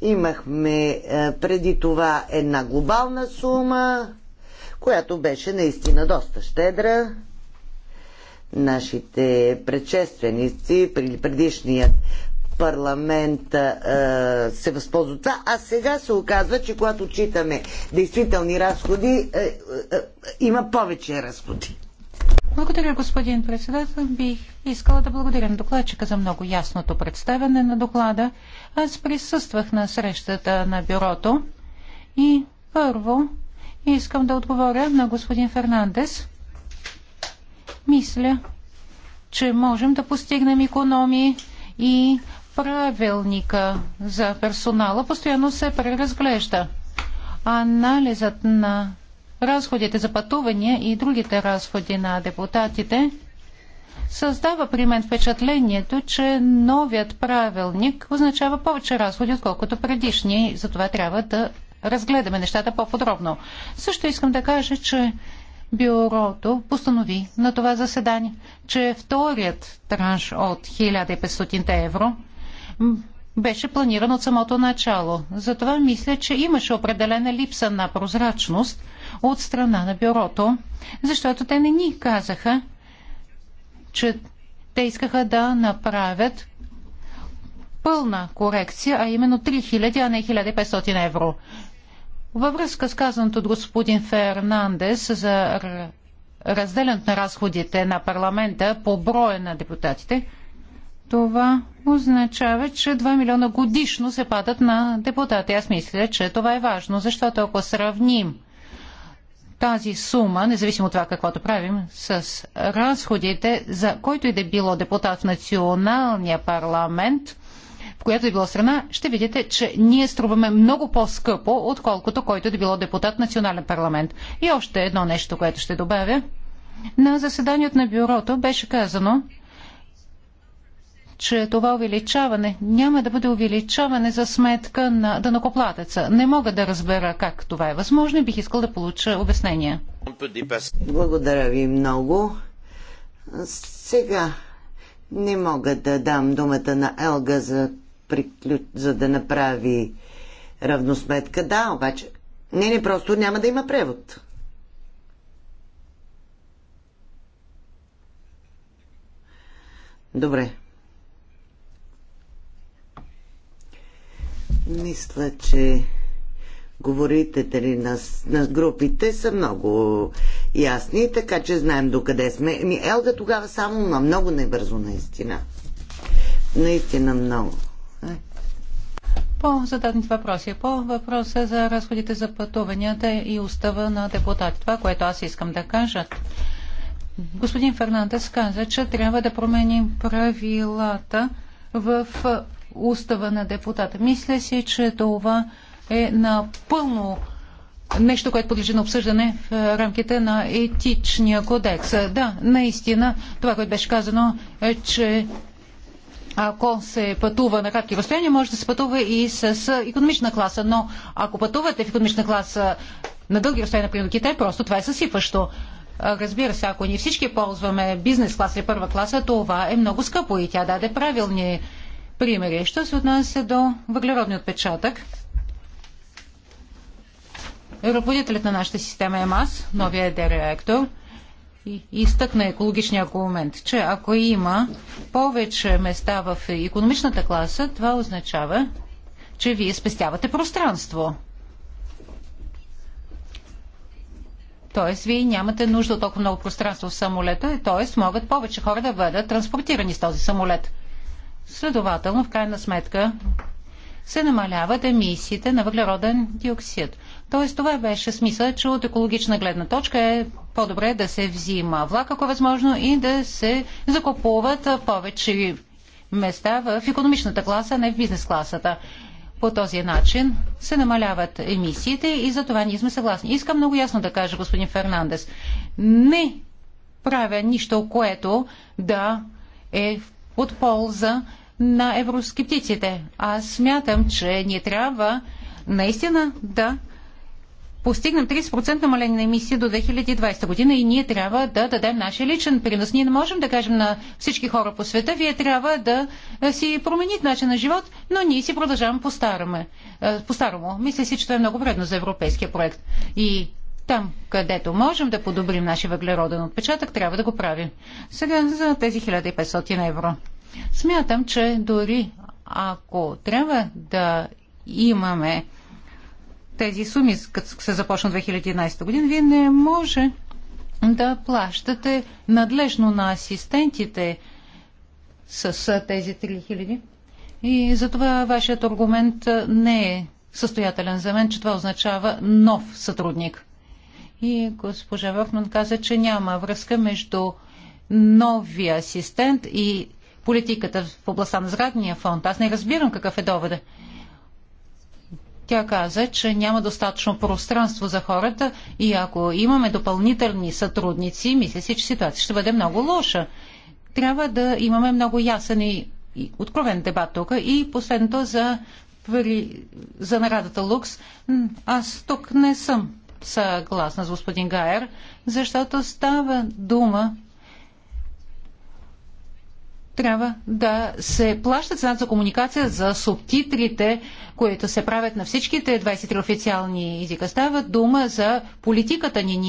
имахме е, преди това една глобална сума, която беше наистина доста щедра. Нашите предшественици, предишният парламента се възползва от това, а сега се оказва, че когато читаме действителни разходи, е, е, е, има повече разходи. Благодаря, господин председател. Бих искала да благодаря на докладчика за много ясното представяне на доклада. Аз присъствах на срещата на бюрото и първо искам да отговоря на господин Фернандес. Мисля, че можем да постигнем економии и правилника за персонала постоянно се преразглежда. Анализът на разходите за пътувания и другите разходи на депутатите създава при мен впечатлението, че новият правилник означава повече разходи, отколкото предишни. Затова трябва да разгледаме нещата по-подробно. Също искам да кажа, че Бюрото постанови на това заседание, че вторият транш от 1500 евро – беше планиран от самото начало. Затова мисля, че имаше определена липса на прозрачност от страна на бюрото, защото те не ни казаха, че те искаха да направят пълна корекция, а именно 3000, а не 1500 евро. Във връзка с казаното от господин Фернандес за разделянето на разходите на парламента по броя на депутатите, това означава, че 2 милиона годишно се падат на депутати. Аз мисля, че това е важно, защото ако сравним тази сума, независимо от това каквото правим, с разходите за който и да било депутат в националния парламент, в която е било страна, ще видите, че ние струваме много по-скъпо, отколкото който да било депутат в национален парламент. И още едно нещо, което ще добавя. На заседанието на бюрото беше казано, че това увеличаване няма да бъде увеличаване за сметка на данокоплатеца. Не мога да разбера как това е възможно и бих искал да получа обяснение. Благодаря ви много. Сега не мога да дам думата на Елга за, приклю... за да направи равносметка. Да, обаче. Не, не, просто няма да има превод. Добре. Мисля, че говорителите на, на групите са много ясни, така че знаем докъде сме. Еми, Елга тогава само, на много небързо, наистина. Наистина много. Е. По зададените въпроси, по въпроса за разходите за пътуванията и устава на депутати, това, което аз искам да кажа, господин Фернандес каза, че трябва да променим правилата в устава на депутата. Мисля си, че това е напълно нещо, което подлежи на обсъждане в е, рамките на етичния кодекс. Да, наистина, това, което беше казано, е, че ако се пътува на кратки разстояния, може да се пътува и с економична класа, но ако пътувате в економична класа на дълги разстояния, например, до Китай, просто това е съсипващо. Разбира се, ако ние всички ползваме бизнес класа или първа класа, това е много скъпо и тя даде правилни примери. Що се отнася до въглеродния отпечатък? Ръководителят на нашата система е МАС, новия е директор, и изтъкна екологичния аргумент, че ако има повече места в економичната класа, това означава, че вие спестявате пространство. Тоест, вие нямате нужда от толкова много пространство в самолета, т.е. могат повече хора да бъдат транспортирани с този самолет. Следователно, в крайна сметка, се намаляват емисиите на въглероден диоксид. Тоест, това беше смисъл, че от екологична гледна точка е по-добре да се взима влак, ако е възможно, и да се закупуват повече места в економичната класа, а не в бизнес класата. По този начин се намаляват емисиите и за това ние сме съгласни. Искам много ясно да кажа, господин Фернандес, не правя нищо, което да е в от полза на евроскептиците. Аз смятам, че ни трябва наистина да постигнем 30% намаление на емисии до 2020 година и ние трябва да дадем нашия личен принос. Ние не можем да кажем на всички хора по света, вие трябва да си промените начин на живот, но ние си продължаваме е, по-старому. Мисля си, че това е много вредно за европейския проект. И там, където можем да подобрим нашия въглероден отпечатък, трябва да го правим. Сега за тези 1500 евро. Смятам, че дори ако трябва да имаме тези суми, като се започна 2011 година, вие не може да плащате надлежно на асистентите с тези 3000. И затова вашият аргумент не е състоятелен за мен, че това означава нов сътрудник. И госпожа Върфман каза, че няма връзка между новия асистент и политиката в областта на сградния фонд. Аз не разбирам какъв е довода. Тя каза, че няма достатъчно пространство за хората и ако имаме допълнителни сътрудници, мисля си, че ситуация ще бъде много лоша. Трябва да имаме много ясен и откровен дебат тук. И последното за, за нарадата Лукс. Аз тук не съм съгласна с господин Гайер, защото става дума трябва да се плаща цена за комуникация за субтитрите, които се правят на всичките 23 официални езика. Става дума за политиката ни.